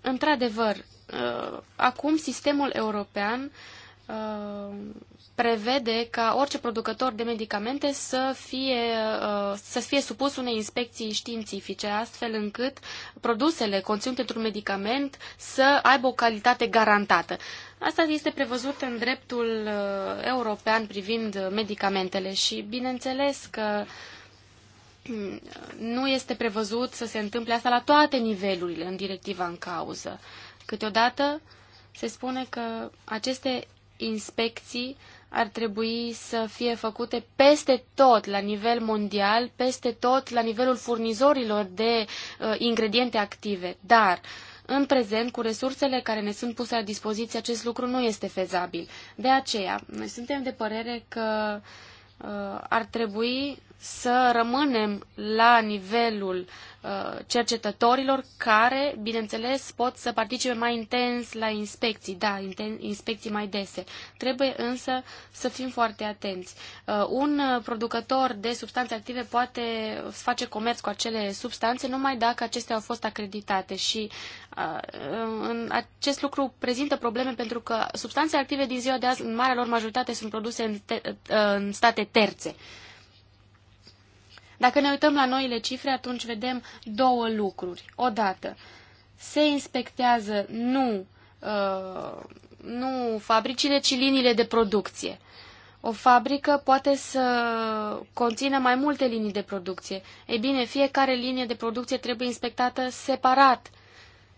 Într-adevăr, uh, acum sistemul european uh, Uh, prevede ca orice producător de medicamente să fie, uh, să fie supus unei inspecții științifice, astfel încât produsele conținute într-un medicament să aibă o calitate garantată. Asta este prevăzut în dreptul uh, european privind medicamentele și bineînțeles că mm, nu este prevăzut să se întâmple asta la toate nivelurile în directiva în cauză. Câteodată se spune că aceste inspecții ar trebui să fie făcute peste tot, la nivel mondial, peste tot, la nivelul furnizorilor de uh, ingrediente active. Dar, în prezent, cu resursele care ne sunt puse la dispoziție, acest lucru nu este fezabil. De aceea, noi suntem de părere că uh, ar trebui să rămânem la nivelul uh, cercetătorilor care, bineînțeles, pot să participe mai intens la inspecții, da, inspecții mai dese. Trebuie însă să fim foarte atenți. Uh, un uh, producător de substanțe active poate face comerț cu acele substanțe numai dacă acestea au fost acreditate și acest lucru prezintă probleme pentru că substanțele active din ziua de azi, în marea lor majoritate, sunt produse în, te- în state terțe. Dacă ne uităm la noile cifre, atunci vedem două lucruri. Odată, se inspectează nu, uh, nu fabricile, ci liniile de producție. O fabrică poate să conțină mai multe linii de producție. Ei bine, fiecare linie de producție trebuie inspectată separat.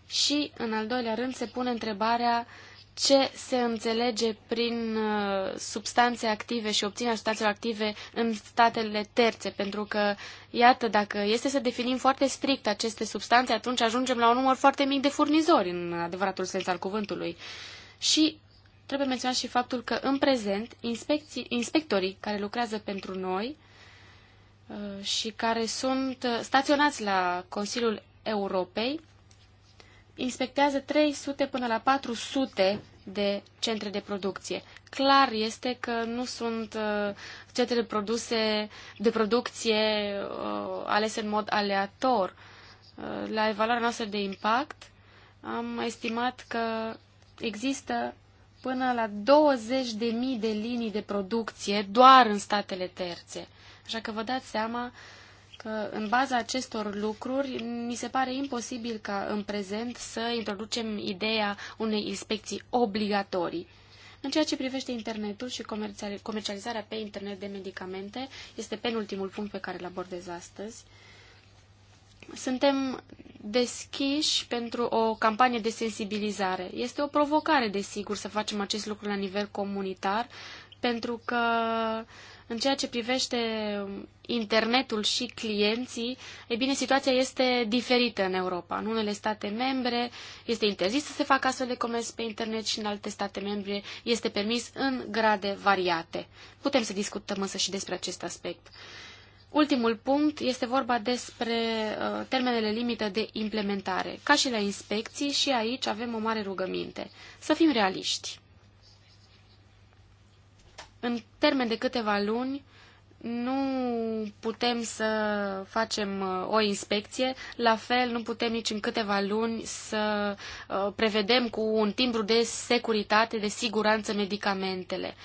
Și, în al doilea rând, se pune întrebarea uh, ce se înțelege prin uh, substanțe active și obținerea substanțelor active în statele terțe, pentru că, iată, dacă este să definim foarte strict aceste substanțe, atunci ajungem la un număr foarte mic de furnizori, în adevăratul sens al cuvântului. Și trebuie menționat și faptul că, în prezent, inspectorii care lucrează pentru noi uh, și care sunt uh, staționați la Consiliul Europei, inspectează 300 până la 400 de centre de producție. Clar este că nu sunt uh, centre de, produse, de producție uh, alese în mod aleator. Uh, la evaluarea noastră de impact am estimat că există până la 20.000 de linii de producție doar în statele terțe. Așa că vă dați seama uh, că în baza acestor lucruri mi se pare imposibil ca în prezent să introducem ideea unei inspecții obligatorii. În ceea ce privește internetul și comercializarea pe internet de medicamente, este penultimul punct pe care îl abordez astăzi, suntem deschiși pentru o campanie de sensibilizare. Este o provocare, desigur, să facem acest lucru la nivel comunitar, pentru că uh, în ceea ce privește internetul și clienții, e bine, situația este diferită în Europa. În unele state membre este interzis să se facă astfel de comerț pe internet și în alte state membre este permis în grade variate. Putem să discutăm însă și despre acest aspect. Ultimul punct este vorba despre uh, termenele limită de implementare. Ca și la inspecții, și aici avem o mare rugăminte. Să fim realiști în termen de câteva luni nu putem să facem uh, o inspecție, la fel nu putem nici în câteva luni să uh, prevedem cu un timbru de securitate, de siguranță medicamentele.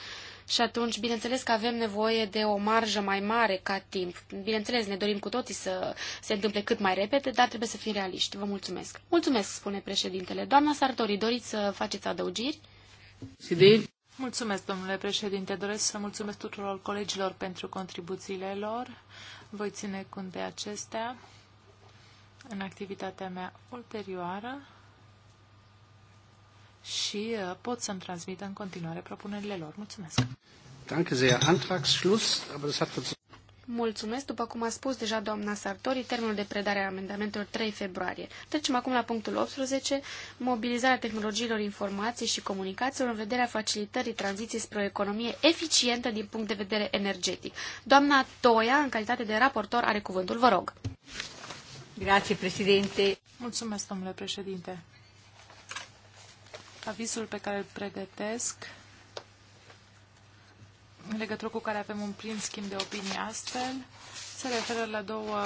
Și atunci, bineînțeles că avem nevoie de o marjă mai mare ca timp. Bineînțeles, ne dorim cu toții să se întâmple cât mai repede, dar trebuie să fim realiști. Vă mulțumesc. Mulțumesc, spune președintele. Doamna Sartori, doriți să faceți adăugiri? Sidei. Mulțumesc, domnule președinte. Doresc să mulțumesc tuturor colegilor pentru contribuțiile lor. Voi ține cont de acestea în activitatea mea ulterioară și uh, pot să-mi transmit în continuare propunerile lor. Mulțumesc. Danke sehr. Antragsschluss, aber das hat Mulțumesc. După cum a spus deja doamna Sartori, termenul de predare a amendamentelor 3 februarie. Trecem acum la punctul 18, mobilizarea tehnologiilor informației și comunicațiilor în vederea facilitării tranziției spre o economie eficientă din punct de vedere energetic. Doamna Toia, în calitate de raportor, are cuvântul. Vă rog. Grație, președinte. Mulțumesc, domnule președinte. Avisul pe care îl pregătesc în legătură cu care avem un prim schimb de opinii astfel, se referă la două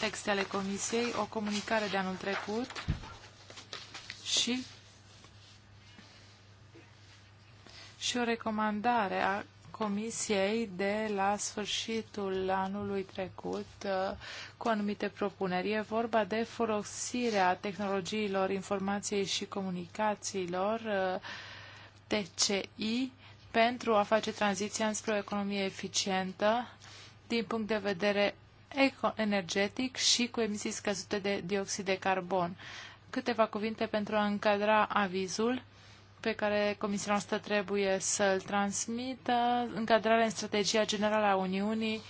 texte ale Comisiei, o comunicare de anul trecut și, și o recomandare a Comisiei de la sfârșitul anului trecut uh, cu anumite propuneri. E vorba de folosirea tehnologiilor informației și comunicațiilor uh, TCI pentru a face tranziția înspre o economie eficientă din punct de vedere energetic și cu emisii scăzute de dioxid de carbon. Câteva cuvinte pentru a încadra avizul pe care Comisia noastră trebuie să-l transmită, încadrarea în strategia generală a Uniunii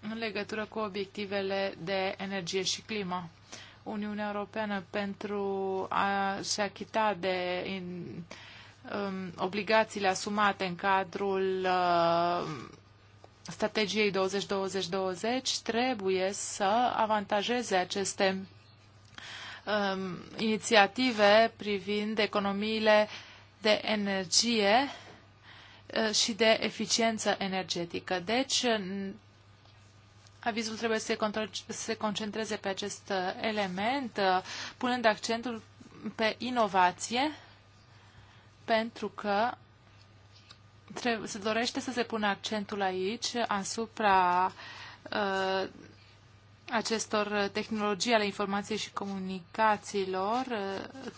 în legătură cu obiectivele de energie și climă. Uniunea Europeană pentru a se achita de in, um, obligațiile asumate în cadrul uh, strategiei 2020-2020 trebuie să avantajeze aceste um, inițiative privind economiile de energie uh, și de eficiență energetică. Deci, uh, avizul trebuie să se concentreze pe acest uh, element, punând accentul pe inovație pentru că se dorește să se pună accentul aici asupra uh, acestor tehnologii ale informației și comunicațiilor, uh,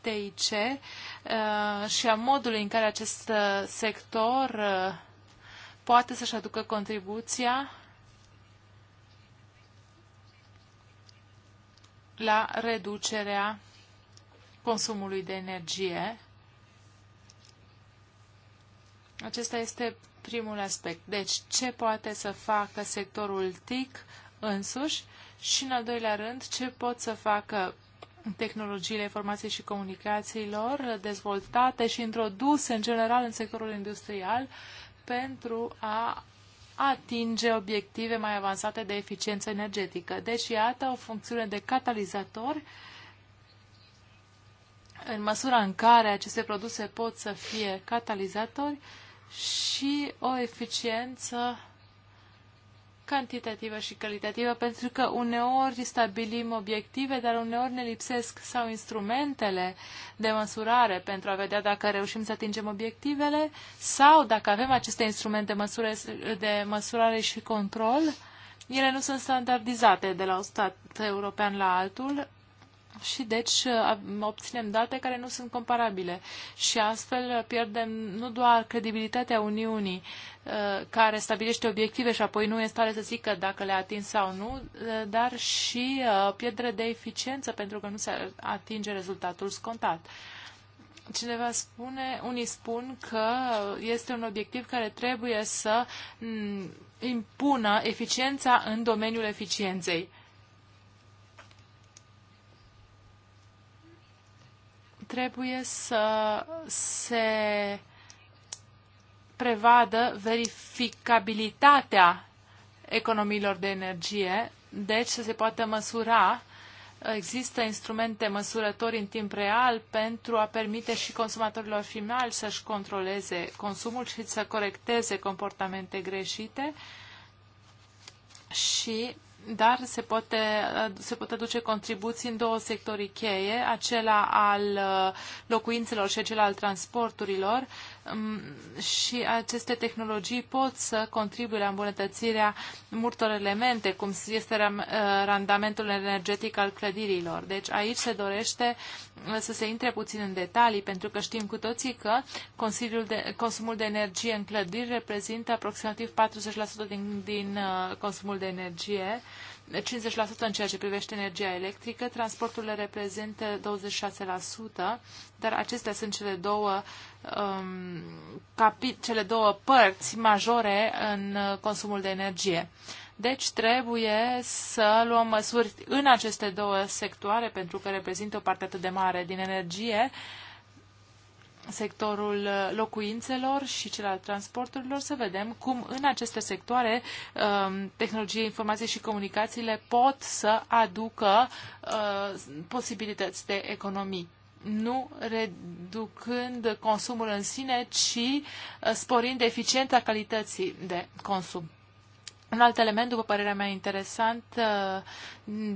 TIC, uh, și a modului în care acest sector poate să-și aducă contribuția la reducerea consumului de energie acesta este primul aspect. Deci, ce poate să facă sectorul TIC însuși și, în al doilea rând, ce pot să facă tehnologiile informației și comunicațiilor dezvoltate și introduse în general în sectorul industrial pentru a atinge obiective mai avansate de eficiență energetică. Deci, iată o funcțiune de catalizator în măsura în care aceste produse pot să fie catalizatori, și o eficiență cantitativă și calitativă, pentru că uneori stabilim obiective, dar uneori ne lipsesc sau instrumentele de măsurare pentru a vedea dacă reușim să atingem obiectivele sau dacă avem aceste instrumente de, măsură, de măsurare și control, ele nu sunt standardizate de la un stat european la altul și deci uh, obținem date care nu sunt comparabile și astfel uh, pierdem nu doar credibilitatea Uniunii uh, care stabilește obiective și apoi nu e în stare să zică dacă le-a atins sau nu, dar și pierdere de eficiență pentru că nu se atinge rezultatul scontat. Cineva spune, unii spun că este un obiectiv care trebuie să mm, impună eficiența în domeniul eficienței. trebuie să se prevadă verificabilitatea economiilor de energie, deci să se poată măsura. Există instrumente măsurători în timp real pentru a permite și consumatorilor finali să-și controleze consumul și să corecteze comportamente greșite și dar se, poate, se pot aduce contribuții în două sectorii cheie, acela al locuințelor și acela al transporturilor, Mm, și aceste tehnologii pot să contribuie la îmbunătățirea multor elemente, cum este uh, randamentul energetic al clădirilor. Deci aici se dorește uh, să se intre puțin în detalii, pentru că știm cu toții că Consiliul de, consumul de energie în clădiri reprezintă aproximativ 40% din, din uh, consumul de energie. Uh, 50% în ceea ce privește energia electrică, transporturile reprezintă 26%, dar acestea sunt cele două, um, capi, cele două părți majore în consumul de energie. Deci trebuie să luăm măsuri în aceste două sectoare, pentru că reprezintă o parte atât de mare din energie, uh, sectorul uh, locuințelor și cel al transporturilor, să vedem cum în aceste sectoare um, tehnologie, informației și comunicațiile pot să aducă uh, posibilități de economii nu reducând consumul în sine, ci uh, sporind eficiența calității de consum. Un alt element, după părerea mea, interesant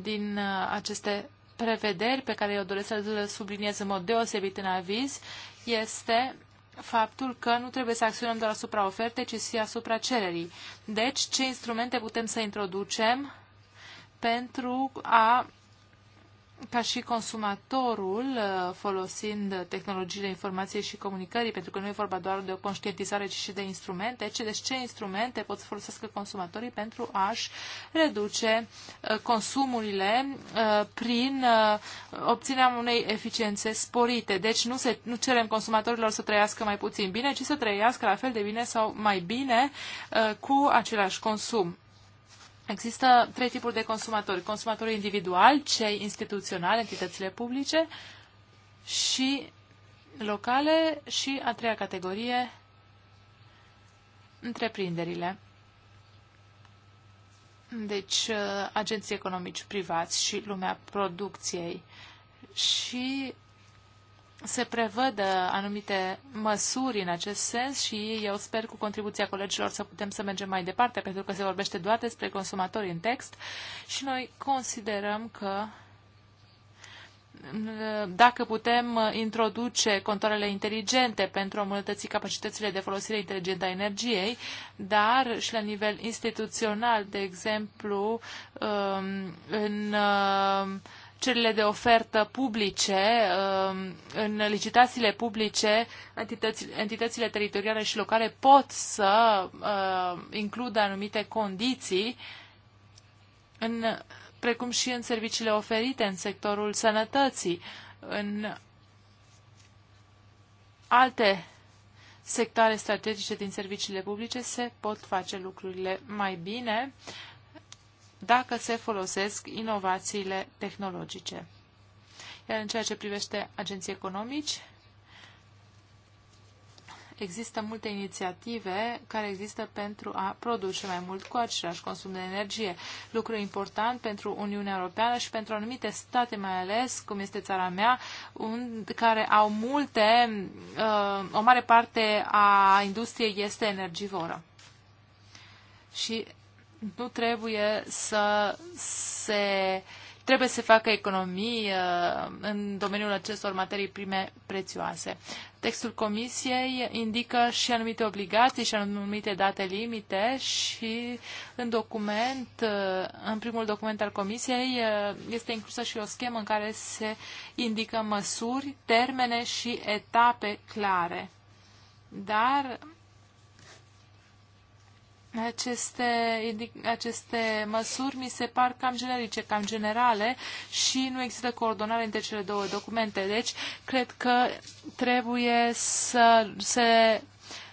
din aceste prevederi pe care eu doresc să le subliniez în mod deosebit în aviz este faptul că nu trebuie să acționăm doar asupra ofertei, ci și asupra cererii. Deci, ce instrumente putem să introducem pentru a ca și consumatorul, uh, folosind tehnologiile informației și comunicării, pentru că nu e vorba doar de o conștientizare, ci și de instrumente, ce, deci ce instrumente pot să folosească consumatorii pentru a-și reduce uh, consumurile uh, prin obținerea unei eficiențe sporite. Deci nu, se, nu cerem consumatorilor să trăiască mai puțin bine, ci să trăiască la fel de bine sau mai bine cu același consum. Există trei tipuri de consumatori. Consumatorii individuali, cei instituționali, entitățile publice și locale și a treia categorie, întreprinderile. Deci, uh, agenții economici privați și lumea producției. Și se prevăd uh, anumite măsuri în acest sens și eu sper cu contribuția colegilor să putem să mergem mai departe, pentru că se vorbește doar despre consumatori în text și noi considerăm că uh, dacă putem uh, introduce contoarele inteligente pentru a îmbunătăți capacitățile de folosire inteligentă a energiei, dar și la nivel instituțional, de exemplu, um, în cererile de ofertă publice, um, în licitațiile publice, entitățile, teritoriale și locale pot să uh, includă anumite condiții, în, precum și în serviciile oferite în sectorul sănătății, în alte sectoare strategice din serviciile publice se pot face lucrurile mai bine dacă se folosesc inovațiile tehnologice. Iar în ceea ce privește agenții economici, există multe inițiative care există pentru a produce mai mult cu același consum de energie. Lucru important pentru Uniunea Europeană și pentru anumite state, mai ales, cum este țara mea, un, care au multe, uh, o mare parte a industriei este energivoră. Și nu trebuie să se trebuie să facă economii uh, în domeniul acestor materii prime prețioase. Textul comisiei indică și anumite obligații și anumite date limite și în document, uh, în primul document al comisiei, uh, este inclusă și o schemă în care se indică măsuri, termene și etape clare. Dar aceste, aceste măsuri mi se par cam generice, cam generale și nu există coordonare între cele două documente. Deci, cred că trebuie să se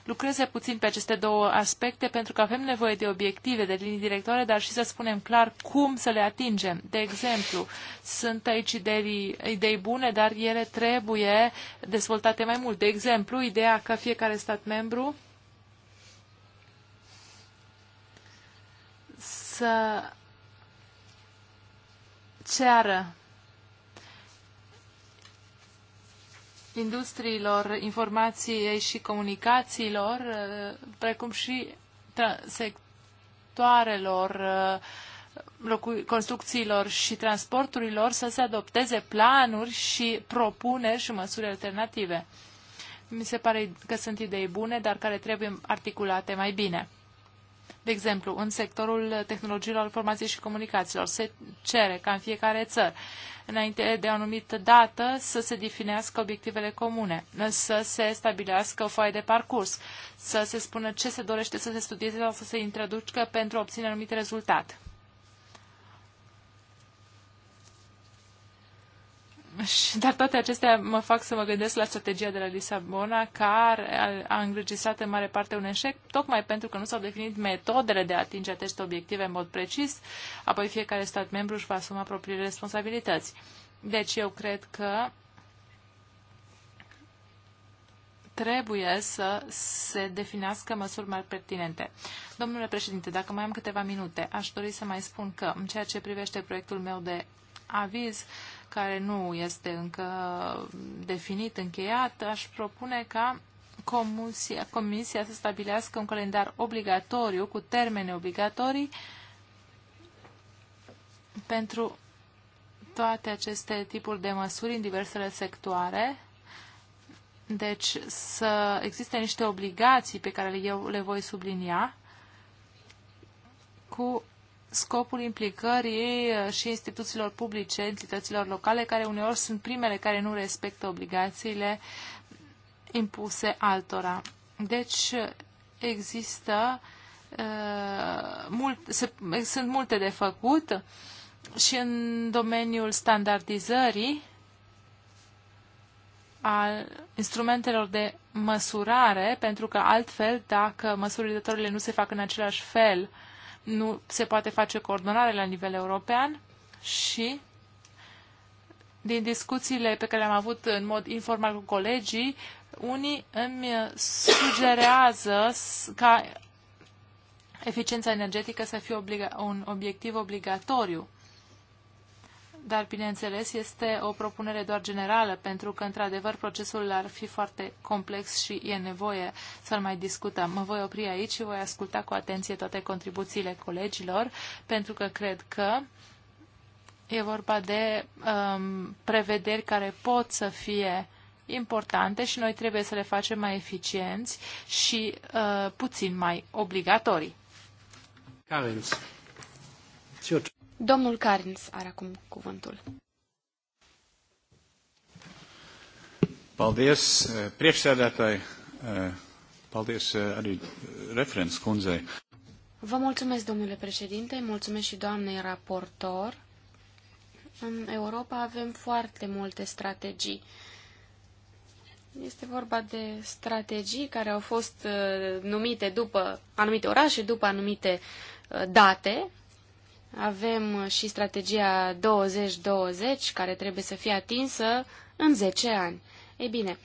lucreze puțin pe aceste două aspecte pentru că avem nevoie de obiective, de linii directoare, dar și să spunem clar cum să le atingem. De exemplu, sunt aici idei, idei bune, dar ele trebuie dezvoltate mai mult. De exemplu, ideea că fiecare stat membru să ceară industriilor informației și comunicațiilor, uh, precum și sectoarelor uh, construcțiilor și transporturilor să se adopteze planuri și propuneri și măsuri alternative. Mi se pare că sunt idei bune, dar care trebuie articulate mai bine. De exemplu, în sectorul tehnologiilor informației și comunicațiilor se cere ca în fiecare țară, înainte de o anumită dată, să se definească obiectivele comune, să se stabilească o foaie de parcurs, să se spună ce se dorește să se studieze sau să se introducă pentru a obține anumite rezultate. Dar toate acestea mă fac să mă gândesc la strategia de la Lisabona, care a înregistrat în mare parte un eșec, tocmai pentru că nu s-au definit metodele de a atinge aceste obiective în mod precis, apoi fiecare stat membru își va asuma propriile responsabilități. Deci eu cred că trebuie să se definească măsuri mai pertinente. Domnule președinte, dacă mai am câteva minute, aș dori să mai spun că, în ceea ce privește proiectul meu de aviz, uh, care nu este încă definit, încheiat, aș propune ca comisia, comisia să stabilească un calendar obligatoriu, cu termene obligatorii, pentru toate aceste tipuri de măsuri în diversele sectoare. Deci să existe niște obligații pe care eu le voi sublinia cu scopul implicării uh, și instituțiilor publice, entităților locale, care uneori sunt primele care nu respectă obligațiile impuse altora. Deci există uh, mult, se, sunt multe de făcut și în domeniul standardizării al instrumentelor de măsurare, pentru că altfel, dacă măsurătorile nu se fac în același fel nu se poate face coordonare la nivel european și din discuțiile pe care le-am avut în mod informal cu colegii, unii îmi sugerează ca eficiența energetică să fie obliga- un obiectiv obligatoriu dar bineînțeles este o propunere doar generală, pentru că, într-adevăr, procesul ar fi foarte complex și e nevoie să-l mai discutăm. Mă voi opri aici și voi asculta cu atenție toate contribuțiile colegilor, pentru că cred că e vorba de um, prevederi care pot să fie importante și noi trebuie să le facem mai eficienți și uh, puțin mai obligatorii. Carins. Domnul Carins are acum cuvântul. Paldies, eh, priekšsēdētāji. Eh, paldies eh, arī referents kundzei. Vă mulțumesc, domnule președinte, mulțumesc și doamnei raportor. În Europa avem foarte multe strategii. Este vorba de strategii care au fost numite după anumite orașe, după anumite date, avem uh, și strategia 2020, -20, care trebuie să fie atinsă în 10 ani. Ei bine,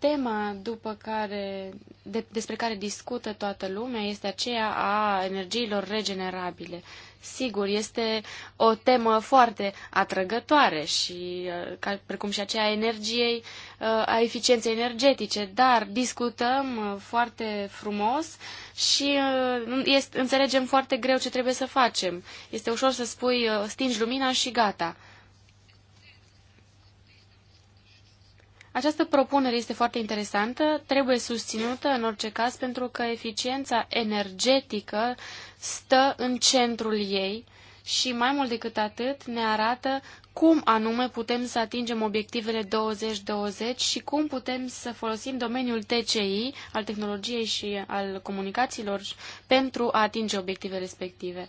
Tema după care, de, despre care discută toată lumea este aceea a energiilor regenerabile. Sigur, este o temă foarte atrăgătoare și uh, ca, precum și aceea a energiei, uh, a eficienței energetice, dar discutăm uh, foarte frumos și este, înțelegem foarte greu ce trebuie să facem. Este ușor să spui stingi lumina și gata. Această propunere este foarte interesantă, trebuie susținută în orice caz pentru că eficiența energetică stă în centrul ei și mai mult decât atât ne arată cum anume putem să atingem obiectivele 2020 -20 și cum putem să folosim domeniul TCI al tehnologiei și al comunicațiilor pentru a atinge obiective respective.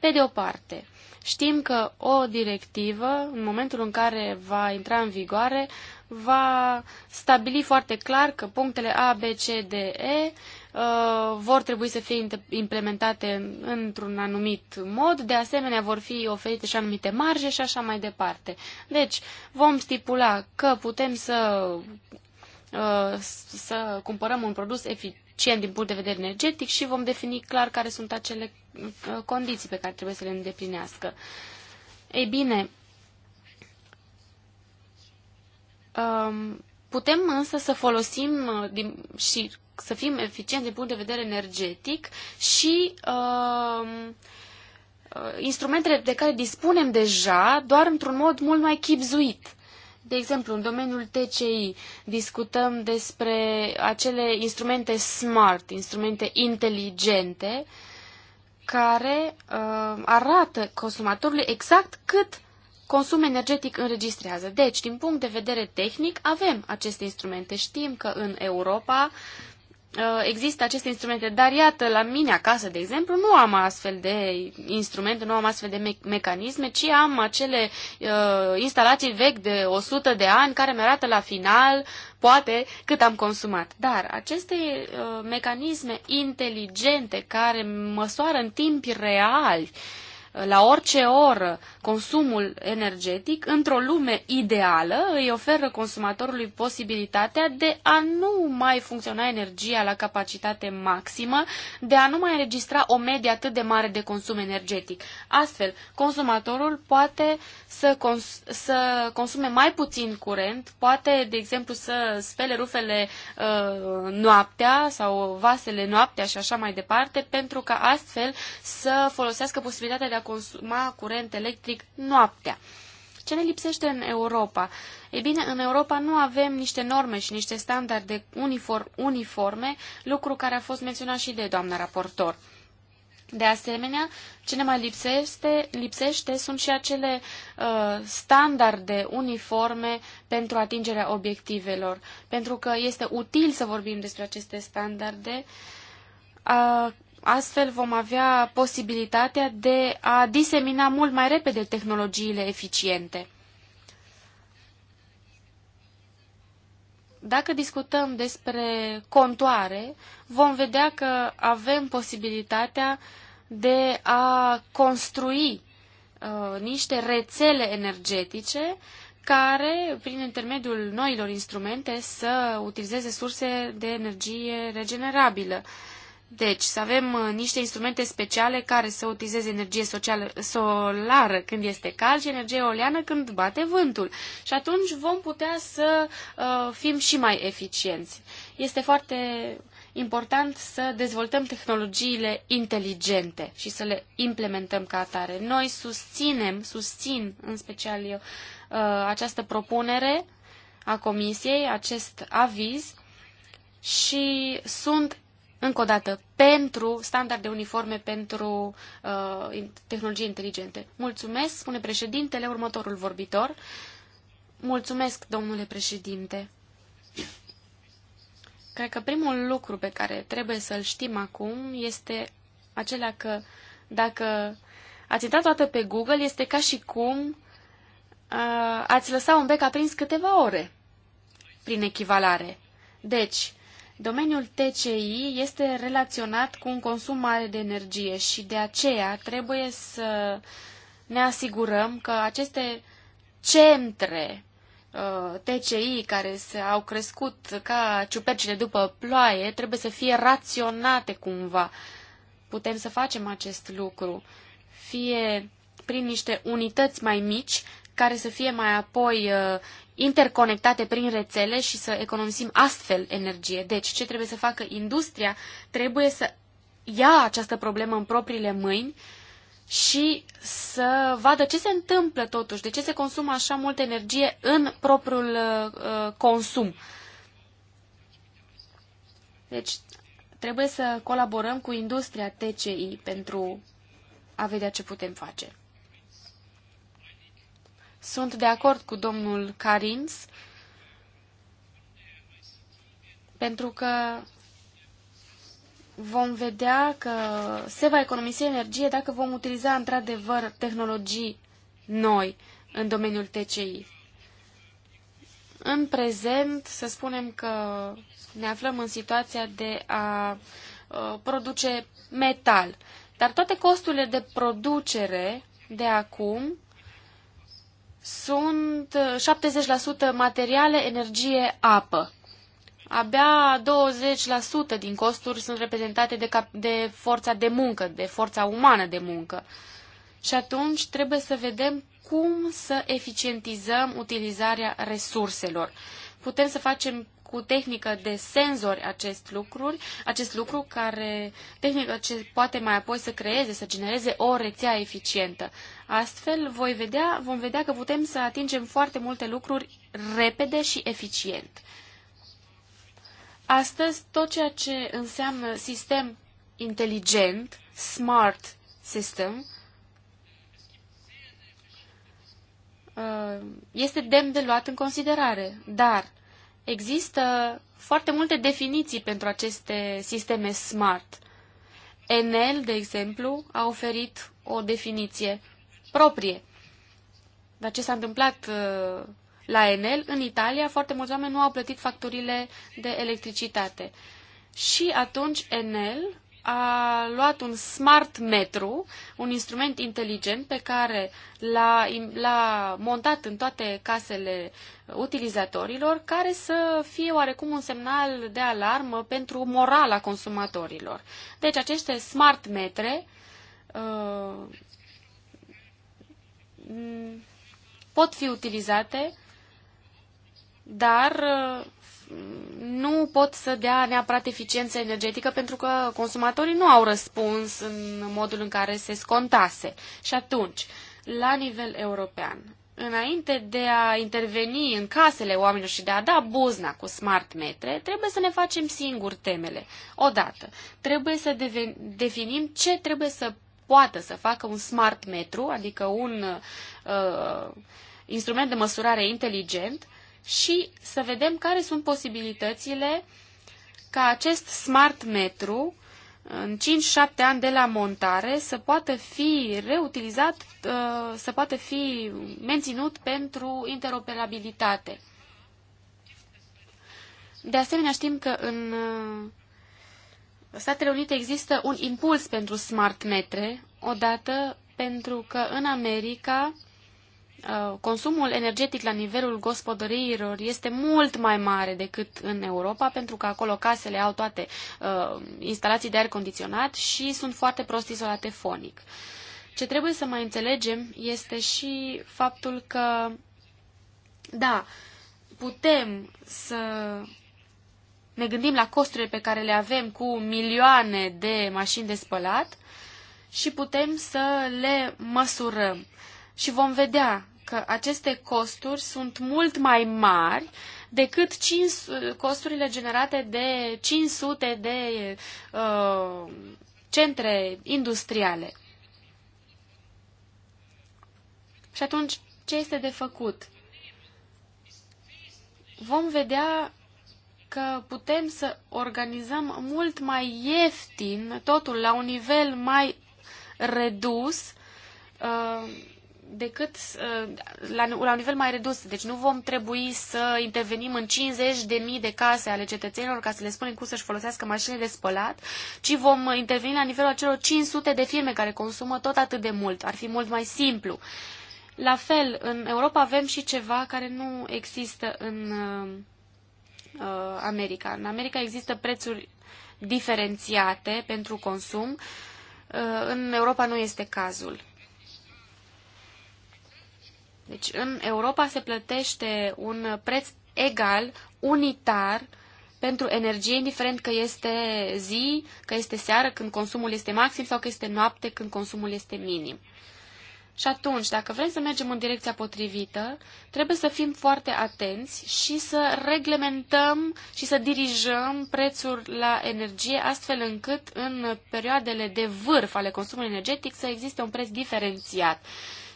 Pe de o parte, știm că o directivă, în momentul în care va intra în vigoare, va stabili foarte clar că punctele A, B, C, D, E uh, vor trebui să fie implementate într-un anumit mod, de asemenea vor fi oferite și anumite marje și așa mai departe. Deci vom stipula că putem să, uh, să cumpărăm un produs eficient din punct de vedere energetic și vom defini clar care sunt acele uh, condiții pe care trebuie să le îndeplinească. Ei bine, Um, putem însă să folosim uh, din, și să fim eficienți din punct de vedere energetic și um, uh, instrumentele de care dispunem deja, doar într-un mod mult mai chipzuit. De exemplu, în domeniul TCI discutăm despre acele instrumente smart, instrumente inteligente, care uh, arată consumatorului exact cât consum energetic înregistrează. Deci, din punct de vedere tehnic, avem aceste instrumente. Știm că în Europa uh, există aceste instrumente, dar iată, la mine acasă, de exemplu, nu am astfel de instrumente, nu am astfel de me- mecanisme, ci am acele uh, instalații vechi de 100 de ani care mi arată la final, poate, cât am consumat. Dar aceste uh, mecanisme inteligente care măsoară în timp real uh, la orice oră consumul energetic, într-o lume ideală, îi oferă consumatorului posibilitatea de a nu mai funcționa energia la capacitate maximă, de a nu mai înregistra o medie atât de mare de consum energetic. Astfel, consumatorul poate să, cons- să consume mai puțin curent, poate, de exemplu, să spele rufele uh, noaptea sau vasele noaptea și așa mai departe, pentru ca astfel să folosească posibilitatea de a a consuma curent electric noaptea. Ce ne lipsește în Europa? Ei bine, în Europa nu avem niște norme și niște standarde uniform, uniforme, lucru care a fost menționat și de doamna raportor. De asemenea, ce ne mai lipsește, lipsește sunt și acele uh, standarde uniforme pentru atingerea obiectivelor, pentru că este util să vorbim despre aceste standarde, uh, Astfel vom avea posibilitatea de a disemina mult mai repede tehnologiile eficiente. Dacă discutăm despre contoare, vom vedea că avem posibilitatea de a construi uh, niște rețele energetice care, prin intermediul noilor instrumente, să utilizeze surse de energie regenerabilă. Uh, deci, să avem uh, niște instrumente speciale care să utilizeze energie socială, solară când este cald și energie oleană când bate vântul. Și atunci vom putea să uh, fim și mai eficienți. Este foarte important să dezvoltăm tehnologiile inteligente și să le implementăm ca atare. Noi susținem, susțin în special eu, uh, această propunere a Comisiei, acest aviz și sunt încă o dată, pentru standarde uniforme pentru uh, tehnologie inteligente. Mulțumesc, spune președintele, următorul vorbitor. Mulțumesc, domnule președinte. Cred că primul lucru pe care trebuie să-l știm acum este acela că dacă ați intrat toată pe Google, este ca și cum uh, ați lăsa un bec aprins câteva ore prin echivalare. Deci, Domeniul TCI este relaționat cu un consum mare de energie și de aceea trebuie să ne asigurăm că aceste centre uh, TCI care se au crescut ca ciupercile după ploaie trebuie să fie raționate cumva. Putem să facem acest lucru, fie prin niște unități mai mici care să fie mai apoi uh, interconectate prin rețele și să economisim astfel energie. Deci, ce trebuie să facă industria? Trebuie să ia această problemă în propriile mâini și să vadă ce se întâmplă totuși, de ce se consumă așa multă energie în propriul uh, uh consum. Deci, trebuie să colaborăm cu industria TCI pentru a vedea ce putem face. Sunt de acord cu domnul Carins pentru că vom vedea că se va economisi energie dacă vom utiliza într-adevăr tehnologii noi în domeniul TCI. În prezent, să spunem că ne aflăm în situația de a produce metal, dar toate costurile de producere de acum sunt 70% uh, materiale, energie, apă. Abia 20% din costuri sunt reprezentate de, cap- de forța de muncă, de forța umană de muncă. Și atunci trebuie să vedem cum să eficientizăm utilizarea resurselor. Putem să facem cu tehnică de senzori acest lucru, acest lucru care tehnică ce poate mai apoi să creeze, să genereze o rețea eficientă. Astfel voi vedea, vom vedea că putem să atingem foarte multe lucruri repede și eficient. Astăzi, tot ceea ce înseamnă sistem inteligent, smart system, uh, este demn de luat în considerare, dar există foarte multe definiții pentru aceste sisteme smart. Enel, de exemplu, a oferit o definiție proprie. Dar ce s-a întâmplat uh, la Enel, în Italia, foarte mulți oameni nu au plătit facturile de electricitate. Și atunci Enel a luat un smart metru, un instrument inteligent pe care l-a, montat în toate casele utilizatorilor, care să fie oarecum un semnal de alarmă pentru morala consumatorilor. Deci aceste smart metre uh, pot fi utilizate, dar uh, nu pot să dea neapărat eficiență energetică pentru că consumatorii nu au răspuns în modul în care se scontase. Și atunci, la nivel european, înainte de a interveni în casele oamenilor și de a da buzna cu smart metre, trebuie să ne facem singuri temele. Odată, trebuie să definim ce trebuie să poată să facă un smart metru, adică un uh, instrument de măsurare inteligent, uh, și să vedem care sunt posibilitățile ca acest smart metru în 5-7 ani de la montare să poată fi reutilizat, uh, să poată fi menținut pentru interoperabilitate. De asemenea, știm că în uh, Statele Unite există un impuls pentru smart metre, odată pentru că în America Uh, consumul energetic la nivelul gospodăriilor este mult mai mare decât în Europa, pentru că acolo casele au toate uh, instalații de aer condiționat și sunt foarte prost izolate fonic. Ce trebuie să mai înțelegem este și faptul că, da, putem să ne gândim la costurile pe care le avem cu milioane de mașini de spălat și putem să le măsurăm și vom vedea că aceste costuri sunt mult mai mari decât 5, costurile generate de 500 de uh, centre industriale. Și atunci, ce este de făcut? Vom vedea că putem să organizăm mult mai ieftin totul la un nivel mai redus uh, decât uh, la, la un nivel mai redus. Deci nu vom trebui să intervenim în 50 de mii de case ale cetățenilor ca să le spunem cum să-și folosească mașinile de spălat, ci vom interveni la nivelul acelor 500 de firme care consumă tot atât de mult. Ar fi mult mai simplu. La fel, în Europa avem și ceva care nu există în uh, uh America. În America există prețuri diferențiate pentru consum. Uh, în Europa nu este cazul. Deci în Europa se plătește un preț egal, unitar, pentru energie, indiferent că este zi, că este seară, când consumul este maxim sau că este noapte, când consumul este minim. Și atunci, dacă vrem să mergem în direcția potrivită, trebuie să fim foarte atenți și să reglementăm și să dirijăm prețul la energie, astfel încât în perioadele de vârf ale consumului energetic să existe un preț diferențiat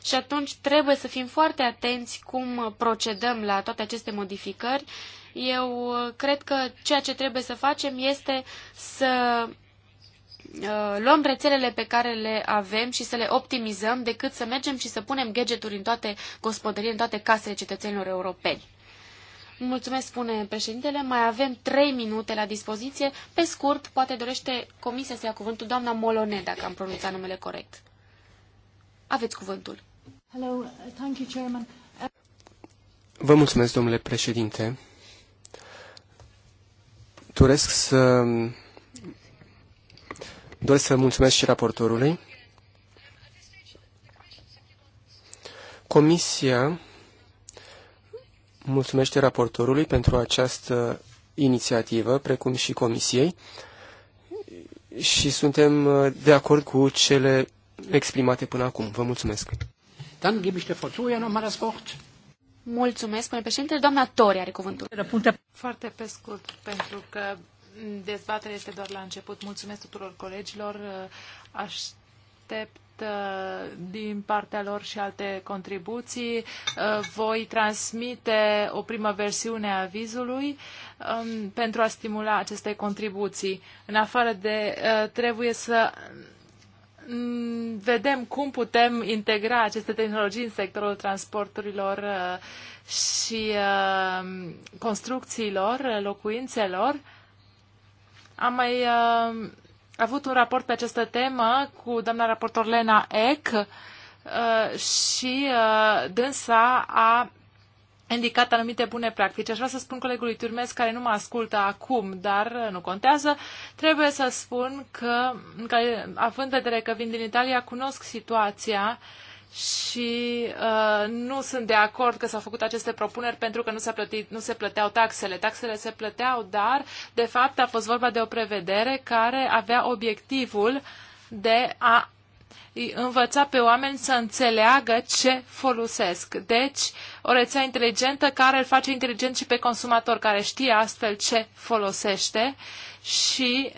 și atunci trebuie să fim foarte atenți cum procedăm la toate aceste modificări. Eu uh, cred că ceea ce trebuie să facem este să uh, luăm rețelele pe care le avem și să le optimizăm decât să mergem și să punem gadgeturi în toate gospodării, în toate casele cetățenilor europeni. Mulțumesc, spune președintele. Mai avem trei minute la dispoziție. Pe scurt, poate dorește comisia să ia cuvântul doamna Molone, dacă am pronunțat numele corect. Aveți cuvântul. Uh, Vă mulțumesc, domnule președinte. Doresc să... Doresc să mulțumesc și raportorului. Comisia mulțumește raportorului pentru această inițiativă, precum și Comisiei, și suntem uh, de acord cu cele exprimate până acum. Vă mulțumesc! Dann gebe ich der Frau Toria mal das Wort. Mulțumesc, domnule președinte. Doamna Toria are cuvântul. Foarte pe scurt, pentru că dezbaterea este doar la început. Mulțumesc tuturor colegilor. Aștept uh, din partea lor și alte contribuții. Uh, voi transmite o primă versiune a avizului um, pentru a stimula aceste contribuții. În afară de uh, trebuie să Mm, vedem cum putem integra aceste tehnologii în sectorul transporturilor uh, și uh, construcțiilor, uh, locuințelor. Am mai avut un raport pe această temă cu doamna raportor Lena Eck și dânsa a indicat anumite bune practici. Aș vrea să spun colegului Turmes, care nu mă ascultă acum, dar uh, nu contează, trebuie să spun că, că având vedere că vin din Italia, cunosc situația și uh, nu sunt de acord că s-au făcut aceste propuneri pentru că nu s-a plătit, nu se plăteau taxele. Taxele se plăteau, dar, de fapt, a fost vorba de o prevedere care avea obiectivul de a îi învăța pe oameni să înțeleagă ce folosesc. Deci, o rețea inteligentă care îl face inteligent și pe consumator, care știe astfel ce folosește și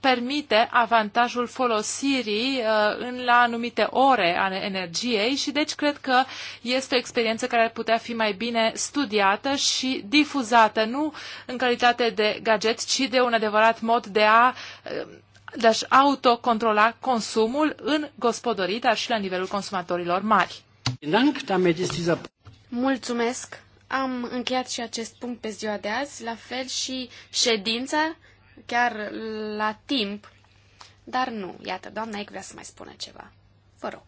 permite avantajul folosirii uh, în la anumite ore ale energiei și deci cred că este o experiență care ar putea fi mai bine studiată și difuzată, nu în calitate de gadget, ci de un adevărat mod de a uh, de-și autocontrola consumul în gospodării, dar și la nivelul consumatorilor mari. Mulțumesc! Am încheiat și acest punct pe ziua de azi, la fel și ședința, chiar la timp. Dar nu, iată, doamna Ec vrea să mai spună ceva. Vă rog.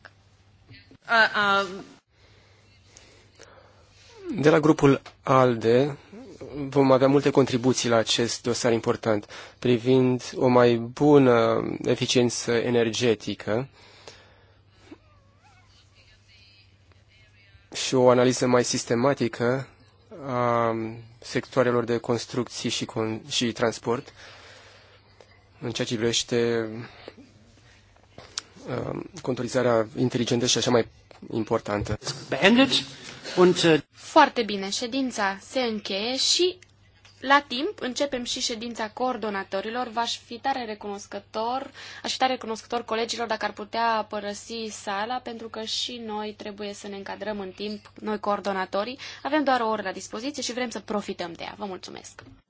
De la grupul ALDE vom avea multe contribuții la acest dosar important privind o mai bună eficiență energetică și o analiză mai sistematică a sectoarelor de construcții și, con- și transport în ceea ce privește um, contorizarea inteligentă și așa mai importantă. Bandit. Und, uh, Foarte bine, ședința se încheie și la timp începem și ședința coordonatorilor. V-aș fi tare recunoscător, aș fi tare recunoscător colegilor dacă ar putea părăsi sala, pentru că și noi trebuie să ne încadrăm în timp, noi coordonatorii. Avem doar o oră la dispoziție și vrem să profităm de ea. Vă mulțumesc!